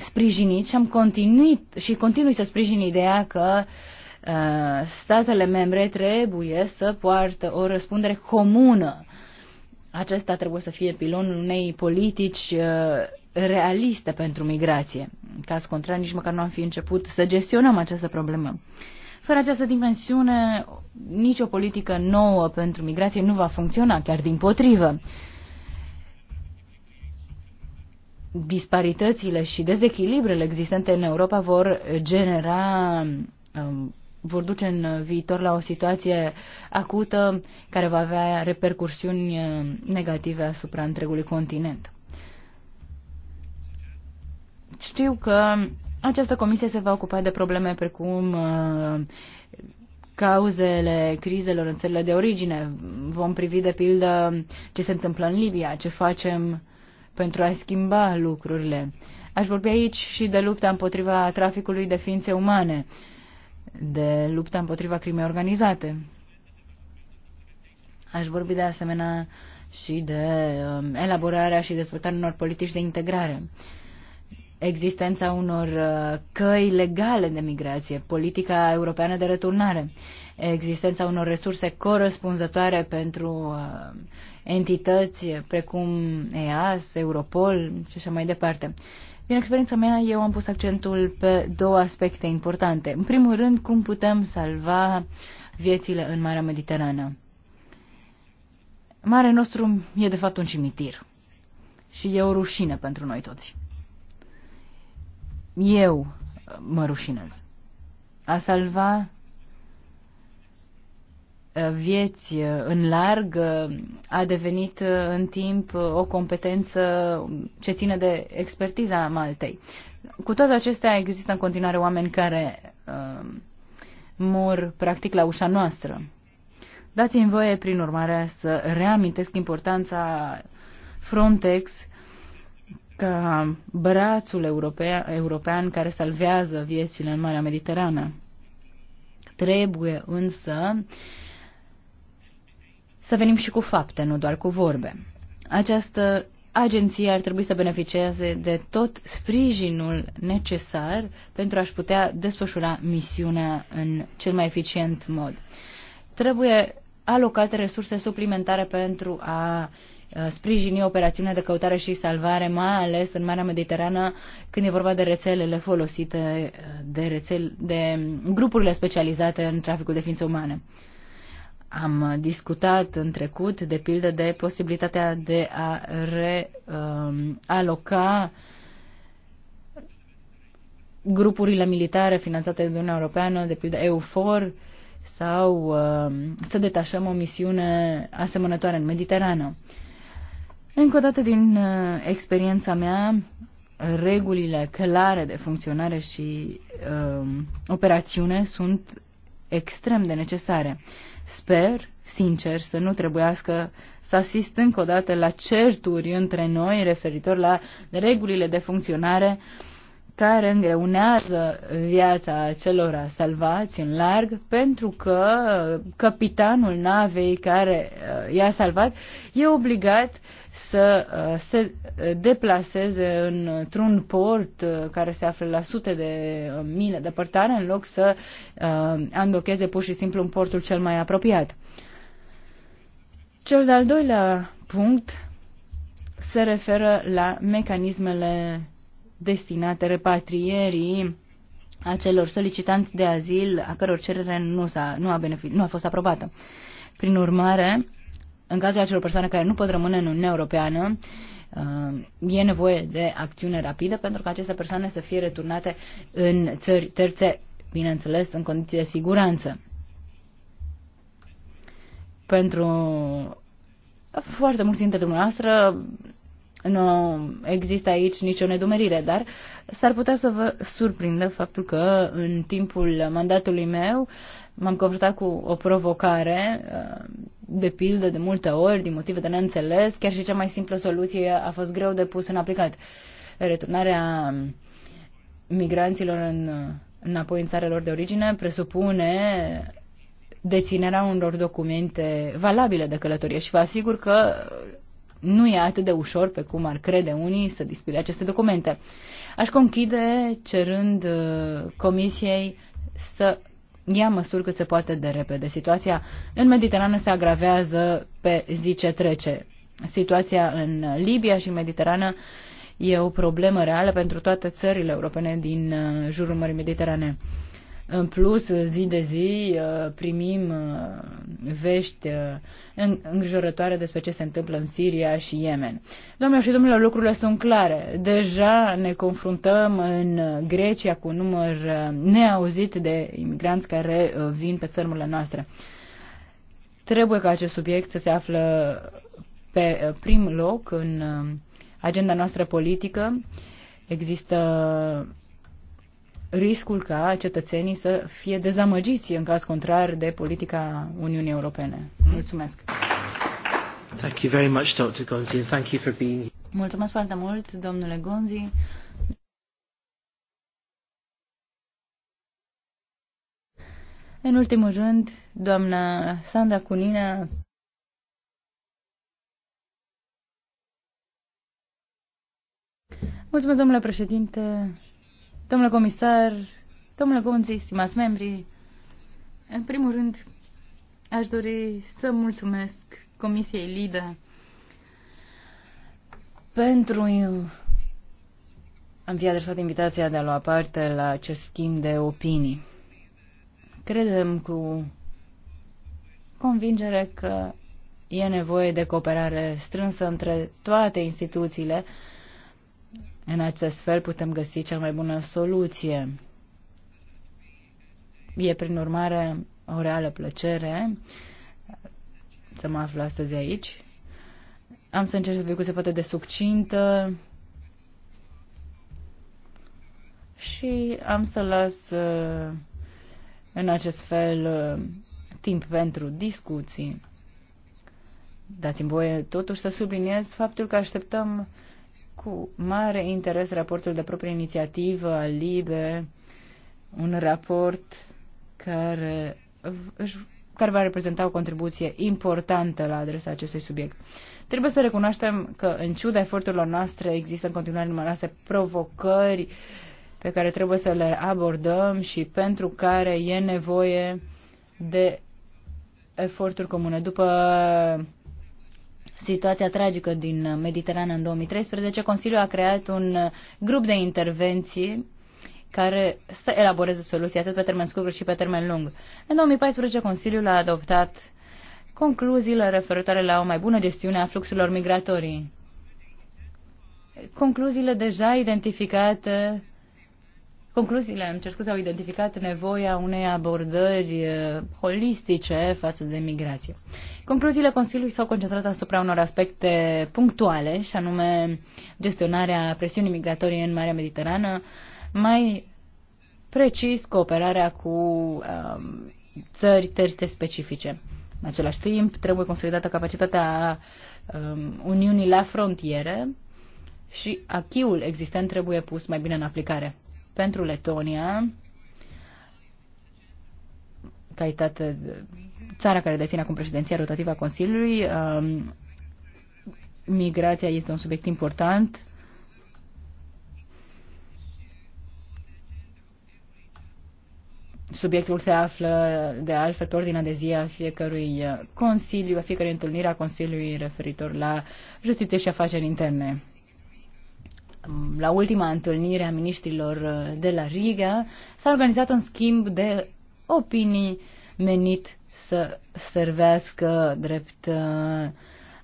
sprijinit și am continuit și continui să sprijin ideea că uh, statele membre trebuie să poartă o răspundere comună. Acesta trebuie să fie pilonul unei politici uh, realiste pentru migrație. În caz contrar, nici măcar nu am fi început să gestionăm această problemă. Fără această dimensiune, nicio politică nouă pentru migrație nu va funcționa, chiar din potrivă disparitățile și dezechilibrele existente în Europa vor genera, um, vor duce în viitor la o situație acută care va avea repercursiuni um, negative asupra întregului continent. Știu că această comisie se va ocupa de probleme precum uh, cauzele crizelor în țările de origine. Vom privi de pildă ce se întâmplă în Libia, ce facem pentru a schimba lucrurile. Aș vorbi aici și de lupta împotriva traficului de ființe umane, de lupta împotriva crimei organizate. Aș vorbi de asemenea și de um, elaborarea și dezvoltarea unor politici de integrare existența unor uh, căi legale de migrație, politica europeană de returnare, existența unor resurse corespunzătoare pentru uh, entități precum EAS, Europol și așa mai departe. Din experiența mea, eu am pus accentul pe două aspecte importante. În primul rând, cum putem salva viețile în Marea Mediterană. Mare nostru e de fapt un cimitir și e o rușine pentru noi toți. Eu mă rușinez. A salva vieți uh, în larg uh, a devenit uh, în timp o competență ce ține de expertiza Maltei. Cu toate acestea există în continuare oameni care uh, mor practic la ușa noastră. Dați-mi voie, prin urmare, să reamintesc importanța Frontex ca brațul europea, european care salvează viețile în Marea Mediterană. Trebuie însă uh, să venim și cu fapte, nu doar cu vorbe. Această agenție ar trebui să beneficieze de tot sprijinul necesar pentru a-și putea desfășura misiunea în cel mai eficient mod. Trebuie alocate resurse suplimentare pentru a sprijini operațiunea de căutare și salvare, mai ales în Marea Mediterană, când e vorba de rețelele folosite de, rețel, de grupurile specializate în traficul de ființe umane. Am uh, discutat în trecut, de pildă, de posibilitatea de a realoca um, grupurile militare finanțate de Uniunea Europeană, de pildă EUFOR, sau um, să detașăm o misiune asemănătoare în Mediterană. Încă o dată din uh, experiența mea, regulile clare de funcționare și uh, operațiune sunt extrem de necesare. Sper, sincer, să nu trebuiască să asist încă o dată la certuri între noi referitor la regulile de funcționare care îngreunează viața celor salvați în larg pentru că capitanul navei care uh, i-a salvat e obligat să uh, se uh, deplaseze într-un port uh, care se află la sute de mii de depărtare, în loc să andocheze pur și simplu în portul cel mai apropiat. Cel de-al doilea punct se referă la mecanismele destinate repatrierii celor solicitanți de azil a căror cerere nu, a nu, a, benefic- nu a fost aprobată. Prin urmare, în cazul acelor persoane care nu pot rămâne în Uniunea Europeană, uh, e nevoie de acțiune rapidă pentru că aceste persoane să fie returnate în țări terțe, bineînțeles, în condiții de siguranță. Pentru foarte mulți dintre dumneavoastră nu există aici nicio nedumerire, dar s-ar putea să vă surprindă faptul că în timpul mandatului meu uh, m-am confruntat cu o provocare, uh, de pildă, de multe ori, din motive de neînțeles, chiar și cea mai simplă soluție a fost greu de pus în aplicat. Returnarea um, migranților în, uh, înapoi în țarele lor de origine presupune deținerea unor documente valabile de călătorie și vă asigur că nu e atât de ușor pe cum ar crede unii să dispute aceste documente. Aș conchide cerând uh, comisiei să ia măsuri cât se poate de repede. Situația în Mediterană se agravează pe zi ce trece. Situația în Libia și Mediterană e o problemă reală pentru toate țările europene din uh, jurul Mării Mediterane. În plus, zi de zi uh, primim uh, vești uh, îngrijorătoare despre ce se întâmplă în Siria și Yemen. Domnilor și domnilor, lucrurile sunt clare. Deja ne confruntăm în Grecia cu un număr neauzit de imigranți care vin pe țărmurile noastre. Trebuie ca acest subiect să se află pe prim loc în agenda noastră politică. Există riscul ca cetățenii să fie dezamăgiți în caz contrar de politica Uniunii Europene. Mulțumesc! Thank you very much, Dr. Gonzi, and thank you for being here. Mulțumesc foarte mult, domnule Gonzi. În ultimul rând, doamna Sandra Cunina, Mulțumesc, domnule președinte. Domnule comisar, domnule Gonzi, stimați membri, în primul rând aș dori să mulțumesc Comisiei LIDE pentru am fi adresat invitația de a lua parte la acest schimb de opinii. Credem cu convingere că e nevoie de cooperare strânsă între toate instituțiile în acest fel putem găsi cea mai bună soluție. E, prin urmare, o reală plăcere să mă aflu astăzi aici. Am să încerc să fiu cât se poate de succintă și am să las uh, în acest fel uh, timp pentru discuții. Dați-mi voie totuși să subliniez faptul că așteptăm cu mare interes raportul de proprie inițiativă al LIBE, un raport care, care va reprezenta o contribuție importantă la adresa acestui subiect. Trebuie să recunoaștem că, în ciuda eforturilor noastre, există în continuare numeroase provocări pe care trebuie să le abordăm și pentru care e nevoie de eforturi comune. După situația tragică din Mediterana în 2013, Consiliul a creat un grup de intervenții care să elaboreze soluții atât pe termen scurt cât și pe termen lung. În 2014, Consiliul a adoptat concluziile referitoare la o mai bună gestiune a fluxurilor migratorii. Concluziile deja identificate Concluziile, îmi cer scuze, au identificat nevoia unei abordări eh, holistice față de migrație. Concluziile Consiliului s-au concentrat asupra unor aspecte punctuale, și anume gestionarea presiunii migratorii în Marea Mediterană, mai precis cooperarea cu um, țări terțe specifice. În același timp, trebuie consolidată capacitatea um, Uniunii la frontiere și achiul existent trebuie pus mai bine în aplicare pentru Letonia, calitate țara care deține acum președinția rotativă a Consiliului, um, migrația este un subiect important. Subiectul se află de altfel pe ordinea de zi a fiecărui Consiliu, a fiecărui întâlnire a Consiliului referitor la justiție și afaceri interne la ultima întâlnire a miniștrilor uh, de la Riga, s-a organizat un schimb de opinii menit să servească drept uh,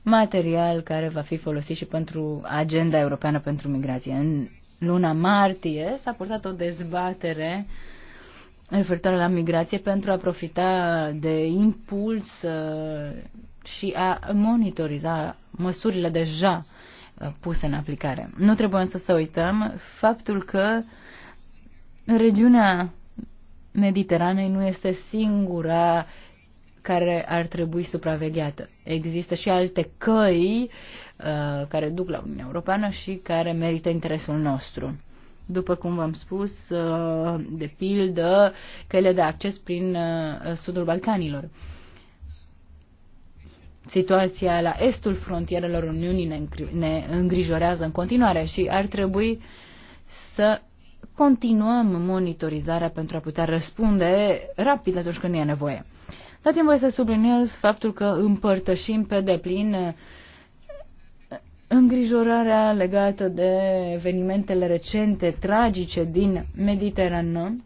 material care va fi folosit și pentru agenda europeană pentru migrație. În luna martie s-a purtat o dezbatere referitoare la migrație pentru a profita de impuls uh, și a monitoriza măsurile deja uh, puse în aplicare. Nu trebuie însă să uităm faptul că regiunea Mediteranei nu este singura care ar trebui supravegheată. Există și alte căi uh, care duc la Uniunea Europeană și care merită interesul nostru. După cum v-am spus, uh, de pildă, căile de acces prin uh, sudul Balcanilor. Uh, Situația la estul frontierelor Uniunii ne, ne îngrijorează în continuare și ar trebui să continuăm monitorizarea pentru a putea răspunde rapid atunci când e nevoie. Dați-mi voie să subliniez faptul că împărtășim pe deplin eh, îngrijorarea legată de evenimentele recente, tragice din Mediterană,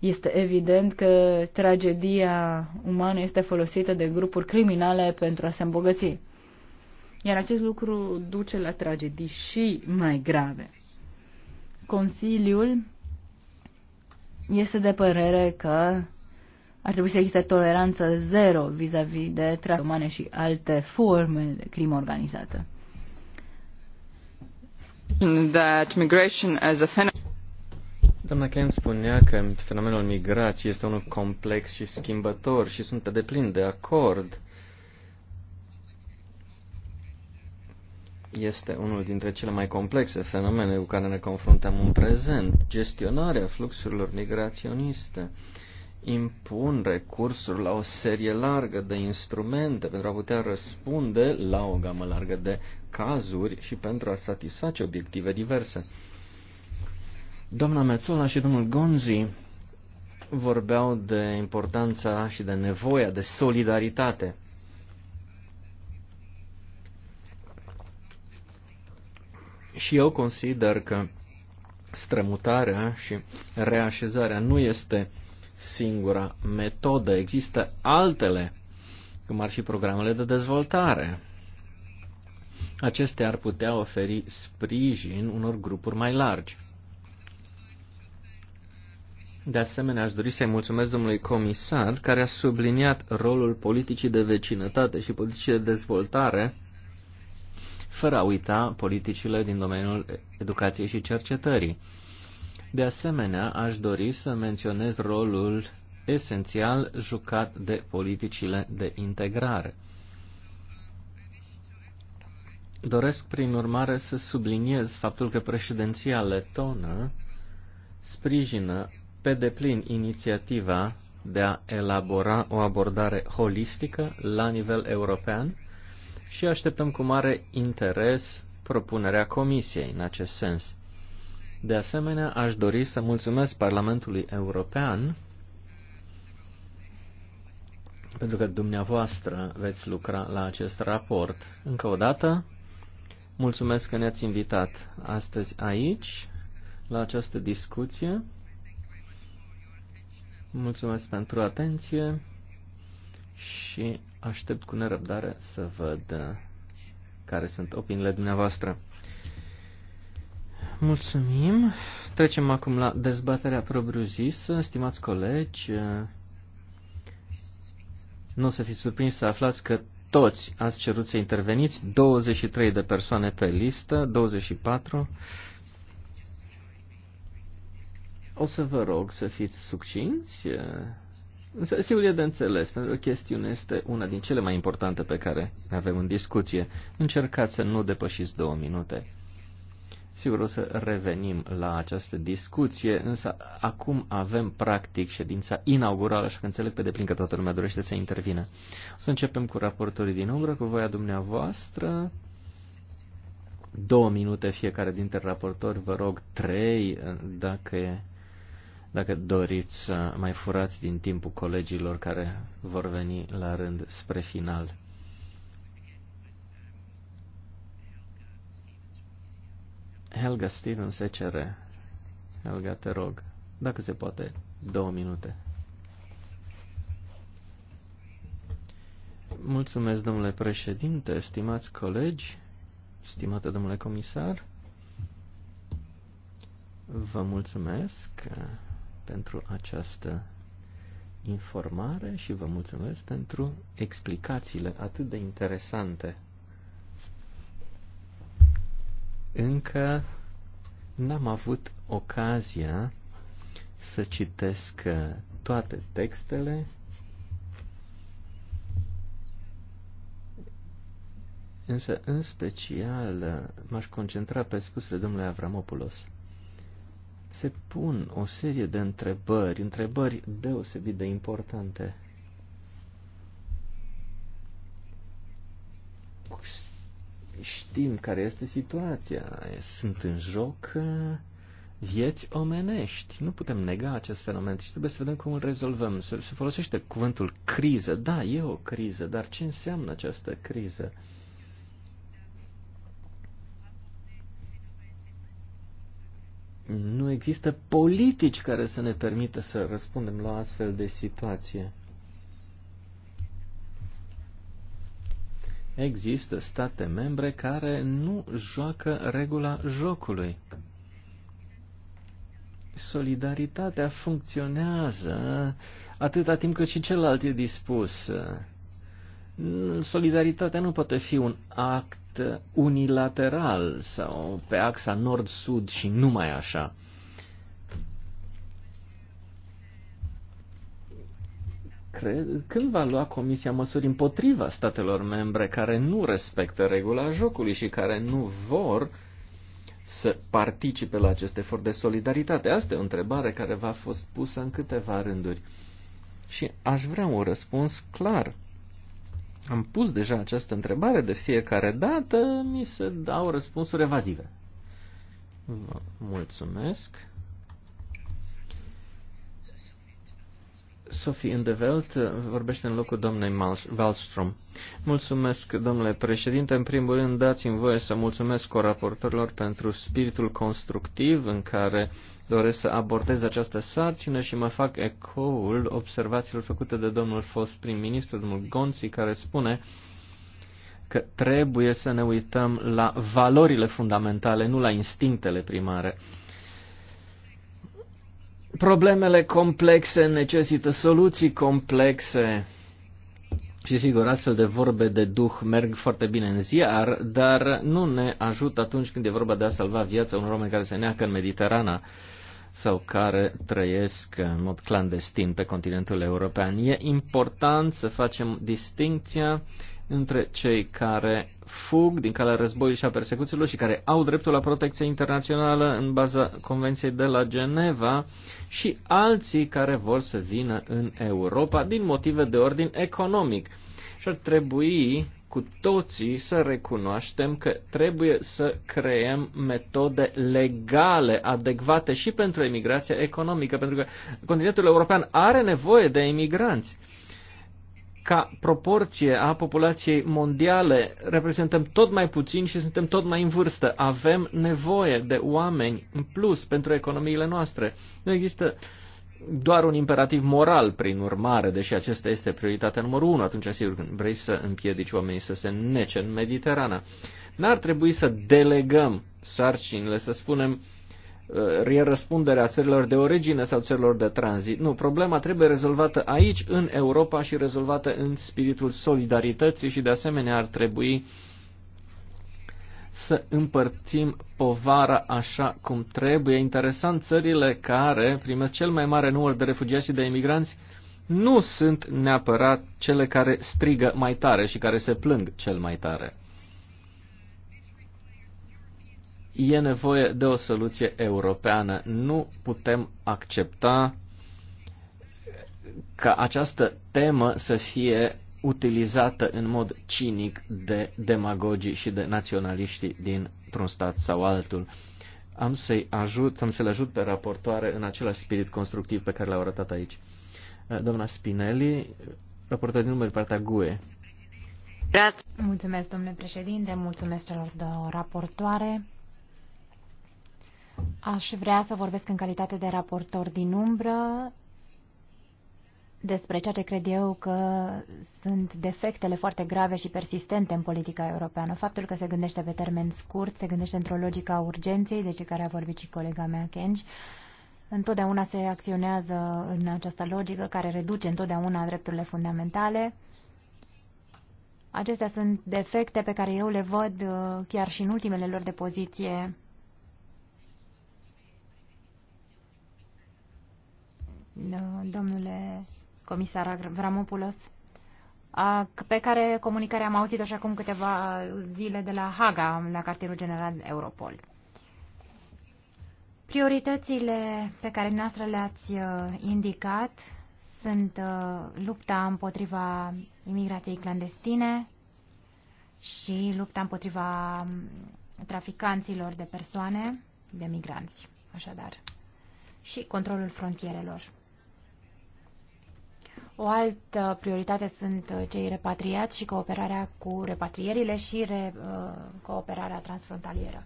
este evident că tragedia umană este folosită de grupuri criminale pentru a se îmbogăți. Iar acest lucru duce la tragedii și mai grave. Consiliul este de părere că ar trebui să existe toleranță zero vis-a-vis -vis de tragedii umane și alte forme de crimă organizată. That migration as a Doamna Ken spunea că fenomenul migrației este unul complex și schimbător și sunt pe deplin de acord. Este unul dintre cele mai complexe fenomene cu care ne confruntăm în prezent. Gestionarea fluxurilor migraționiste impun recursuri la o serie largă de instrumente pentru a putea răspunde la o gamă largă de cazuri și pentru a satisface obiective diverse. Doamna Mețola și domnul Gonzi vorbeau de importanța și de nevoia de solidaritate. Și eu consider că strămutarea și reașezarea nu este singura metodă. Există altele, cum ar fi programele de dezvoltare. Acestea ar putea oferi sprijin unor grupuri mai largi. De asemenea, aș dori să-i mulțumesc domnului comisar, care a subliniat rolul politicii de vecinătate și politicii de dezvoltare, fără a uita politicile din domeniul educației și cercetării. De asemenea, aș dori să menționez rolul esențial jucat de politicile de integrare. Doresc, prin urmare, să subliniez faptul că președinția letonă sprijină pe deplin inițiativa de a elabora o abordare holistică la nivel european și așteptăm cu mare interes propunerea Comisiei în acest sens. De asemenea, aș dori să mulțumesc Parlamentului European pentru că dumneavoastră veți lucra la acest raport. Încă o dată, mulțumesc că ne-ați invitat astăzi aici la această discuție. Mulțumesc pentru atenție și aștept cu nerăbdare să văd uh, care sunt opiniile dumneavoastră. Mulțumim. Trecem acum la dezbaterea propriu-zisă. Stimați colegi, uh, nu o să fiți surprinși să aflați că toți ați cerut să interveniți, 23 de persoane pe listă, 24 o să vă rog să fiți succinți, însă sigur e de înțeles, pentru că chestiunea este una din cele mai importante pe care ne avem în discuție. Încercați să nu depășiți două minute. Sigur o să revenim la această discuție, însă acum avem practic ședința inaugurală, așa că înțeleg pe deplin că toată lumea dorește să intervină. O să începem cu raportorii din umbră, cu voia dumneavoastră. Două minute fiecare dintre raportori, vă rog trei, dacă e dacă doriți să mai furați din timpul colegilor care vor veni la rând spre final. Helga Stevens, cere. Helga, te rog, dacă se poate, două minute. Mulțumesc, domnule președinte, stimați colegi, stimată domnule comisar. Vă mulțumesc pentru această informare și vă mulțumesc pentru explicațiile atât de interesante. Încă n-am avut ocazia să citesc uh, toate textele, însă în special uh, m-aș concentra pe spusele domnului Avramopoulos se pun o serie de întrebări, întrebări deosebit de importante. Știm care este situația. Sunt în joc uh, vieți omenești. Nu putem nega acest fenomen și trebuie să vedem cum îl rezolvăm. Se, folosește cuvântul criză. Da, e o criză, dar ce înseamnă această criză? nu există politici care să ne permită să răspundem la astfel de situație. Există state membre care nu joacă regula jocului. Solidaritatea funcționează atâta timp cât și celălalt e dispus Solidaritatea nu poate fi un act unilateral sau pe axa nord-sud și numai așa. Cred, când va lua Comisia măsuri împotriva statelor membre care nu respectă regula jocului și care nu vor să participe la acest efort de solidaritate? Asta e o întrebare care v-a fost pusă în câteva rânduri. Și aș vrea un răspuns clar am pus deja această întrebare de fiecare dată, mi se dau răspunsuri evazive. Vă mulțumesc. Sophie Welt vorbește în locul domnului Wallström. Mulțumesc, domnule președinte. În primul rând, dați-mi voie să mulțumesc coraportorilor pentru spiritul constructiv în care doresc să abordez această sarcină și mă fac ecoul observațiilor făcute de domnul fost prim-ministru, domnul Gonzi, care spune că trebuie să ne uităm la valorile fundamentale, nu la instinctele primare. Uh, Problemele complexe necesită soluții complexe. Și sigur, astfel de vorbe de duh merg foarte bine în ziar, dar nu ne ajută atunci când e vorba de a salva viața unor oameni care se neacă în Mediterana sau care trăiesc în mod clandestin pe continentul european. E important să facem distinția între cei care fug din calea războiului și a persecuțiilor și care au dreptul la protecție internațională în baza Convenției de la Geneva și alții care vor să vină în Europa din motive de ordin economic. Și ar trebui cu toții să recunoaștem că trebuie să creăm metode legale adecvate și pentru emigrația economică, pentru că continentul european are nevoie de emigranți ca proporție a populației mondiale reprezentăm tot mai puțin și suntem tot mai în vârstă. Avem nevoie de oameni în plus pentru economiile noastre. Nu există doar un imperativ moral, prin urmare, deși acesta este prioritatea numărul unu, atunci sigur când vrei să împiedici oamenii să se nece în Mediterana. N-ar trebui să delegăm sarcinile, să spunem, e răspunderea țărilor de origine sau țărilor de tranzit. Nu, problema trebuie rezolvată aici, în Europa și rezolvată în spiritul solidarității și de asemenea ar trebui să împărțim povara așa cum trebuie. Interesant, țările care primesc cel mai mare număr de refugiați și de imigranți nu sunt neapărat cele care strigă mai tare și care se plâng cel mai tare. E nevoie de o soluție europeană. Nu putem accepta ca această temă să fie utilizată în mod cinic de demagogii și de naționaliștii dintr-un stat sau altul. Am să-i ajut, am să-l ajut pe raportoare în același spirit constructiv pe care l-au arătat aici. Doamna Spinelli, raportor din numele partea GUE. Mulțumesc, domnule președinte, mulțumesc celor două raportoare. Aș vrea să vorbesc în calitate de raportor din umbră despre ceea ce cred eu că sunt defectele foarte grave și persistente în politica europeană. Faptul că se gândește pe termen scurt, se gândește într-o logică a urgenței, de ce care a vorbit și colega mea, Kenji, întotdeauna se acționează în această logică care reduce întotdeauna drepturile fundamentale. Acestea sunt defecte pe care eu le văd uh, chiar și în ultimele lor de poziție Uh, domnule comisar Vramopoulos, pe care comunicarea am auzit-o și acum câteva zile de la Haga, la cartierul general Europol. Prioritățile pe care noastră le-ați uh, indicat sunt uh, lupta împotriva imigrației clandestine și lupta împotriva um, traficanților de persoane, de migranți, așadar, și controlul frontierelor. O altă prioritate sunt uh, cei repatriați și cooperarea cu repatrierile și re, uh, cooperarea transfrontalieră.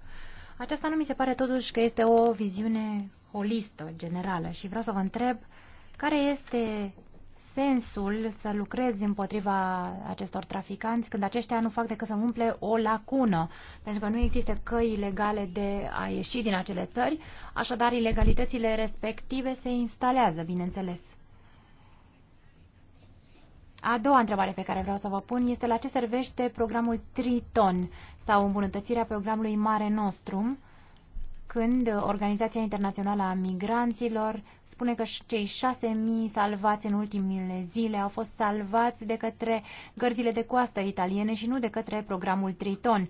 Aceasta nu mi se pare totuși că este o viziune holistă, generală și vreau să vă întreb care este sensul să lucrezi împotriva acestor traficanți când aceștia nu fac decât să umple o lacună, pentru că nu există căi legale de a ieși din acele țări, așadar ilegalitățile respective se instalează, bineînțeles. A doua întrebare pe care vreau să vă pun este la ce servește programul Triton sau îmbunătățirea programului Mare Nostrum când Organizația Internațională a Migranților spune că cei 6.000 salvați în ultimile zile au fost salvați de către gărzile de coastă italiene și nu de către programul Triton,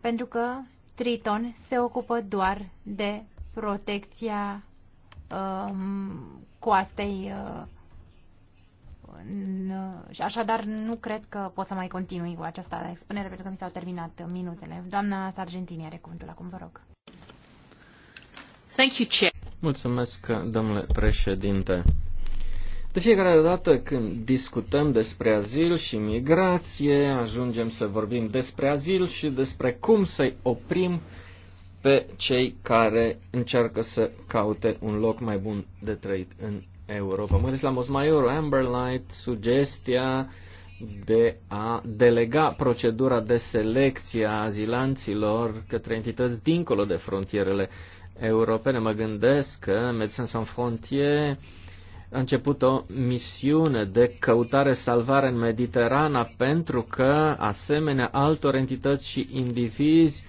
pentru că Triton se ocupă doar de protecția um, coastei uh, în, și așadar nu cred că pot să mai continui cu această expunere pentru că mi s-au terminat minutele. Doamna Sargentini are cuvântul acum, vă rog. Thank you, Chair. Mulțumesc, domnule președinte. De fiecare dată când discutăm despre azil și migrație, ajungem să vorbim despre azil și despre cum să-i oprim pe cei care încearcă să caute un loc mai bun de trăit în Europa. Mă gândesc la Mosmaior, Light, sugestia de a delega procedura de selecție a azilanților către entități dincolo de frontierele europene. Mă gândesc că Medicine Sans Frontier a început o misiune de căutare-salvare în Mediterana pentru că, asemenea altor entități și indivizi,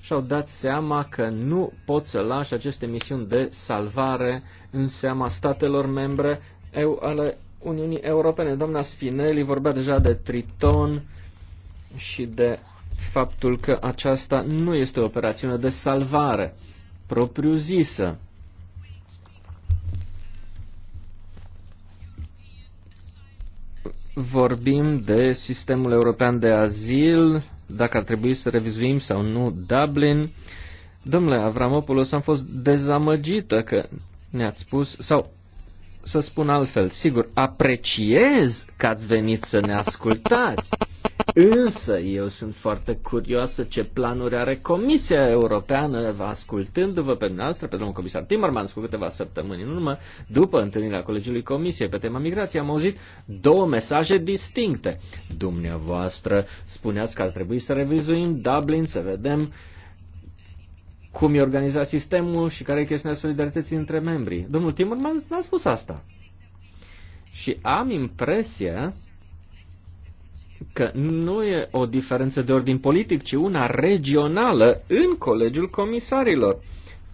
și-au dat seama că nu pot să lași aceste misiuni de salvare în seama statelor membre eu, ale Uniunii Europene. Doamna Spinelli vorbea deja de Triton și de faptul că aceasta nu este o operațiune de salvare propriu-zisă. Vorbim de sistemul european de azil, dacă ar trebui să revizuim sau nu Dublin. Domnule Avramopoulos, am fost dezamăgită că ne-ați spus, sau să spun altfel, sigur, apreciez că ați venit să ne ascultați, Însă eu sunt foarte curioasă ce planuri are Comisia Europeană, ascultându-vă pe dumneavoastră, pe domnul comisar Timmermans, cu câteva săptămâni în urmă, după întâlnirea Colegiului Comisiei pe tema migrației, am auzit două mesaje distincte. Dumneavoastră spuneați că ar trebui să revizuim Dublin, să vedem cum e organizat sistemul și care e chestiunea solidarității între membrii. Domnul Timmermans n-a spus asta. Și am impresia că nu e o diferență de ordin politic, ci una regională în Colegiul Comisarilor.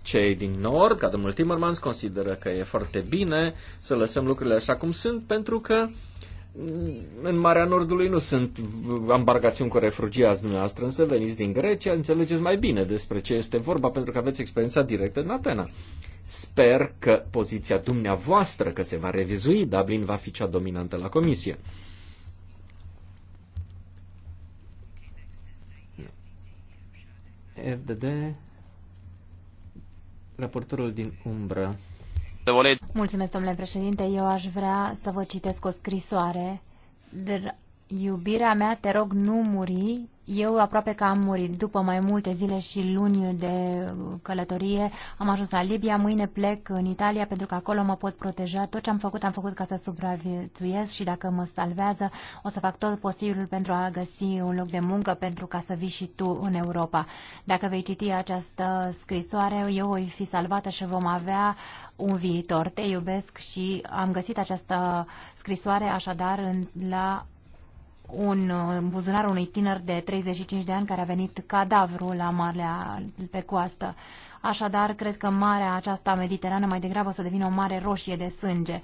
Cei din Nord, ca domnul Timmermans, consideră că e foarte bine să lăsăm lucrurile așa cum sunt, pentru că mm, în Marea Nordului nu sunt ambargațiuni cu refugiați dumneavoastră, însă veniți din Grecia, înțelegeți mai bine despre ce este vorba, pentru că aveți experiența directă în Atena. Sper că poziția dumneavoastră, că se va revizui, Dublin va fi cea dominantă la comisie. FDD, raportorul din umbră. Mulțumesc, domnule președinte. Eu aș vrea să vă citesc o scrisoare. Iubirea mea, te rog, nu muri, eu aproape că am murit. După mai multe zile și luni de călătorie, am ajuns la Libia. Mâine plec în Italia pentru că acolo mă pot proteja. Tot ce am făcut, am făcut ca să supraviețuiesc și dacă mă salvează, o să fac tot posibilul pentru a găsi un loc de muncă pentru ca să vii și tu în Europa. Dacă vei citi această scrisoare, eu voi fi salvată și vom avea un viitor. Te iubesc și am găsit această scrisoare așadar în, la un uh, buzunar unui tiner de 35 de ani care a venit cadavru la marea pe coastă. Așadar, cred că marea aceasta mediterană mai degrabă o să devină o mare roșie de sânge.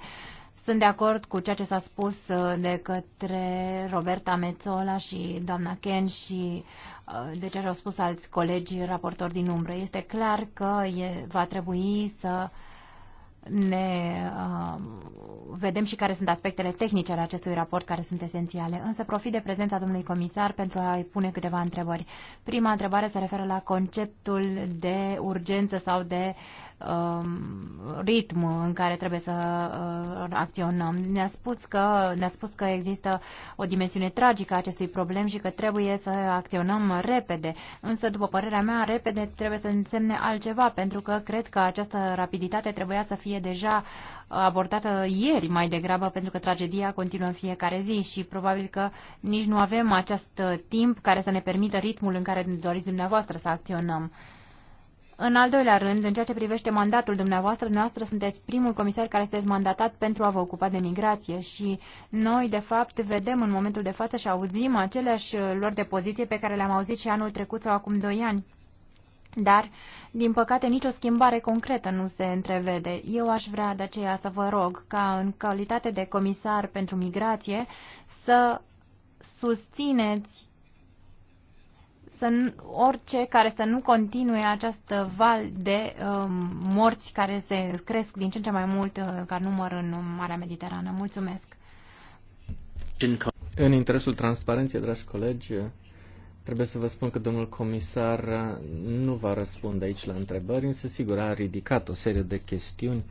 Sunt de acord cu ceea ce s-a spus uh, de către Roberta Mezzola și doamna Ken și uh, de ceea ce au spus alți colegi raportori din umbră. Este clar că e, va trebui să uh, ne uh, vedem și care sunt aspectele tehnice ale acestui raport care sunt esențiale. Însă profit de prezența domnului comisar pentru a-i pune câteva întrebări. Prima întrebare se referă la conceptul de urgență sau de Um, ritm în care trebuie să uh, acționăm. Ne-a spus că, ne-a spus că există o dimensiune tragică a acestui problem și că trebuie să acționăm repede. Însă, după părerea mea, repede trebuie să însemne altceva, pentru că cred că această rapiditate trebuia să fie deja abordată ieri mai degrabă, pentru că tragedia continuă în fiecare zi și probabil că nici nu avem acest timp care să ne permită ritmul în care doriți dumneavoastră să acționăm. În al doilea rând, în ceea ce privește mandatul dumneavoastră, dumneavoastră sunteți primul comisar care sunteți mandatat pentru a vă ocupa de migrație și noi, de fapt, vedem în momentul de față și auzim aceleași lor de poziție pe care le-am auzit și anul trecut sau acum doi ani. Dar, din păcate, nicio schimbare concretă nu se întrevede. Eu aș vrea de aceea să vă rog ca, în calitate de comisar pentru migrație, să susțineți să nu, orice care să nu continue această val de um, morți care se cresc din ce în ce mai mult uh, ca număr în Marea Mediterană. Mulțumesc! În interesul transparenței, dragi colegi, trebuie să vă spun că domnul comisar nu va răspunde aici la întrebări, însă sigur a ridicat o serie de chestiuni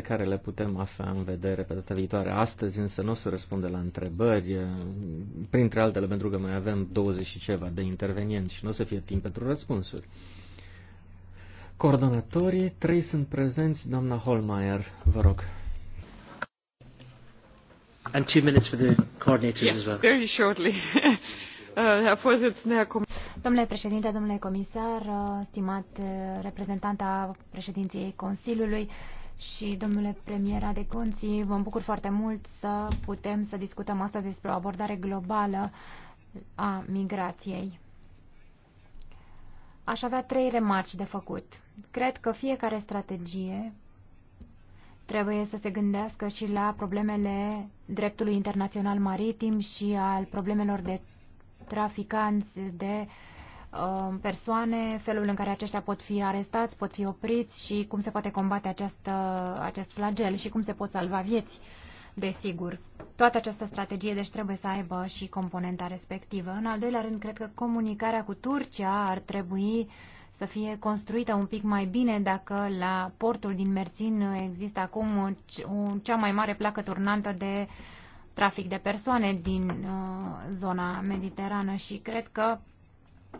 pe care le putem avea în vedere pe data viitoare. Astăzi însă nu o să răspunde la întrebări, printre altele pentru că mai avem 20 și ceva de intervenienți și nu o să fie timp pentru răspunsuri. Coordonatorii, trei sunt prezenți, doamna Holmeier, vă rog. And two minutes for the coordinators yes, as well. very shortly. Uh, domnule președinte, domnule comisar, uh, stimat uh, reprezentant a președinției Consiliului, și domnule premier Adeconții, vă bucur foarte mult să putem să discutăm astăzi despre o abordare globală a migrației. Aș avea trei remarci de făcut. Cred că fiecare strategie trebuie să se gândească și la problemele dreptului internațional maritim și al problemelor de traficanți de uh, Um, persoane, felul în care aceștia pot fi arestați, pot fi opriți și cum se poate combate acest, acest flagel și cum se pot salva vieți. Desigur, toată această strategie deci trebuie să aibă și componenta respectivă. În al doilea rând, cred că comunicarea cu Turcia ar trebui să fie construită un pic mai bine dacă la portul din Mersin există acum cea mai mare placă turnantă de trafic de persoane din uh, zona mediterană și cred că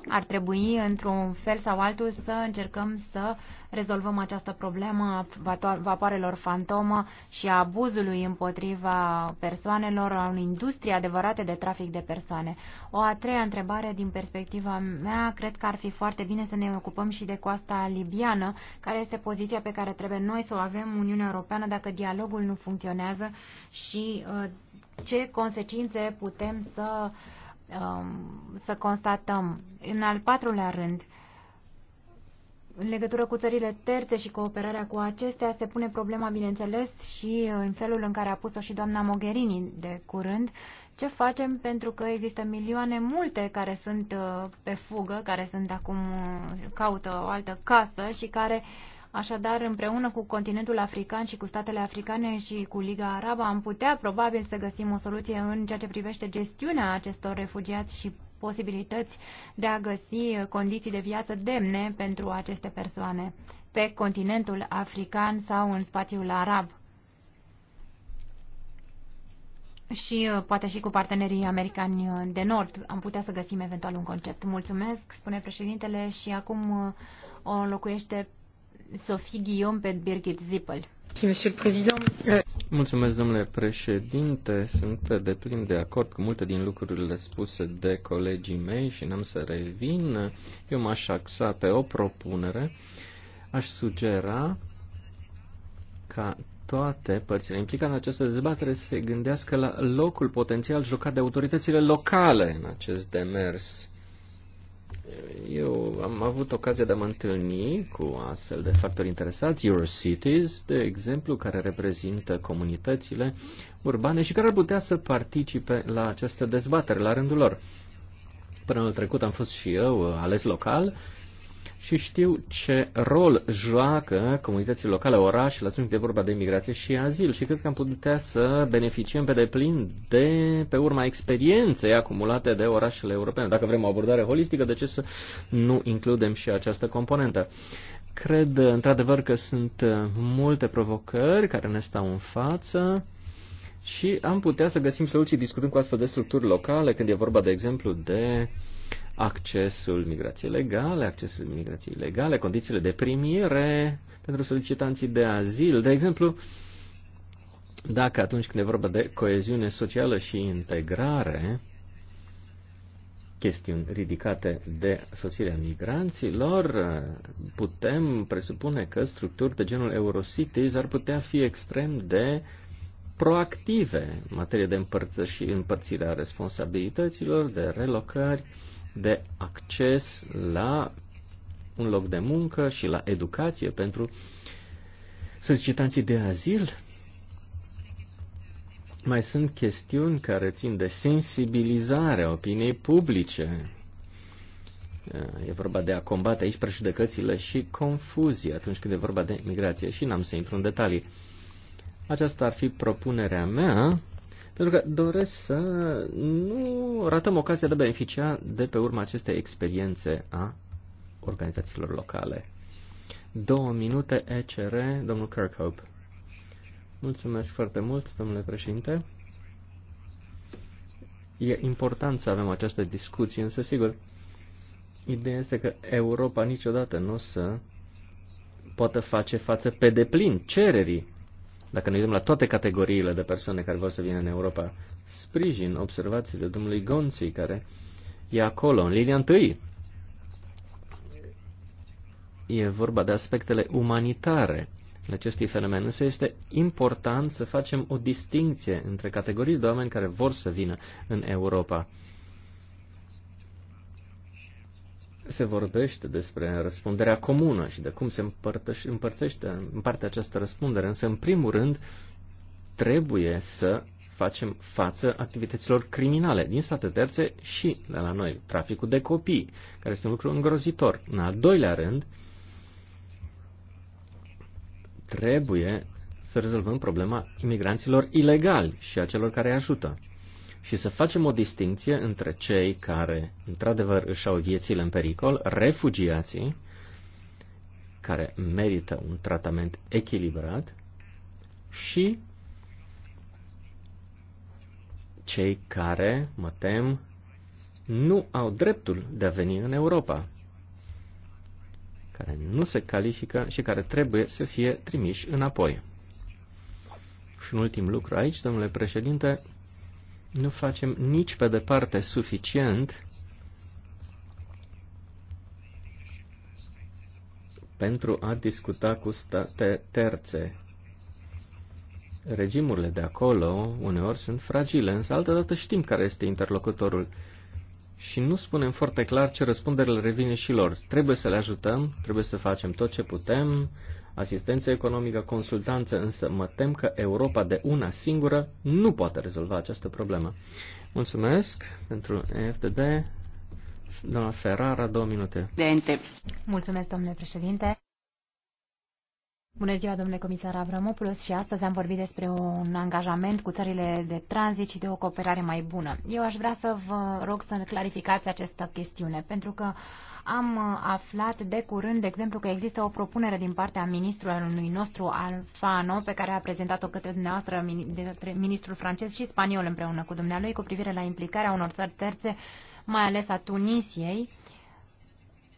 ar trebui, într-un fel sau altul, să încercăm să rezolvăm această problemă a vapoarelor fantomă și a abuzului împotriva persoanelor, a unei industrie adevărate de trafic de persoane. O a treia întrebare din perspectiva mea, cred că ar fi foarte bine să ne ocupăm și de coasta libiană, care este poziția pe care trebuie noi să o avem Uniunea Europeană dacă dialogul nu funcționează și uh, ce consecințe putem să uh, Um, să constatăm. În al patrulea rând, în legătură cu țările terțe și cooperarea cu acestea, se pune problema, bineînțeles, și în felul în care a pus-o și doamna Mogherini de curând, ce facem pentru că există milioane multe care sunt uh, pe fugă, care sunt acum, uh, caută o altă casă și care uh, Așadar, împreună cu continentul african și cu statele africane și cu Liga Arabă, am putea probabil să găsim o soluție în ceea ce privește gestiunea acestor refugiați și posibilități de a găsi condiții de viață demne pentru aceste persoane pe continentul african sau în spațiul arab și uh, poate și cu partenerii americani uh, de nord am putea să găsim eventual un concept. Mulțumesc, spune președintele și acum uh, o locuiește Sophie Guillaume pe Birgit Zippel. Euh, Mulțumesc, domnule președinte. Sunt de plin de acord cu multe din lucrurile spuse de colegii mei și n-am să revin. Eu m-aș axa pe o propunere. Aș sugera ca toate părțile implicate în această dezbatere să se gândească la locul potențial jucat de autoritățile locale în acest demers eu am avut ocazia de a mă întâlni cu astfel de factori interesați, Eurocities, de exemplu, care reprezintă comunitățile urbane și care ar putea să participe la această dezbatere la rândul lor. Până anul trecut am fost și eu uh, ales local și știu ce rol joacă comunitățile locale, orașele, atunci când e vorba de migrație și azil. Și cred că am putea să beneficiem pe deplin de pe urma experienței acumulate de orașele europene. Dacă vrem o abordare holistică, de ce să nu includem și această componentă? Cred, într-adevăr, că sunt uh, multe provocări care ne stau în față. Și am putea să găsim soluții discutând cu astfel de structuri locale, când e vorba, de exemplu, de uh, accesul migrației legale, accesul migrației legale, condițiile de primire pentru solicitanții de azil. De exemplu, dacă atunci când e vorba de coeziune socială și integrare, chestiuni ridicate de sosirea migranților, putem presupune că structuri de genul Eurocities ar putea fi extrem de proactive în materie de împărți și împărțirea responsabilităților, de relocări, de acces la un loc de muncă și la educație pentru solicitanții de azil. Mai sunt chestiuni care țin de sensibilizarea opiniei publice. E vorba de a combate aici prejudecățile și confuzii atunci când e vorba de migrație și n-am să intru în detalii. Aceasta ar fi propunerea mea pentru că doresc să nu ratăm ocazia de a beneficia de pe urma acestei experiențe a organizațiilor locale. Două minute ECR, domnul Kirkhope. Mulțumesc foarte mult, domnule președinte. E important să avem această discuție, însă, sigur, ideea este că Europa niciodată nu o să poată face față pe deplin cererii dacă ne uităm la toate categoriile de persoane care vor să vină în Europa, sprijin observațiile domnului Gonții, care e acolo, în linia întâi. E vorba de aspectele umanitare în acestui fenomen, însă este important să facem o distinție între categorii de oameni care vor să vină în Europa. se vorbește despre răspunderea comună și de cum se împărțește, împarte această răspundere, însă, în primul rând, trebuie să facem față activităților criminale din state terțe și de la noi, traficul de copii, care este un lucru îngrozitor. În al doilea rând, trebuie să rezolvăm problema imigranților ilegali și a celor care îi ajută și să facem o distinție între cei care, într-adevăr, își au viețile în pericol, refugiații, care merită un tratament echilibrat, și cei care, mă tem, nu au dreptul de a veni în Europa, care nu se califică și care trebuie să fie trimiși înapoi. Și un ultim lucru aici, domnule președinte, nu facem nici pe departe suficient pentru a discuta cu state terțe. Regimurile de acolo uneori sunt fragile, însă altădată știm care este interlocutorul și nu spunem foarte clar ce răspundere le revine și lor. Trebuie să le ajutăm, trebuie să facem tot ce putem, asistență economică, consultanță, însă mă tem că Europa de una singură nu poate rezolva această problemă. Mulțumesc pentru EFTD. Doamna Ferrara, două minute. Mulțumesc, domnule președinte. Bună ziua, domnule comisar Avramopoulos, și astăzi am vorbit despre un angajament cu țările de tranzit și de o cooperare mai bună. Eu aș vrea să vă rog să clarificați această chestiune, pentru că am uh, aflat de curând, de exemplu, că există o propunere din partea ministrului nostru, Alfano, pe care a prezentat-o către dumneavoastră, ministrul francez și spaniol împreună cu dumnealui, cu privire la implicarea unor țări terțe, mai ales a Tunisiei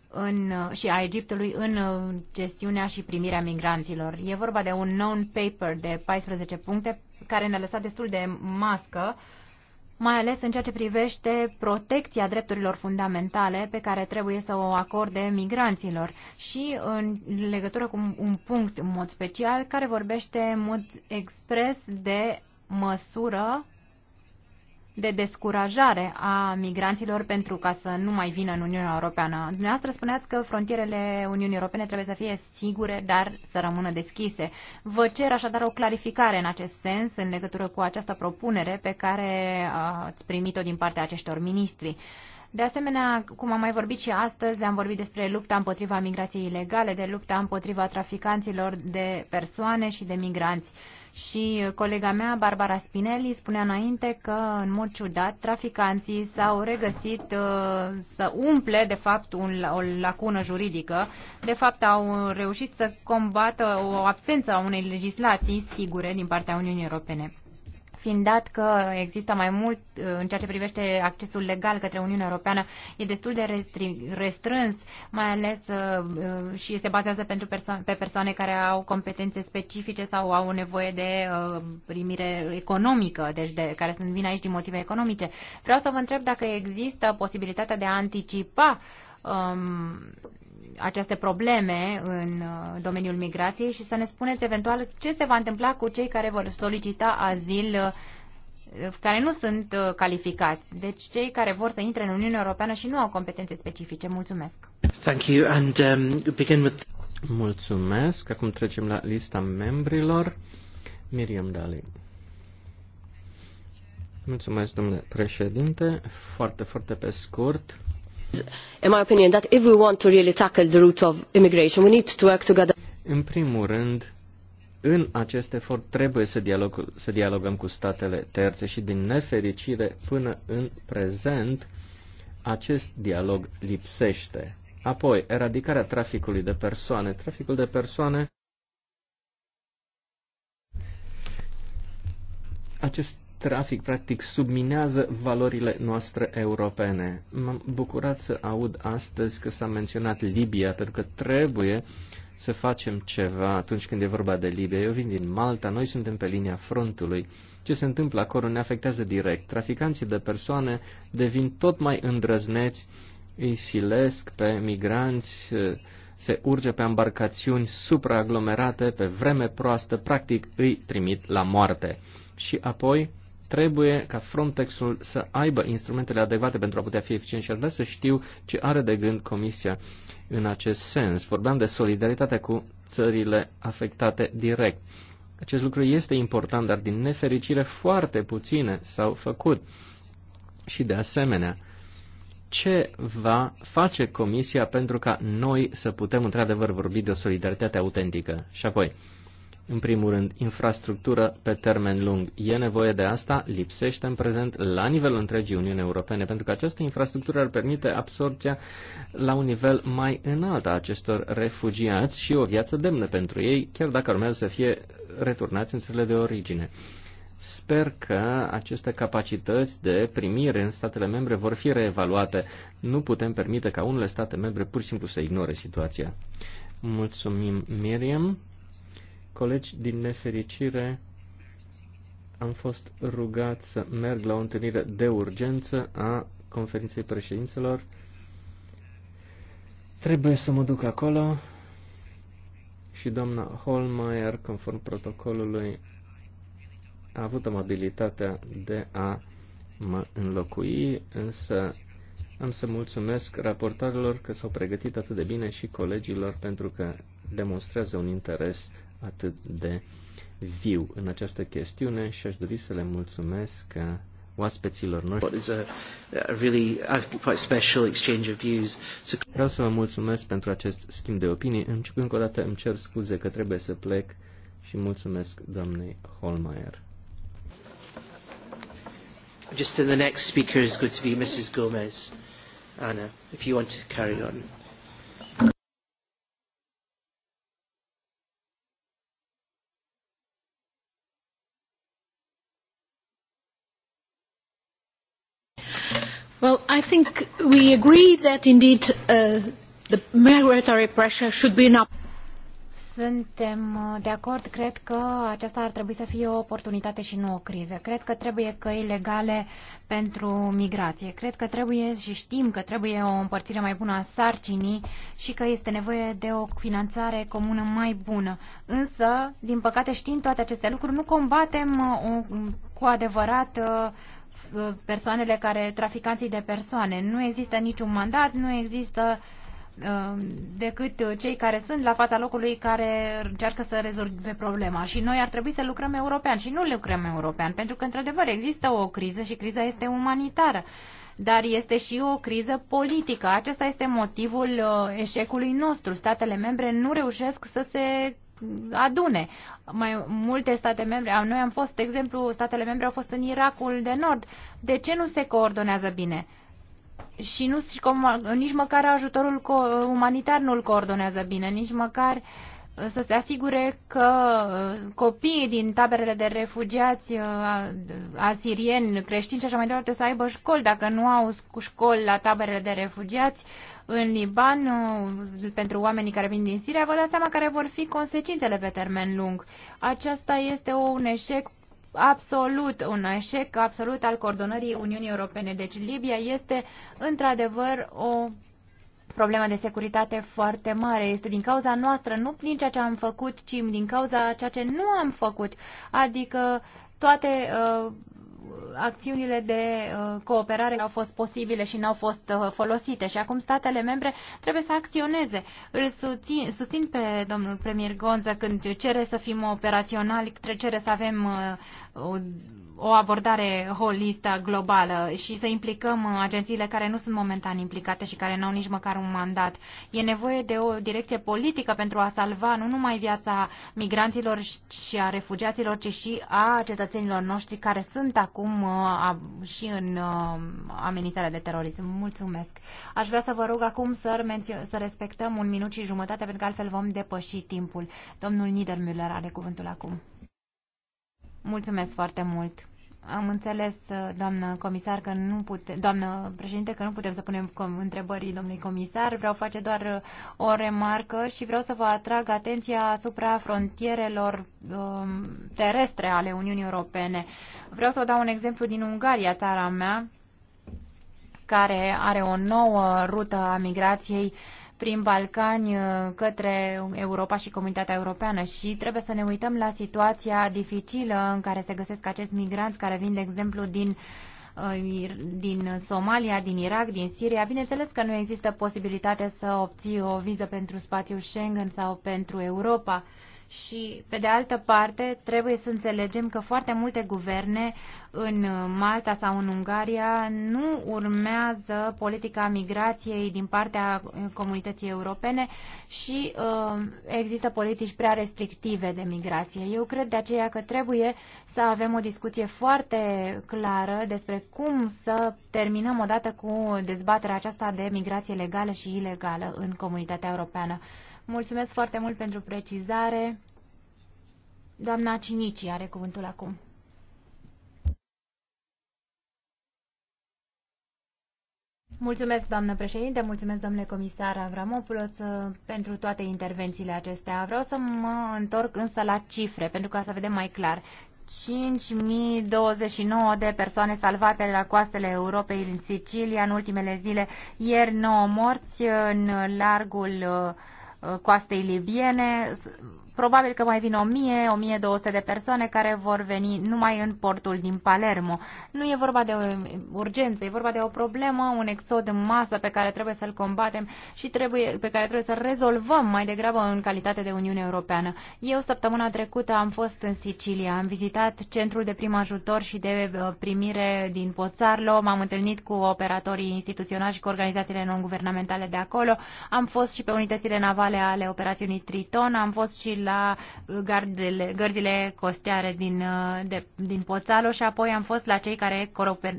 în, uh, și a Egiptului în uh, gestiunea și primirea migranților. E vorba de un non-paper de 14 puncte care ne-a lăsat destul de mască uh, mai ales în ceea ce privește protecția drepturilor fundamentale pe care trebuie să o acorde migranților și în legătură cu un punct în mod special care vorbește în mod expres de măsură de descurajare a migranților pentru ca să nu mai vină în Uniunea Europeană. Dumneavoastră spuneați că frontierele Uniunii Europene trebuie să fie sigure, dar să rămână deschise. Vă cer așadar o clarificare în acest sens în legătură cu această propunere pe care ați primit-o din partea acestor ministri. De asemenea, cum am mai vorbit și astăzi, am vorbit despre lupta împotriva migrației ilegale, de lupta împotriva traficanților de persoane și de migranți. Și uh, colega mea, Barbara Spinelli, spunea înainte că, în mod ciudat, traficanții s-au regăsit uh, să umple, de fapt, un, o lacună juridică. De fapt, au reușit să combată o absență a unei legislații sigure din partea Uniunii Europene. Fiind dat că există mai mult uh, în ceea ce privește accesul legal către Uniunea Europeană, e destul de restrâns, mai ales uh, uh, și se bazează pentru perso- pe persoane care au competențe specifice sau au nevoie de primire economică, deci de, care sunt vin aici din motive economice. Vreau să vă întreb dacă există posibilitatea de a anticipa um, aceste probleme în uh, domeniul migrației și să ne spuneți eventual ce se va întâmpla cu cei care vor solicita azil uh, care nu sunt uh, calificați, deci cei care vor să intre în Uniunea Europeană și nu au competențe specifice. Mulțumesc. Thank you and um, begin with Mulțumesc. Acum trecem la lista membrilor. Miriam Dali. Mulțumesc, domnule președinte. Foarte, foarte pe scurt in my opinion, that if we want to really tackle the root of immigration, we need to work together. În primul rând, în acest efort trebuie să, dialog, să dialogăm cu statele terțe și, din nefericire, până în prezent, acest dialog lipsește. Apoi, eradicarea traficului de persoane. Traficul de persoane. Acest trafic practic subminează valorile noastre europene. M-am bucurat să aud astăzi că s-a menționat Libia, pentru că trebuie să facem ceva atunci când e vorba de Libia. Eu vin din Malta, noi suntem pe linia frontului. Ce se întâmplă acolo ne afectează direct. Traficanții de persoane devin tot mai îndrăzneți, îi silesc pe migranți, se urge pe embarcațiuni supraaglomerate, pe vreme proastă, practic îi trimit la moarte. Și apoi Trebuie ca Frontexul să aibă instrumentele adecvate pentru a putea fi eficient și ar vrea să știu ce are de gând Comisia în acest sens. Vorbeam de solidaritate cu țările afectate direct. Acest lucru este important, dar din nefericire foarte puține s-au făcut. Și de asemenea, ce va face Comisia pentru ca noi să putem într-adevăr vorbi de o solidaritate autentică? Și apoi, în primul rând, infrastructură pe termen lung. E nevoie de asta, lipsește în prezent la nivelul întregii Uniuni Europene, pentru că această infrastructură ar permite absorbția la un nivel mai înalt a acestor refugiați și o viață demnă pentru ei, chiar dacă urmează să fie returnați în țările de origine. Sper că aceste capacități de primire în statele membre vor fi reevaluate. Nu putem permite ca unele state membre pur și simplu să ignore situația. Mulțumim, Miriam. Colegi, din nefericire, am fost rugat să merg la o întâlnire de urgență a conferinței președinților. Trebuie să mă duc acolo și doamna Holmeier, conform protocolului, a avut amabilitatea de a mă înlocui, însă am să mulțumesc raportarilor că s-au pregătit atât de bine și colegilor pentru că demonstrează un interes atât de viu în această chestiune și aș dori să le mulțumesc uh, oaspeților noștri. Vreau să vă mulțumesc pentru acest schimb de opinii. Începând încă o dată îmi cer scuze că trebuie să plec și mulțumesc doamnei Holmeier. Just in the next speaker is going to be Mrs. Gomez. Anna, if you want to carry on. I think we agree that indeed uh, the migratory pressure should be an suntem uh, de acord, cred că aceasta ar trebui să fie o oportunitate și nu o criză. Cred că trebuie căi legale pentru migrație. Cred că trebuie și știm că trebuie o împărțire mai bună a sarcinii și că este nevoie de o finanțare comună mai bună. Însă, din păcate știind toate aceste lucruri, nu combatem uh, cu adevărat uh, Uh, persoanele care, traficanții de persoane. Nu există niciun mandat, nu există uh, decât cei care sunt la fața locului care încearcă să rezolve problema. Și noi ar trebui să lucrăm european și nu lucrăm european, pentru că, într-adevăr, există o criză și criza este umanitară dar este și o criză politică. Acesta este motivul uh, eșecului nostru. Statele membre nu reușesc să se adune. Mai multe state membre, noi am fost, de exemplu, statele membre au fost în Irakul de Nord. De ce nu se coordonează bine? Și nu, nici măcar ajutorul umanitar nu îl coordonează bine, nici măcar uh, să se asigure că uh, copiii din taberele de refugiați uh, asirieni, creștini și așa mai departe să aibă școli. Dacă nu au școli la taberele de refugiați, în Liban pentru oamenii care vin din Siria, vă dați seama care vor fi consecințele pe termen lung. Aceasta este un eșec absolut, un eșec absolut al coordonării Uniunii Europene. Deci Libia este într-adevăr o problemă de securitate foarte mare. Este din cauza noastră, nu din ceea ce am făcut, ci din cauza ceea ce nu am făcut. Adică toate uh, acțiunile de uh, cooperare au fost posibile și n-au fost uh, folosite și acum statele membre trebuie să acționeze. Îl susțin, susțin pe domnul premier Gonza când cere să fim operaționali, cere să avem uh, o abordare holistă, globală și să implicăm agențiile care nu sunt momentan implicate și care nu au nici măcar un mandat. E nevoie de o direcție politică pentru a salva nu numai viața migranților și a refugiaților, ci și a cetățenilor noștri care sunt acum uh, și în uh, amenințarea de terorism. Mulțumesc. Aș vrea să vă rog acum să, să respectăm un minut și jumătate, pentru că altfel vom depăși timpul. Domnul Niedermüller are cuvântul acum. Mulțumesc foarte mult. Am înțeles, uh, doamnă comisar, că nu pute, doamnă președinte, că nu putem să punem întrebări domnului comisar. Vreau face doar uh, o remarcă și vreau să vă atrag atenția asupra frontierelor um, terestre ale Uniunii Europene. Vreau să vă dau un exemplu din Ungaria, țara mea, care are o nouă rută a migrației uh, prin Balcani uh, către Europa și comunitatea europeană și trebuie să ne uităm la situația dificilă în care se găsesc acești migranți care vin, de exemplu, din uh, din Somalia, din Irak, din Siria. Bineînțeles că nu există posibilitate să obții o viză pentru spațiul Schengen sau pentru Europa și, pe de altă parte, trebuie să înțelegem că foarte multe guverne în Malta sau în Ungaria nu urmează politica migrației din partea comunității europene și uh, există politici prea restrictive de migrație. Eu cred de aceea că trebuie să avem o discuție foarte clară despre cum să terminăm odată cu dezbaterea aceasta de migrație legală și ilegală în comunitatea europeană. Mulțumesc foarte mult pentru precizare. Doamna Cinici are cuvântul acum. Mulțumesc, doamnă președinte, mulțumesc, domnule comisar Avramopoulos, uh, pentru toate intervențiile acestea. Vreau să mă întorc însă la cifre, pentru ca să vedem mai clar. 5.029 de persoane salvate la coastele Europei în Sicilia în ultimele zile, ieri 9 morți în largul uh, Uh, coastei libiene Probabil că mai vin 1000-1200 de persoane care vor veni numai în portul din Palermo. Nu e vorba de o urgență, e vorba de o problemă, un exod în masă pe care trebuie să-l combatem și trebuie, pe care trebuie să l rezolvăm mai degrabă în calitate de Uniune Europeană. Eu săptămâna trecută am fost în Sicilia, am vizitat centrul de prim ajutor și de uh, primire din Poțarlo, m-am întâlnit cu operatorii instituționali și cu organizațiile non-guvernamentale de acolo, am fost și pe unitățile navale ale operațiunii Triton, am fost și la la gardele, gardile costeare din, uh, de, din Poțalo și apoi am fost la cei care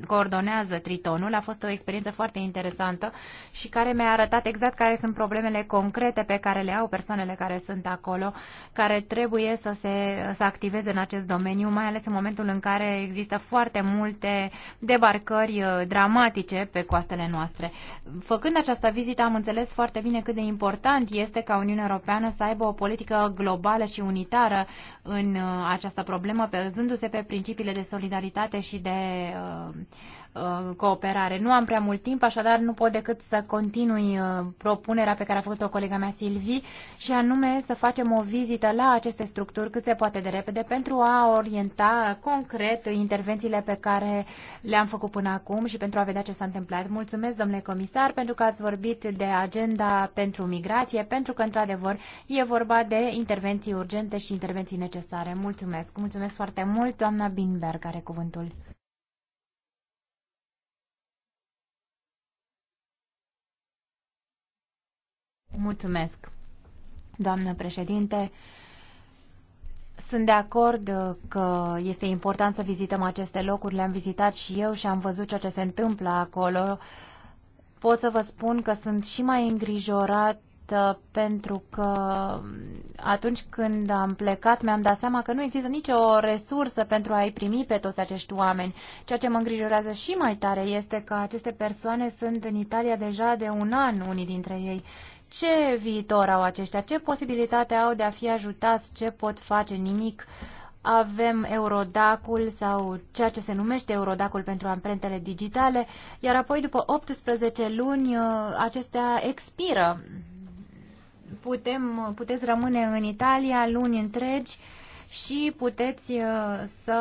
coordonează Tritonul. A fost o experiență foarte interesantă și care mi-a arătat exact care sunt problemele concrete pe care le au persoanele care sunt acolo, care trebuie să se să activeze în acest domeniu, mai ales în momentul în care există foarte multe debarcări uh, dramatice pe coastele noastre. Făcând această vizită am înțeles foarte bine cât de important este ca Uniunea Europeană să aibă o politică globală globală și unitară în uh, această problemă, păzându-se pe principiile de solidaritate și de uh, Uh, cooperare. Nu am prea mult timp, așadar nu pot decât să continui uh, propunerea pe care a făcut-o colega mea Silvi și anume să facem o vizită la aceste structuri cât se poate de repede pentru a orienta concret intervențiile pe care le-am făcut până acum și pentru a vedea ce s-a întâmplat. Mulțumesc, domnule comisar, pentru că ați vorbit de agenda pentru migrație, pentru că, într-adevăr, e vorba de intervenții urgente și intervenții necesare. Mulțumesc! Mulțumesc foarte mult, doamna Binberg, are cuvântul. Mulțumesc, doamnă președinte. Sunt de acord uh, că este important să vizităm aceste locuri. Le-am vizitat și eu și am văzut ceea ce se întâmplă acolo. Pot să vă spun că sunt și mai îngrijorat pentru că um, atunci când am plecat mi-am dat seama că nu există nicio resursă pentru a-i primi pe toți acești oameni. Ceea ce mă îngrijorează și mai tare este că aceste persoane sunt în Italia deja de un an, unii dintre ei ce viitor au aceștia, ce posibilitate au de a fi ajutați, ce pot face, nimic. Avem Eurodacul sau ceea ce se numește Eurodacul pentru amprentele digitale, iar apoi după 18 luni uh, acestea expiră. Putem, puteți rămâne în Italia luni întregi și puteți uh, să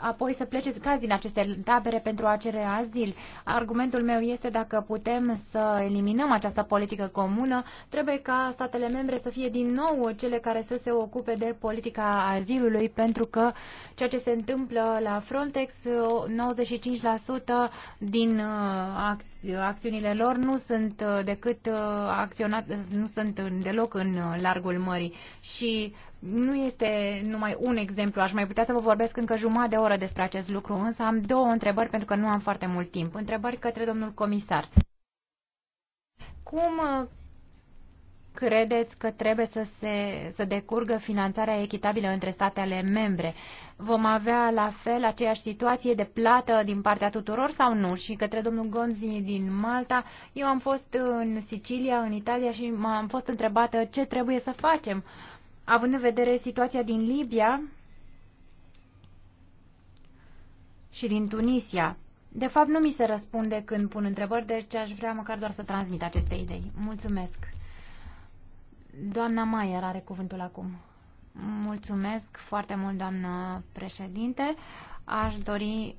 apoi să pleceți caz din aceste tabere pentru a cere azil. Argumentul meu este dacă putem să eliminăm această politică comună, trebuie ca statele membre să fie din nou cele care să se ocupe de politica azilului, pentru că ceea ce se întâmplă la Frontex, 95% din uh, acțiunile lor nu sunt uh, decât acționate, nu sunt deloc în largul mării și nu este numai un exemplu, aș mai putea să vă vorbesc încă jumătate de oră despre acest lucru, însă am două întrebări pentru că nu am foarte mult timp. Întrebări către domnul comisar. Cum uh, credeți că trebuie să, se, să decurgă finanțarea echitabilă între statele membre? Vom avea la fel aceeași situație de plată din partea tuturor sau nu? Și către domnul Gonzi din Malta, eu am fost în Sicilia, în Italia și m-am fost întrebată ce trebuie să facem. Uh, având în vedere situația din Libia și din Tunisia. De fapt, nu mi se răspunde când pun întrebări, deci aș vrea măcar doar să transmit aceste idei. Mulțumesc. Doamna Maier are cuvântul acum. Mulțumesc foarte mult, doamnă președinte. Aș dori,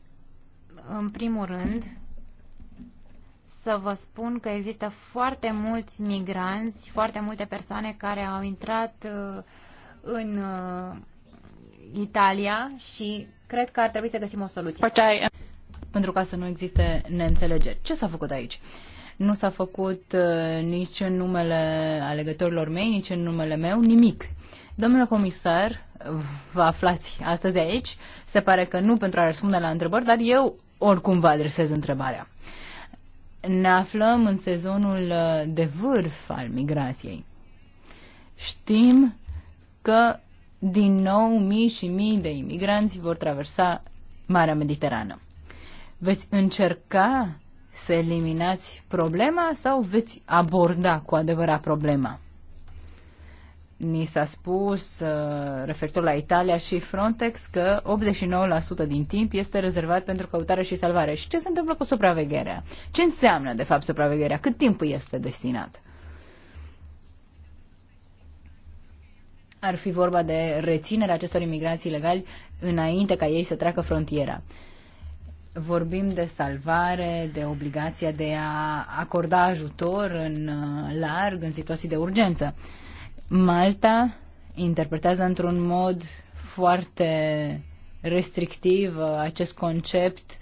în primul rând, să vă spun că există foarte mulți migranți, foarte multe persoane care au intrat uh, în uh, Italia și cred că ar trebui să găsim o soluție. Pentru ca să nu existe neînțelegeri. Ce s-a făcut aici? Nu s-a făcut uh, nici în numele alegătorilor mei, nici în numele meu, nimic. Domnule comisar, vă aflați astăzi aici. Se pare că nu pentru a răspunde la întrebări, dar eu oricum vă adresez întrebarea ne aflăm în sezonul uh, de vârf al migrației. Știm că din nou mii și mii de imigranți vor traversa Marea Mediterană. Veți încerca să eliminați problema sau veți aborda cu adevărat problema? ni s-a spus, uh, referitor la Italia și Frontex, că 89% din timp este rezervat pentru căutare și salvare. Și ce se întâmplă cu supravegherea? Ce înseamnă, de fapt, supravegherea? Cât timp este destinat? Ar fi vorba de reținerea acestor imigranți ilegali înainte ca ei să treacă frontiera vorbim de salvare, de obligația de a acorda ajutor în uh, larg, în situații de urgență. Malta interpretează într-un mod foarte restrictiv uh, acest concept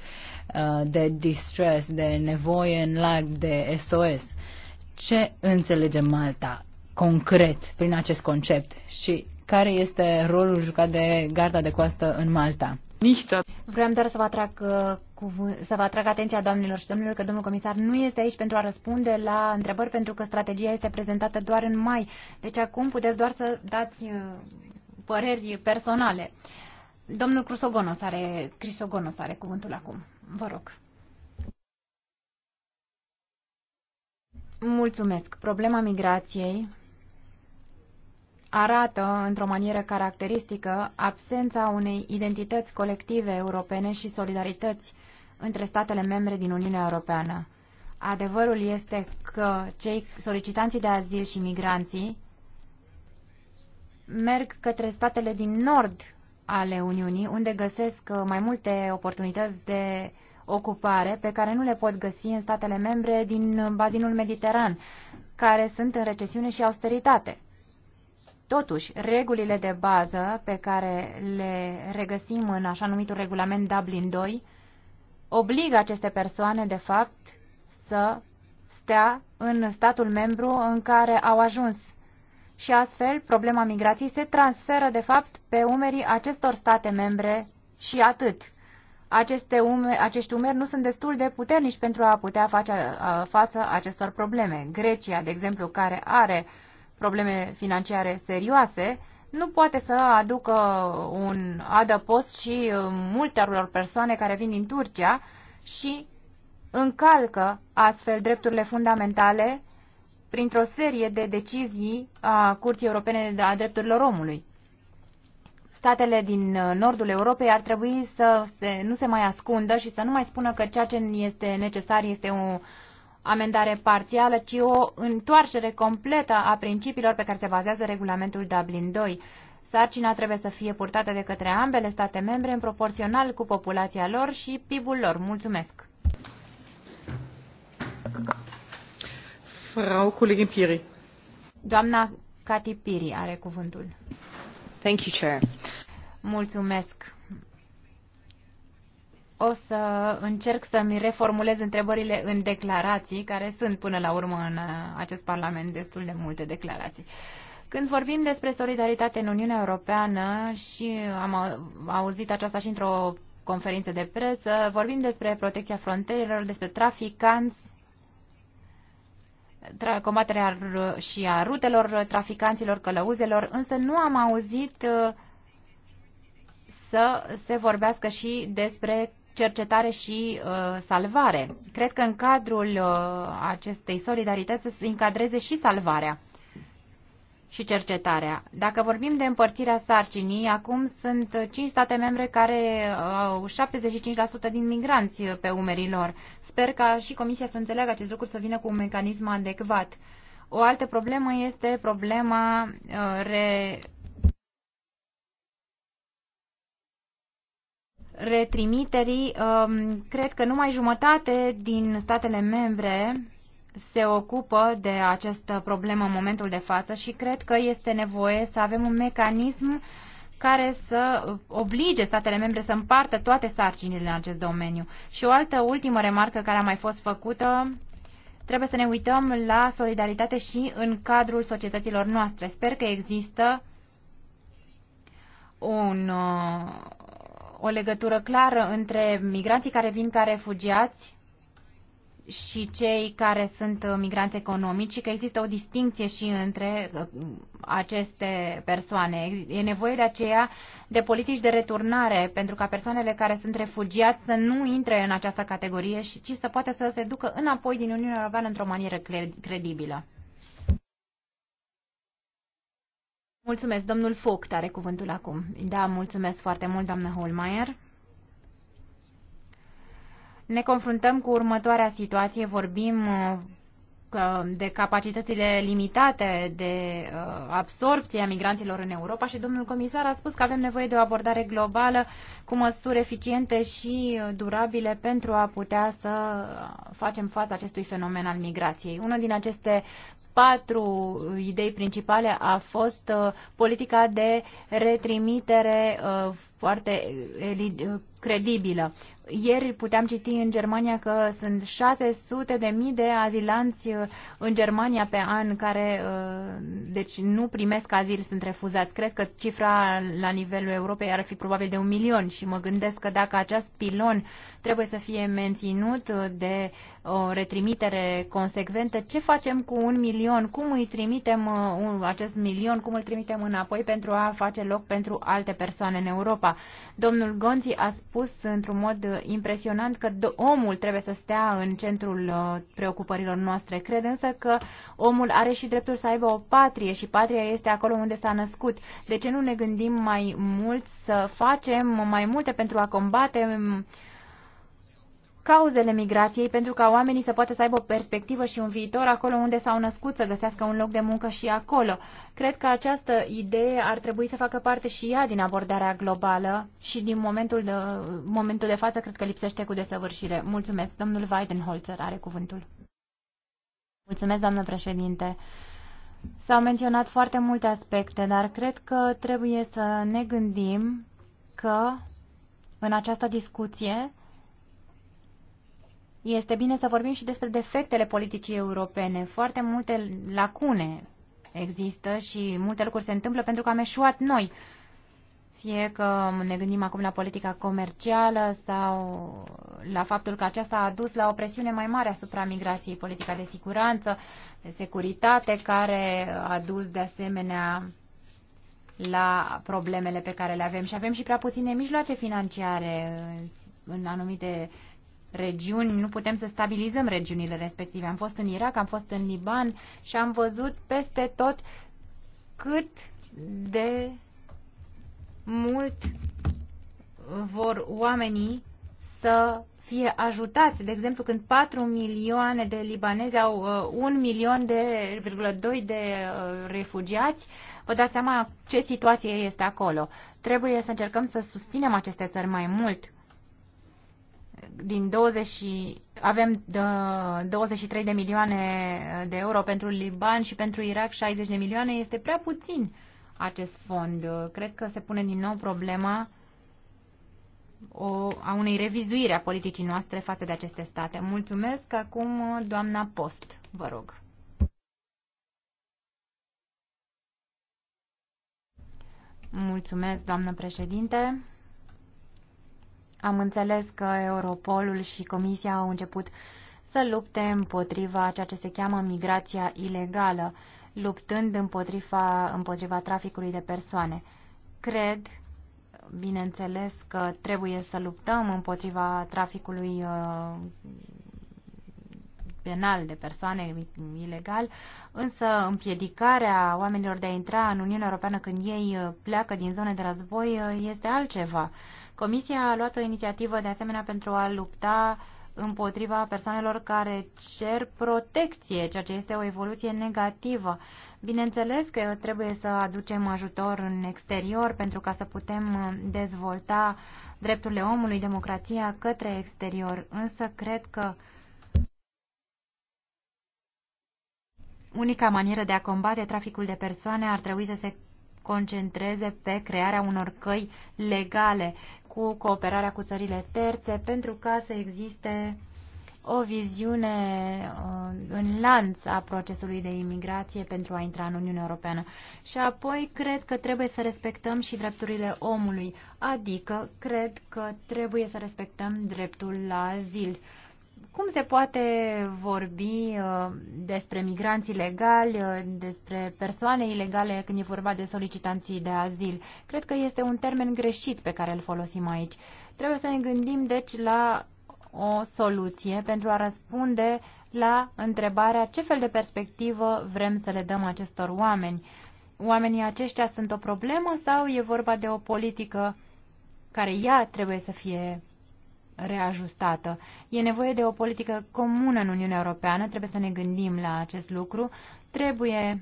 uh, de distress, de nevoie în larg, de SOS. Ce înțelege Malta concret prin acest concept și care este rolul jucat de garda de coastă în Malta? Vreau doar să vă atrag uh, cuvânt, să vă atrag atenția doamnelor și domnilor că domnul comisar nu este aici pentru a răspunde la întrebări pentru că strategia este prezentată doar în mai. Deci acum puteți doar să dați uh, păreri personale. Domnul Crisogonos are, Crisogonos are cuvântul acum. Vă rog. Mulțumesc. Problema migrației arată, într-o manieră caracteristică, absența unei identități colective europene și solidarități între statele membre din Uniunea Europeană. Adevărul este că cei solicitanții de azil și migranții merg către statele din nord ale Uniunii, unde găsesc uh, mai multe oportunități de ocupare pe care nu le pot găsi în statele membre din uh, bazinul mediteran, care sunt în recesiune și austeritate. Totuși, regulile de bază pe care le regăsim în așa numitul regulament Dublin 2 obligă aceste persoane, de fapt, să stea în statul membru în care au ajuns. Și astfel, problema migrației se transferă, de fapt, pe umerii acestor state membre și atât. Aceste ume, acești umeri nu sunt destul de puternici pentru a putea face uh, față acestor probleme. Grecia, de exemplu, care are probleme financiare serioase, nu poate să aducă un adăpost și uh, multelor persoane care vin din Turcia și încalcă astfel drepturile fundamentale printr-o serie de decizii a Curții Europene de la Drepturilor Omului. Statele din uh, nordul Europei ar trebui să se, nu se mai ascundă și să nu mai spună că ceea ce este necesar este un amendare parțială, ci o întoarcere completă a principiilor pe care se bazează regulamentul Dublin 2. Sarcina trebuie să fie purtată de către ambele state membre în proporțional cu populația lor și PIB-ul lor. Mulțumesc! Frau Kollegin Piri. Doamna Cati Piri are cuvântul. Thank you, Chair. Mulțumesc o să încerc să-mi reformulez întrebările în declarații, care sunt până la urmă în uh, acest Parlament destul de multe declarații. Când vorbim despre solidaritate în Uniunea Europeană și uh, am auzit aceasta și într-o conferință de presă vorbim despre protecția frontierelor, despre traficanți, tra combaterea și a rutelor traficanților, călăuzelor, însă nu am auzit uh, să se vorbească și despre cercetare și uh, salvare. Cred că în cadrul uh, acestei solidarități se încadreze și salvarea și cercetarea. Dacă vorbim de împărțirea sarcinii, acum sunt 5 state membre care uh, au 75% din migranți pe umerii lor. Sper ca și Comisia să înțeleagă acest lucru, să vină cu un mecanism adecvat. O altă problemă este problema uh, re retrimiterii, um, cred că numai jumătate din statele membre se ocupă de această problemă în momentul de față și cred că este nevoie să avem un mecanism care să oblige statele membre să împartă toate sarcinile în acest domeniu. Și o altă ultimă remarcă care a mai fost făcută, trebuie să ne uităm la solidaritate și în cadrul societăților noastre. Sper că există un, uh, o legătură clară între migranții care vin ca refugiați și cei care sunt uh, migranți economici și că există o distinție și între uh, aceste persoane. E nevoie de aceea de politici de returnare pentru ca persoanele care sunt refugiați să nu intre în această categorie și ci să poată să se ducă înapoi din Uniunea Europeană într-o manieră credibilă. Mulțumesc, domnul Foc are cuvântul acum. Da, mulțumesc foarte mult, doamnă Holmeier. Ne confruntăm cu următoarea situație, vorbim uh, de capacitățile limitate de uh, absorpție a migranților în Europa și domnul comisar a spus că avem nevoie de o abordare globală cu măsuri eficiente și durabile pentru a putea să facem față acestui fenomen al migrației. Una din aceste patru idei principale a fost uh, politica de retrimitere uh, foarte credibilă. Ieri puteam citi în Germania că sunt 600 de mii de azilanți uh, în Germania pe an care uh, deci nu primesc azil, sunt refuzați. Cred că cifra la nivelul Europei ar fi probabil de un milion și mă gândesc că dacă acest pilon trebuie să fie menținut de o retrimitere consecventă, ce facem cu un milion? Cum îi trimitem uh, acest milion? Cum îl trimitem înapoi pentru a face loc pentru alte persoane în Europa? Domnul Gonzi a spus spus într-un mod impresionant că omul trebuie să stea în centrul uh, preocupărilor noastre. Cred însă că omul are și dreptul să aibă o patrie și patria este acolo unde s-a născut. De ce nu ne gândim mai mult să facem mai multe pentru a combate um, cauzele migrației pentru ca oamenii să poată să aibă o perspectivă și un viitor acolo unde s-au născut, să găsească un loc de muncă și acolo. Cred că această idee ar trebui să facă parte și ea din abordarea globală și din momentul de, momentul de față cred că lipsește cu desăvârșire. Mulțumesc. Domnul Weidenholzer are cuvântul. Mulțumesc, doamnă președinte. S-au menționat foarte multe aspecte, dar cred că trebuie să ne gândim că în această discuție este bine să vorbim și despre defectele politicii europene. Foarte multe lacune există și multe lucruri se întâmplă pentru că am eșuat noi. Fie că ne gândim acum la politica comercială sau la faptul că aceasta a dus la o presiune mai mare asupra migrației, politica de siguranță, de securitate, care a dus de asemenea la problemele pe care le avem. Și avem și prea puține mijloace financiare în anumite uh, regiuni, nu putem să stabilizăm regiunile respective. Am fost în Irak, am fost în Liban și am văzut peste tot cât de mult vor oamenii să fie ajutați. De exemplu, când 4 milioane de libanezi au uh, 1 milion de, 2 de uh, refugiați, vă dați seama ce situație este acolo. Trebuie să încercăm să susținem aceste țări mai mult din 20, avem 23 de milioane de euro pentru Liban și pentru Irak 60 de milioane, este prea puțin acest fond. Cred că se pune din nou problema o, a unei revizuiri a politicii noastre față de aceste state. Mulțumesc. Acum, doamna Post, vă rog. Mulțumesc, doamnă președinte. Am înțeles că Europolul și Comisia au început să lupte împotriva ceea ce se cheamă migrația ilegală, luptând împotriva, împotriva traficului de persoane. Cred, bineînțeles, că trebuie să luptăm împotriva traficului uh, penal de persoane ilegal, însă împiedicarea oamenilor de a intra în Uniunea Europeană când ei uh, pleacă din zone de război uh, este altceva. Comisia a luat o inițiativă de asemenea pentru a lupta împotriva persoanelor care cer protecție, ceea ce este o evoluție negativă. Bineînțeles că trebuie să aducem ajutor în exterior pentru ca să putem dezvolta drepturile omului, democrația către exterior, însă cred că unica manieră de a combate traficul de persoane ar trebui să se concentreze pe crearea unor căi legale cu cooperarea cu țările terțe pentru ca să existe o viziune uh, în lanț a procesului de imigrație pentru a intra în Uniunea Europeană. Și apoi cred că trebuie să respectăm și drepturile omului, adică cred că trebuie să respectăm dreptul la azil. Cum se poate vorbi uh, despre migranți ilegali, uh, despre persoane ilegale când e vorba de solicitanții de azil? Cred că este un termen greșit pe care îl folosim aici. Trebuie să ne gândim, deci, la o soluție pentru a răspunde la întrebarea ce fel de perspectivă vrem să le dăm acestor oameni. Oamenii aceștia sunt o problemă sau e vorba de o politică care ea trebuie să fie reajustată. E nevoie de o politică comună în Uniunea Europeană, trebuie să ne gândim la acest lucru. Trebuie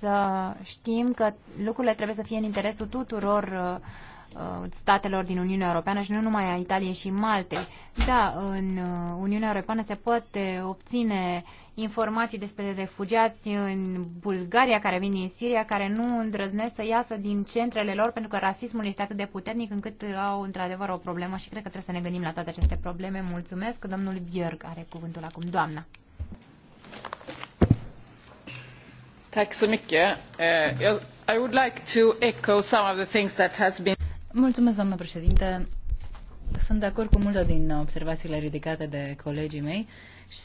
să știm că lucrurile trebuie să fie în interesul tuturor uh, Uh, statelor din Uniunea Europeană și nu numai a Italiei și Maltei. Da, în uh, Uniunea Europeană se poate obține informații despre refugiați în Bulgaria care vin din Siria, care nu îndrăznesc să iasă din centrele lor pentru că rasismul este atât de puternic încât au într-adevăr o problemă și cred că trebuie să ne gândim la toate aceste probleme. Mulțumesc. Domnul Björg are cuvântul acum. Doamna. Tack så mycket. Uh, I would like to echo some of the things that has been Mulțumesc, doamnă președinte. Sunt de acord cu multe din observațiile ridicate de colegii mei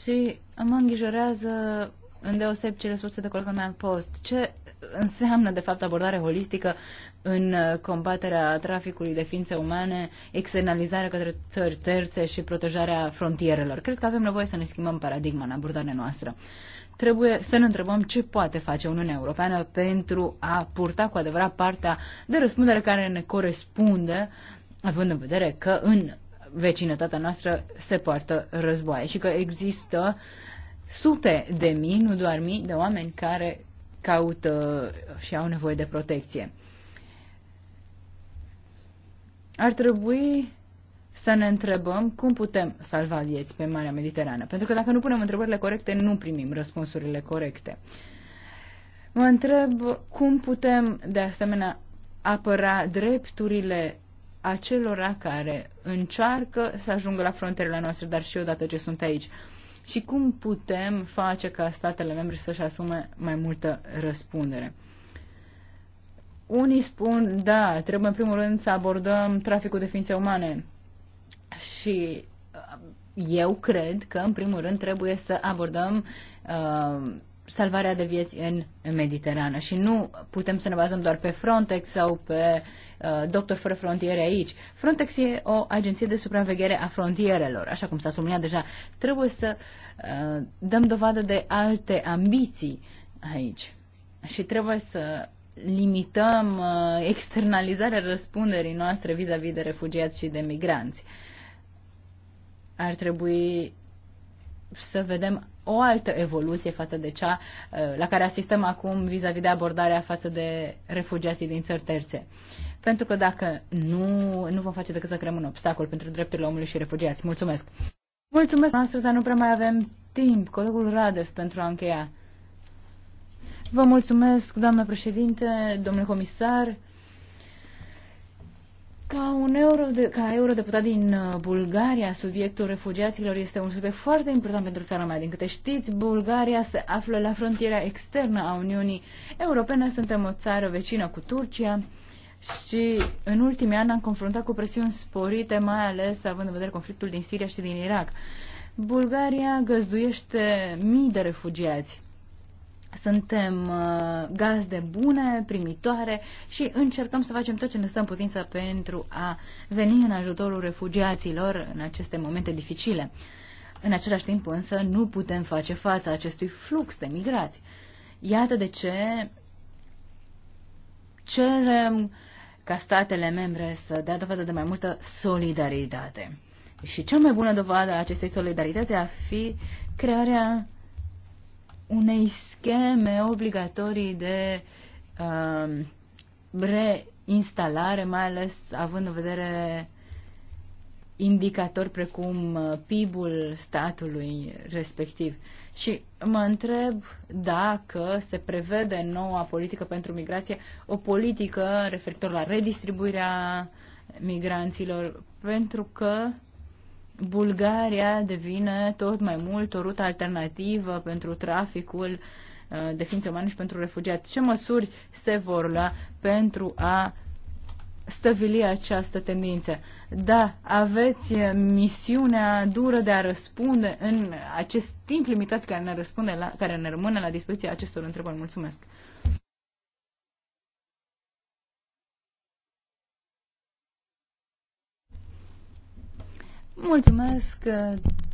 și mă îngrijorează îndeoseb cele spuse de colega mea în post. Ce înseamnă, de fapt, abordare holistică în combaterea traficului de ființe umane, externalizarea către țări terțe și protejarea frontierelor? Cred că avem nevoie să ne schimbăm paradigma în abordarea noastră trebuie să ne întrebăm ce poate face Uniunea Europeană pentru a purta cu adevărat partea de răspundere care ne corespunde, având în vedere că în vecinătatea noastră se poartă războaie și că există sute de mii, nu doar mii, de oameni care caută și au nevoie de protecție. Ar trebui să ne întrebăm cum putem salva vieți pe Marea Mediterană. Pentru că dacă nu punem întrebările corecte, nu primim răspunsurile corecte. Mă întreb cum putem, de asemenea, apăra drepturile acelora care încearcă să ajungă la frontierele noastre, dar și odată ce sunt aici. Și cum putem face ca statele membre să-și asume mai multă răspundere? Unii spun, da, trebuie în primul rând să abordăm traficul de ființe umane. Și uh, eu cred că, în primul rând, trebuie să abordăm uh, salvarea de vieți în Mediterană și nu putem să ne bazăm doar pe Frontex sau pe uh, Doctor Fără Frontiere aici. Frontex e o agenție de supraveghere a frontierelor, așa cum s-a subliniat deja. Trebuie să uh, dăm dovadă de alte ambiții aici și trebuie să limităm uh, externalizarea răspunderii noastre vis-a-vis -vis de refugiați și de migranți. Uh, ar trebui să vedem o altă evoluție față de cea uh, la care asistăm acum vis-a-vis -vis de abordarea față de refugiații din țări terțe. Pentru că dacă nu, nu vom face decât să creăm un obstacol pentru drepturile omului și refugiați. Mulțumesc! Mulțumesc noastră, dar nu prea mai avem timp. Colegul Radev pentru a încheia. Vă mulțumesc, doamnă președinte, domnule comisar. Ca, un euro de, ca eurodeputat din uh, Bulgaria, subiectul refugiaților este un subiect foarte important pentru țara mea. Din câte știți, Bulgaria se află la frontiera externă a Uniunii Europene. Suntem o țară vecină cu Turcia și în ultimii ani am confruntat cu presiuni sporite, mai ales având în vedere conflictul din Siria și din Irak. Bulgaria găzduiește mii de refugiați suntem uh, gazde bune, primitoare și încercăm să facem tot ce ne stăm în putință pentru a veni în ajutorul refugiaților în aceste momente dificile. În același timp însă nu putem face față acestui flux de migrați. Iată de ce cerem ca statele membre să dea dovadă de mai multă solidaritate. Și cea mai bună dovadă a acestei solidarități a fi crearea unei scheme obligatorii de uh, reinstalare, mai ales având în vedere indicatori precum uh, PIB-ul statului respectiv. Și mă întreb dacă se prevede noua politică pentru migrație o politică referitor la redistribuirea migranților, pentru că Bulgaria devine tot mai mult o rută alternativă pentru traficul uh, de ființe umane și pentru refugiați. Ce măsuri se vor lua pentru a stăvili această tendință? Da, aveți misiunea dură de a răspunde în acest timp limitat care ne, răspunde la, care ne rămâne la dispoziție acestor întrebări. Mulțumesc! Mulțumesc.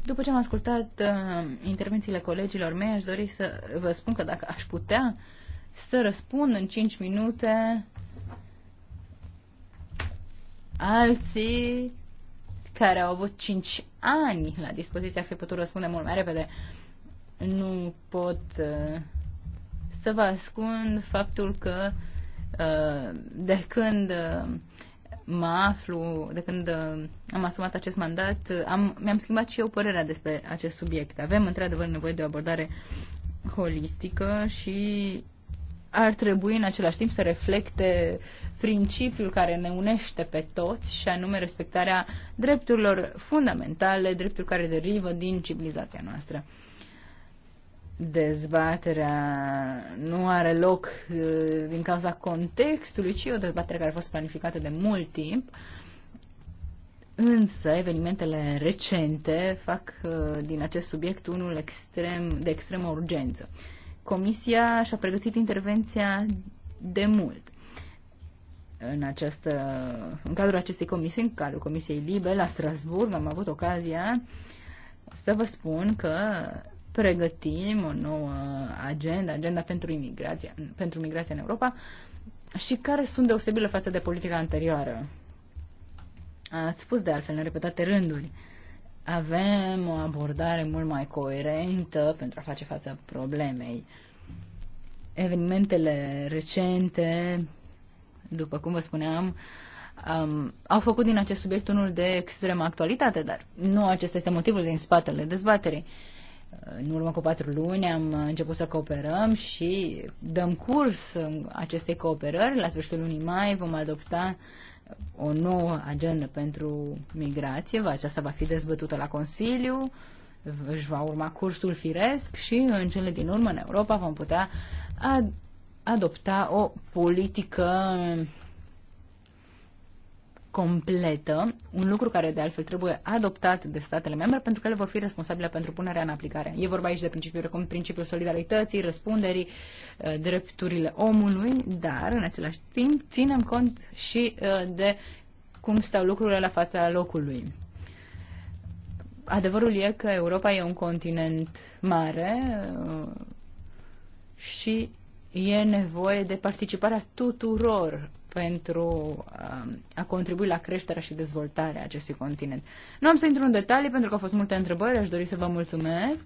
După ce am ascultat uh, intervențiile colegilor mei, aș dori să vă spun că dacă aș putea să răspund în 5 minute alții care au avut 5 ani la dispoziție ar fi putut răspunde mult mai repede. Nu pot uh, să vă ascund faptul că uh, de când uh, mă aflu, de când uh, am asumat acest mandat, uh, am, mi-am schimbat și eu părerea despre acest subiect. Avem, într-adevăr, nevoie de o abordare holistică și ar trebui în același timp să reflecte principiul care ne unește pe toți și anume respectarea drepturilor fundamentale, drepturi care derivă din civilizația noastră dezbaterea nu are loc uh, din cauza contextului, ci o dezbatere care a fost planificată de mult timp. Însă, evenimentele recente fac uh, din acest subiect unul extrem, de extremă urgență. Comisia și-a pregătit intervenția de mult. În, această, în cadrul acestei comisii, în cadrul Comisiei Libe, la Strasburg, am avut ocazia să vă spun că pregătim o nouă agenda, agenda pentru imigrație, pentru migrație în Europa și care sunt deosebile față de politica anterioară. Ați spus de altfel în repetate rânduri. Avem o abordare mult mai coerentă pentru a face față problemei. Evenimentele recente, după cum vă spuneam, um, au făcut din acest subiect unul de extremă actualitate, dar nu acesta este motivul din spatele dezbaterii. Uh, în urmă cu patru luni am început să cooperăm și dăm curs acestei cooperări. La sfârșitul lunii mai vom adopta o nouă agendă pentru migrație. Aceasta va fi dezbătută la Consiliu, își va urma cursul firesc și în cele din urmă în Europa vom putea ad- adopta o politică completă, un lucru care de altfel trebuie adoptat de statele membre pentru că ele vor fi responsabile pentru punerea în aplicare. E vorba aici de principiul, cum principiul solidarității, răspunderii, uh, drepturile omului, dar în același timp ținem cont și uh, de cum stau lucrurile la fața locului. Adevărul e că Europa e un continent mare uh, și e nevoie de participarea tuturor pentru um, a contribui la creșterea și dezvoltarea acestui continent. Nu am să intru în detalii pentru că au fost multe întrebări, aș dori să vă mulțumesc.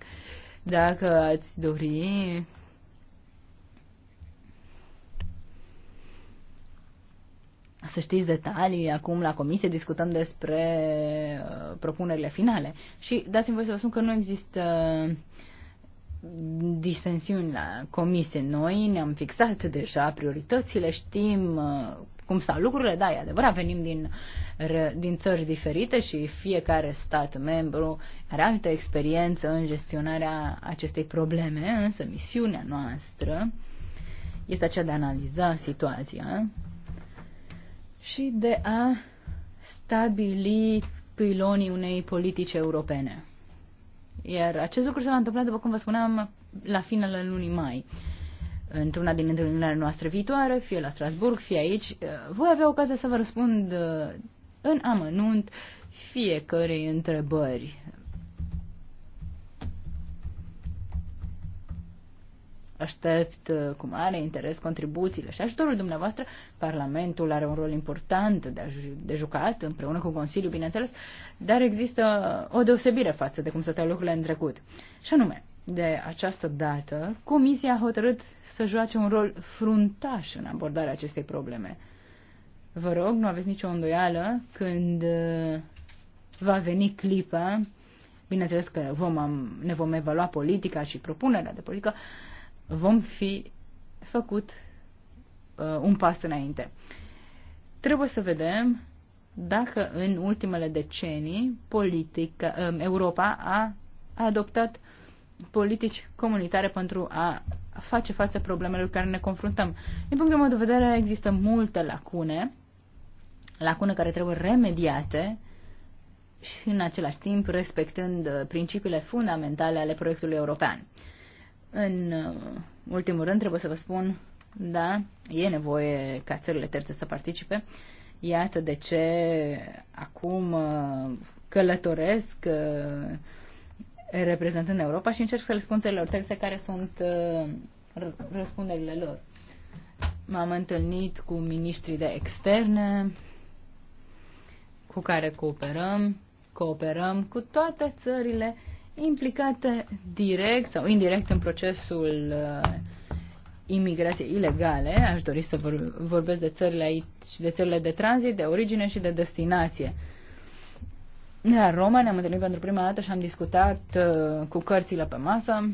Dacă ați dori să știți detalii, acum la comisie discutăm despre uh, propunerile finale. Și dați-mi voi să vă spun că nu există distensiuni la comisie. Noi ne-am fixat deja prioritățile, știm uh, cum stau lucrurile, da, e adevărat, venim din, din țări diferite și fiecare stat membru are altă experiență în gestionarea acestei probleme, însă misiunea noastră este aceea de a analiza situația și de a stabili pilonii unei politici europene. Iar acest lucru s-a întâmplat, după cum vă spuneam, la finele lunii mai. Într-una din întâlnirile noastre viitoare, fie la Strasburg, fie aici, uh, voi avea ocazia să vă răspund uh, în amănunt fiecare întrebări. Aștept uh, cu mare interes contribuțiile și ajutorul dumneavoastră. Parlamentul are un rol important de, de jucat, împreună cu Consiliul, bineînțeles, dar există o deosebire față de cum stăteau lucrurile în trecut. Și anume, de această dată, Comisia a hotărât să joace un rol fruntaș în abordarea acestei probleme. Vă rog, nu aveți nicio îndoială când uh, va veni clipa, bineînțeles că vom, ne vom evalua politica și propunerea de politică, vom fi făcut uh, un pas înainte. Trebuie să vedem dacă în ultimele decenii politica, uh, Europa a adoptat politici comunitare pentru a face față problemelor care ne confruntăm. Din punctul meu de vedere, există multe lacune, lacune care trebuie remediate și în același timp respectând uh, principiile fundamentale ale proiectului european. În uh, ultimul rând, trebuie să vă spun, da, e nevoie ca țările terțe să participe. Iată de ce acum uh, călătoresc uh, reprezentând Europa și încerc să le spun țărilor terțe care sunt răspunderile lor. M-am întâlnit cu ministrii de externe cu care cooperăm, cooperăm cu toate țările implicate direct sau indirect în procesul uh, imigrației ilegale. Aș dori să vor, vorbesc de țările aici, de țările de tranzit, de origine și de destinație. La Roma ne-am întâlnit pentru prima dată și am discutat uh, cu cărțile pe masă.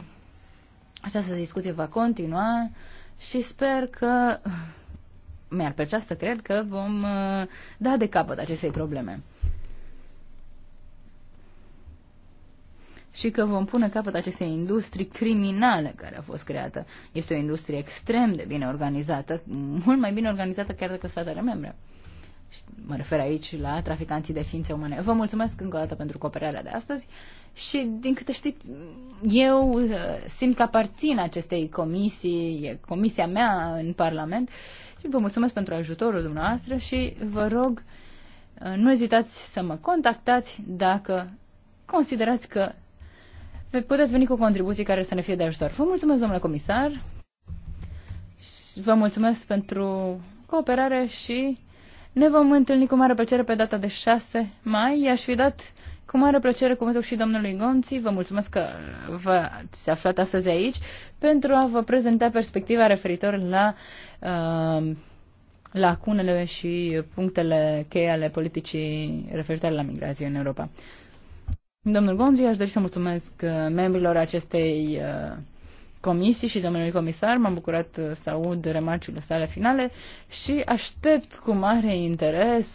Această discuție va continua și sper că uh, mi-ar plăcea să cred că vom uh, da de capăt acestei probleme. și că vom pune capăt acestei industrii criminale care a fost creată. Este o industrie extrem de bine organizată, mult mai bine organizată chiar decât statele membre. Și mă refer aici la traficanții de ființe umane. Vă mulțumesc încă o dată pentru cooperarea de astăzi și, din câte știți, eu uh, simt că aparțin acestei comisii, e comisia mea în Parlament și vă mulțumesc pentru ajutorul dumneavoastră și vă rog, uh, nu ezitați să mă contactați dacă considerați că puteți veni cu contribuții care să ne fie de ajutor. Vă mulțumesc, domnule comisar, vă mulțumesc pentru cooperare și ne vom întâlni cu mare plăcere pe data de 6 mai. I-aș fi dat cu mare plăcere zic și domnului Gonții. Vă mulțumesc că v-ați aflat astăzi aici pentru a vă prezenta perspectiva referitor la uh, lacunele și punctele cheie ale politicii referitoare la migrație în Europa. Domnul Gonzi, aș dori să mulțumesc uh, membrilor acestei uh, comisii și domnului comisar. M-am bucurat uh, să aud remarciile sale finale și aștept cu mare interes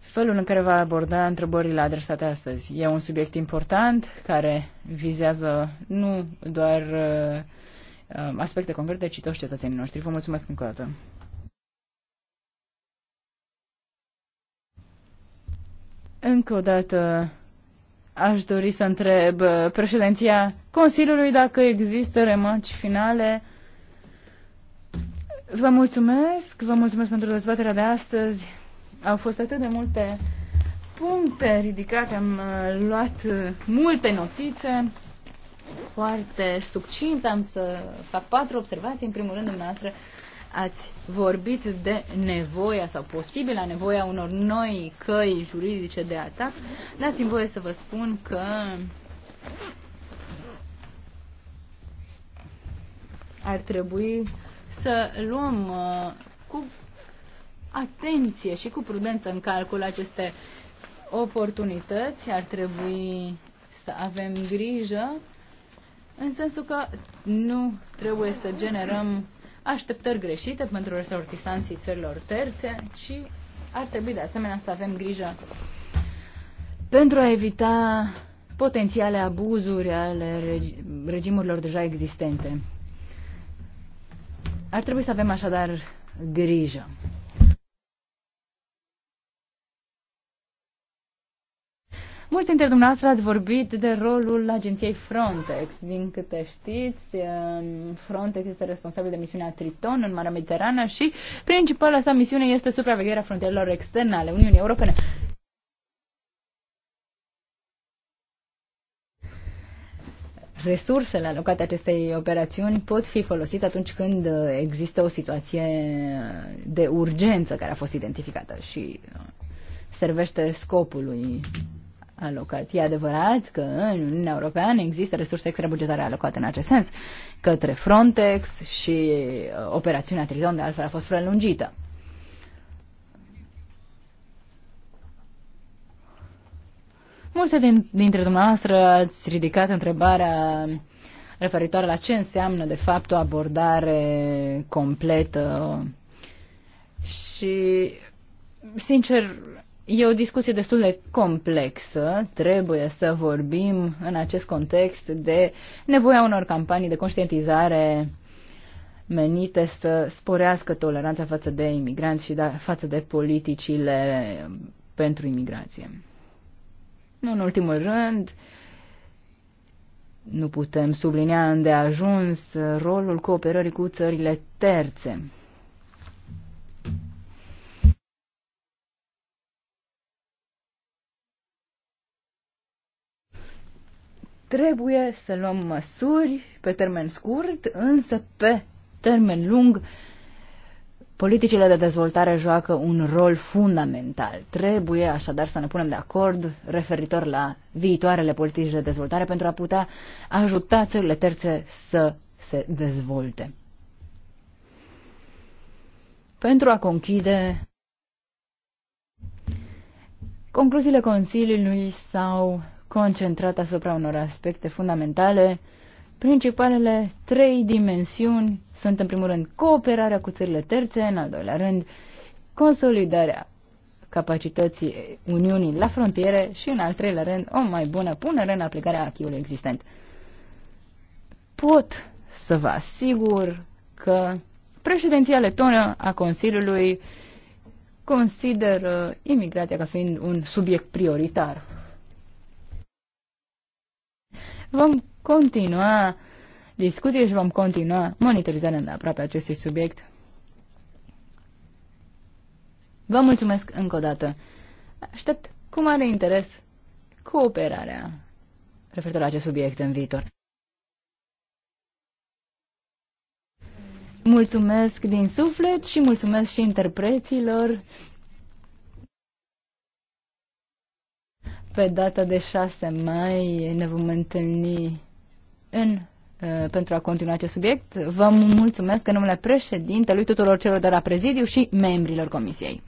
felul în care va aborda întrebările adresate astăzi. E un subiect important care vizează nu doar aspecte concrete, ci toți cetățenii noștri. Vă mulțumesc încă o dată. Încă o dată aș dori să întreb uh, președinția Consiliului dacă există remarci finale. Vă mulțumesc, vă mulțumesc pentru dezbaterea de astăzi. Au fost atât de multe puncte ridicate, am uh, luat uh, multe notițe. Foarte succint am să fac patru observații. În primul rând, dumneavoastră, ați vorbit de nevoia sau posibilă nevoia unor noi căi juridice de atac, dați-mi voie să vă spun că ar trebui să luăm uh, cu atenție și cu prudență în calcul aceste oportunități, ar trebui să avem grijă în sensul că nu trebuie să generăm așteptări greșite pentru resortisanții țărilor terțe, ci ar trebui de asemenea să avem grijă pentru a evita potențiale abuzuri ale regimurilor deja existente. Ar trebui să avem așadar grijă. Mulți dintre dumneavoastră ați vorbit de rolul agenției Frontex. Din câte știți, Frontex este responsabil de misiunea Triton în Marea Mediterană și principala sa misiune este supravegherea frontierelor externe ale Uniunii Europene. resursele alocate acestei operațiuni pot fi folosite atunci când există o situație de urgență care a fost identificată și servește scopului alocat. E adevărat că în Uniunea Europeană există resurse extrabugetare alocate în acest sens către Frontex și uh, operațiunea Triton de altfel a fost prelungită. Mulți din, dintre dumneavoastră ați ridicat întrebarea referitoare la ce înseamnă de fapt o abordare completă și sincer E o discuție destul de complexă. Trebuie să vorbim în acest context de nevoia unor campanii de conștientizare menite să sporească toleranța față de imigranți și da, față de politicile pentru imigrație. Nu în ultimul rând, nu putem sublinia îndeajuns rolul cooperării cu țările terțe. Trebuie să luăm măsuri pe termen scurt, însă pe termen lung Politicile de dezvoltare joacă un rol fundamental. Trebuie așadar să ne punem de acord referitor la viitoarele politici de dezvoltare pentru a putea ajuta țările terțe să se dezvolte. Pentru a conchide, concluziile Consiliului s-au concentrat asupra unor aspecte fundamentale. Principalele trei dimensiuni sunt, în primul rând, cooperarea cu țările terțe, în al doilea rând, consolidarea capacității Uniunii la frontiere și, în al treilea rând, o mai bună punere în aplicare a acquis existent. Pot să vă asigur că președinția letonă a Consiliului consideră imigrația ca fiind un subiect prioritar. Vom continua discuții și vom continua monitorizarea de aproape acestui subiect. Vă mulțumesc încă o dată. Aștept cu mare interes cooperarea referitor la acest subiect în viitor. Mulțumesc din suflet și mulțumesc și interpreților Pe data de 6 mai ne vom întâlni în, uh, pentru a continua acest subiect. Vă mulțumesc în numele președintelui tuturor celor de la prezidiu și membrilor comisiei.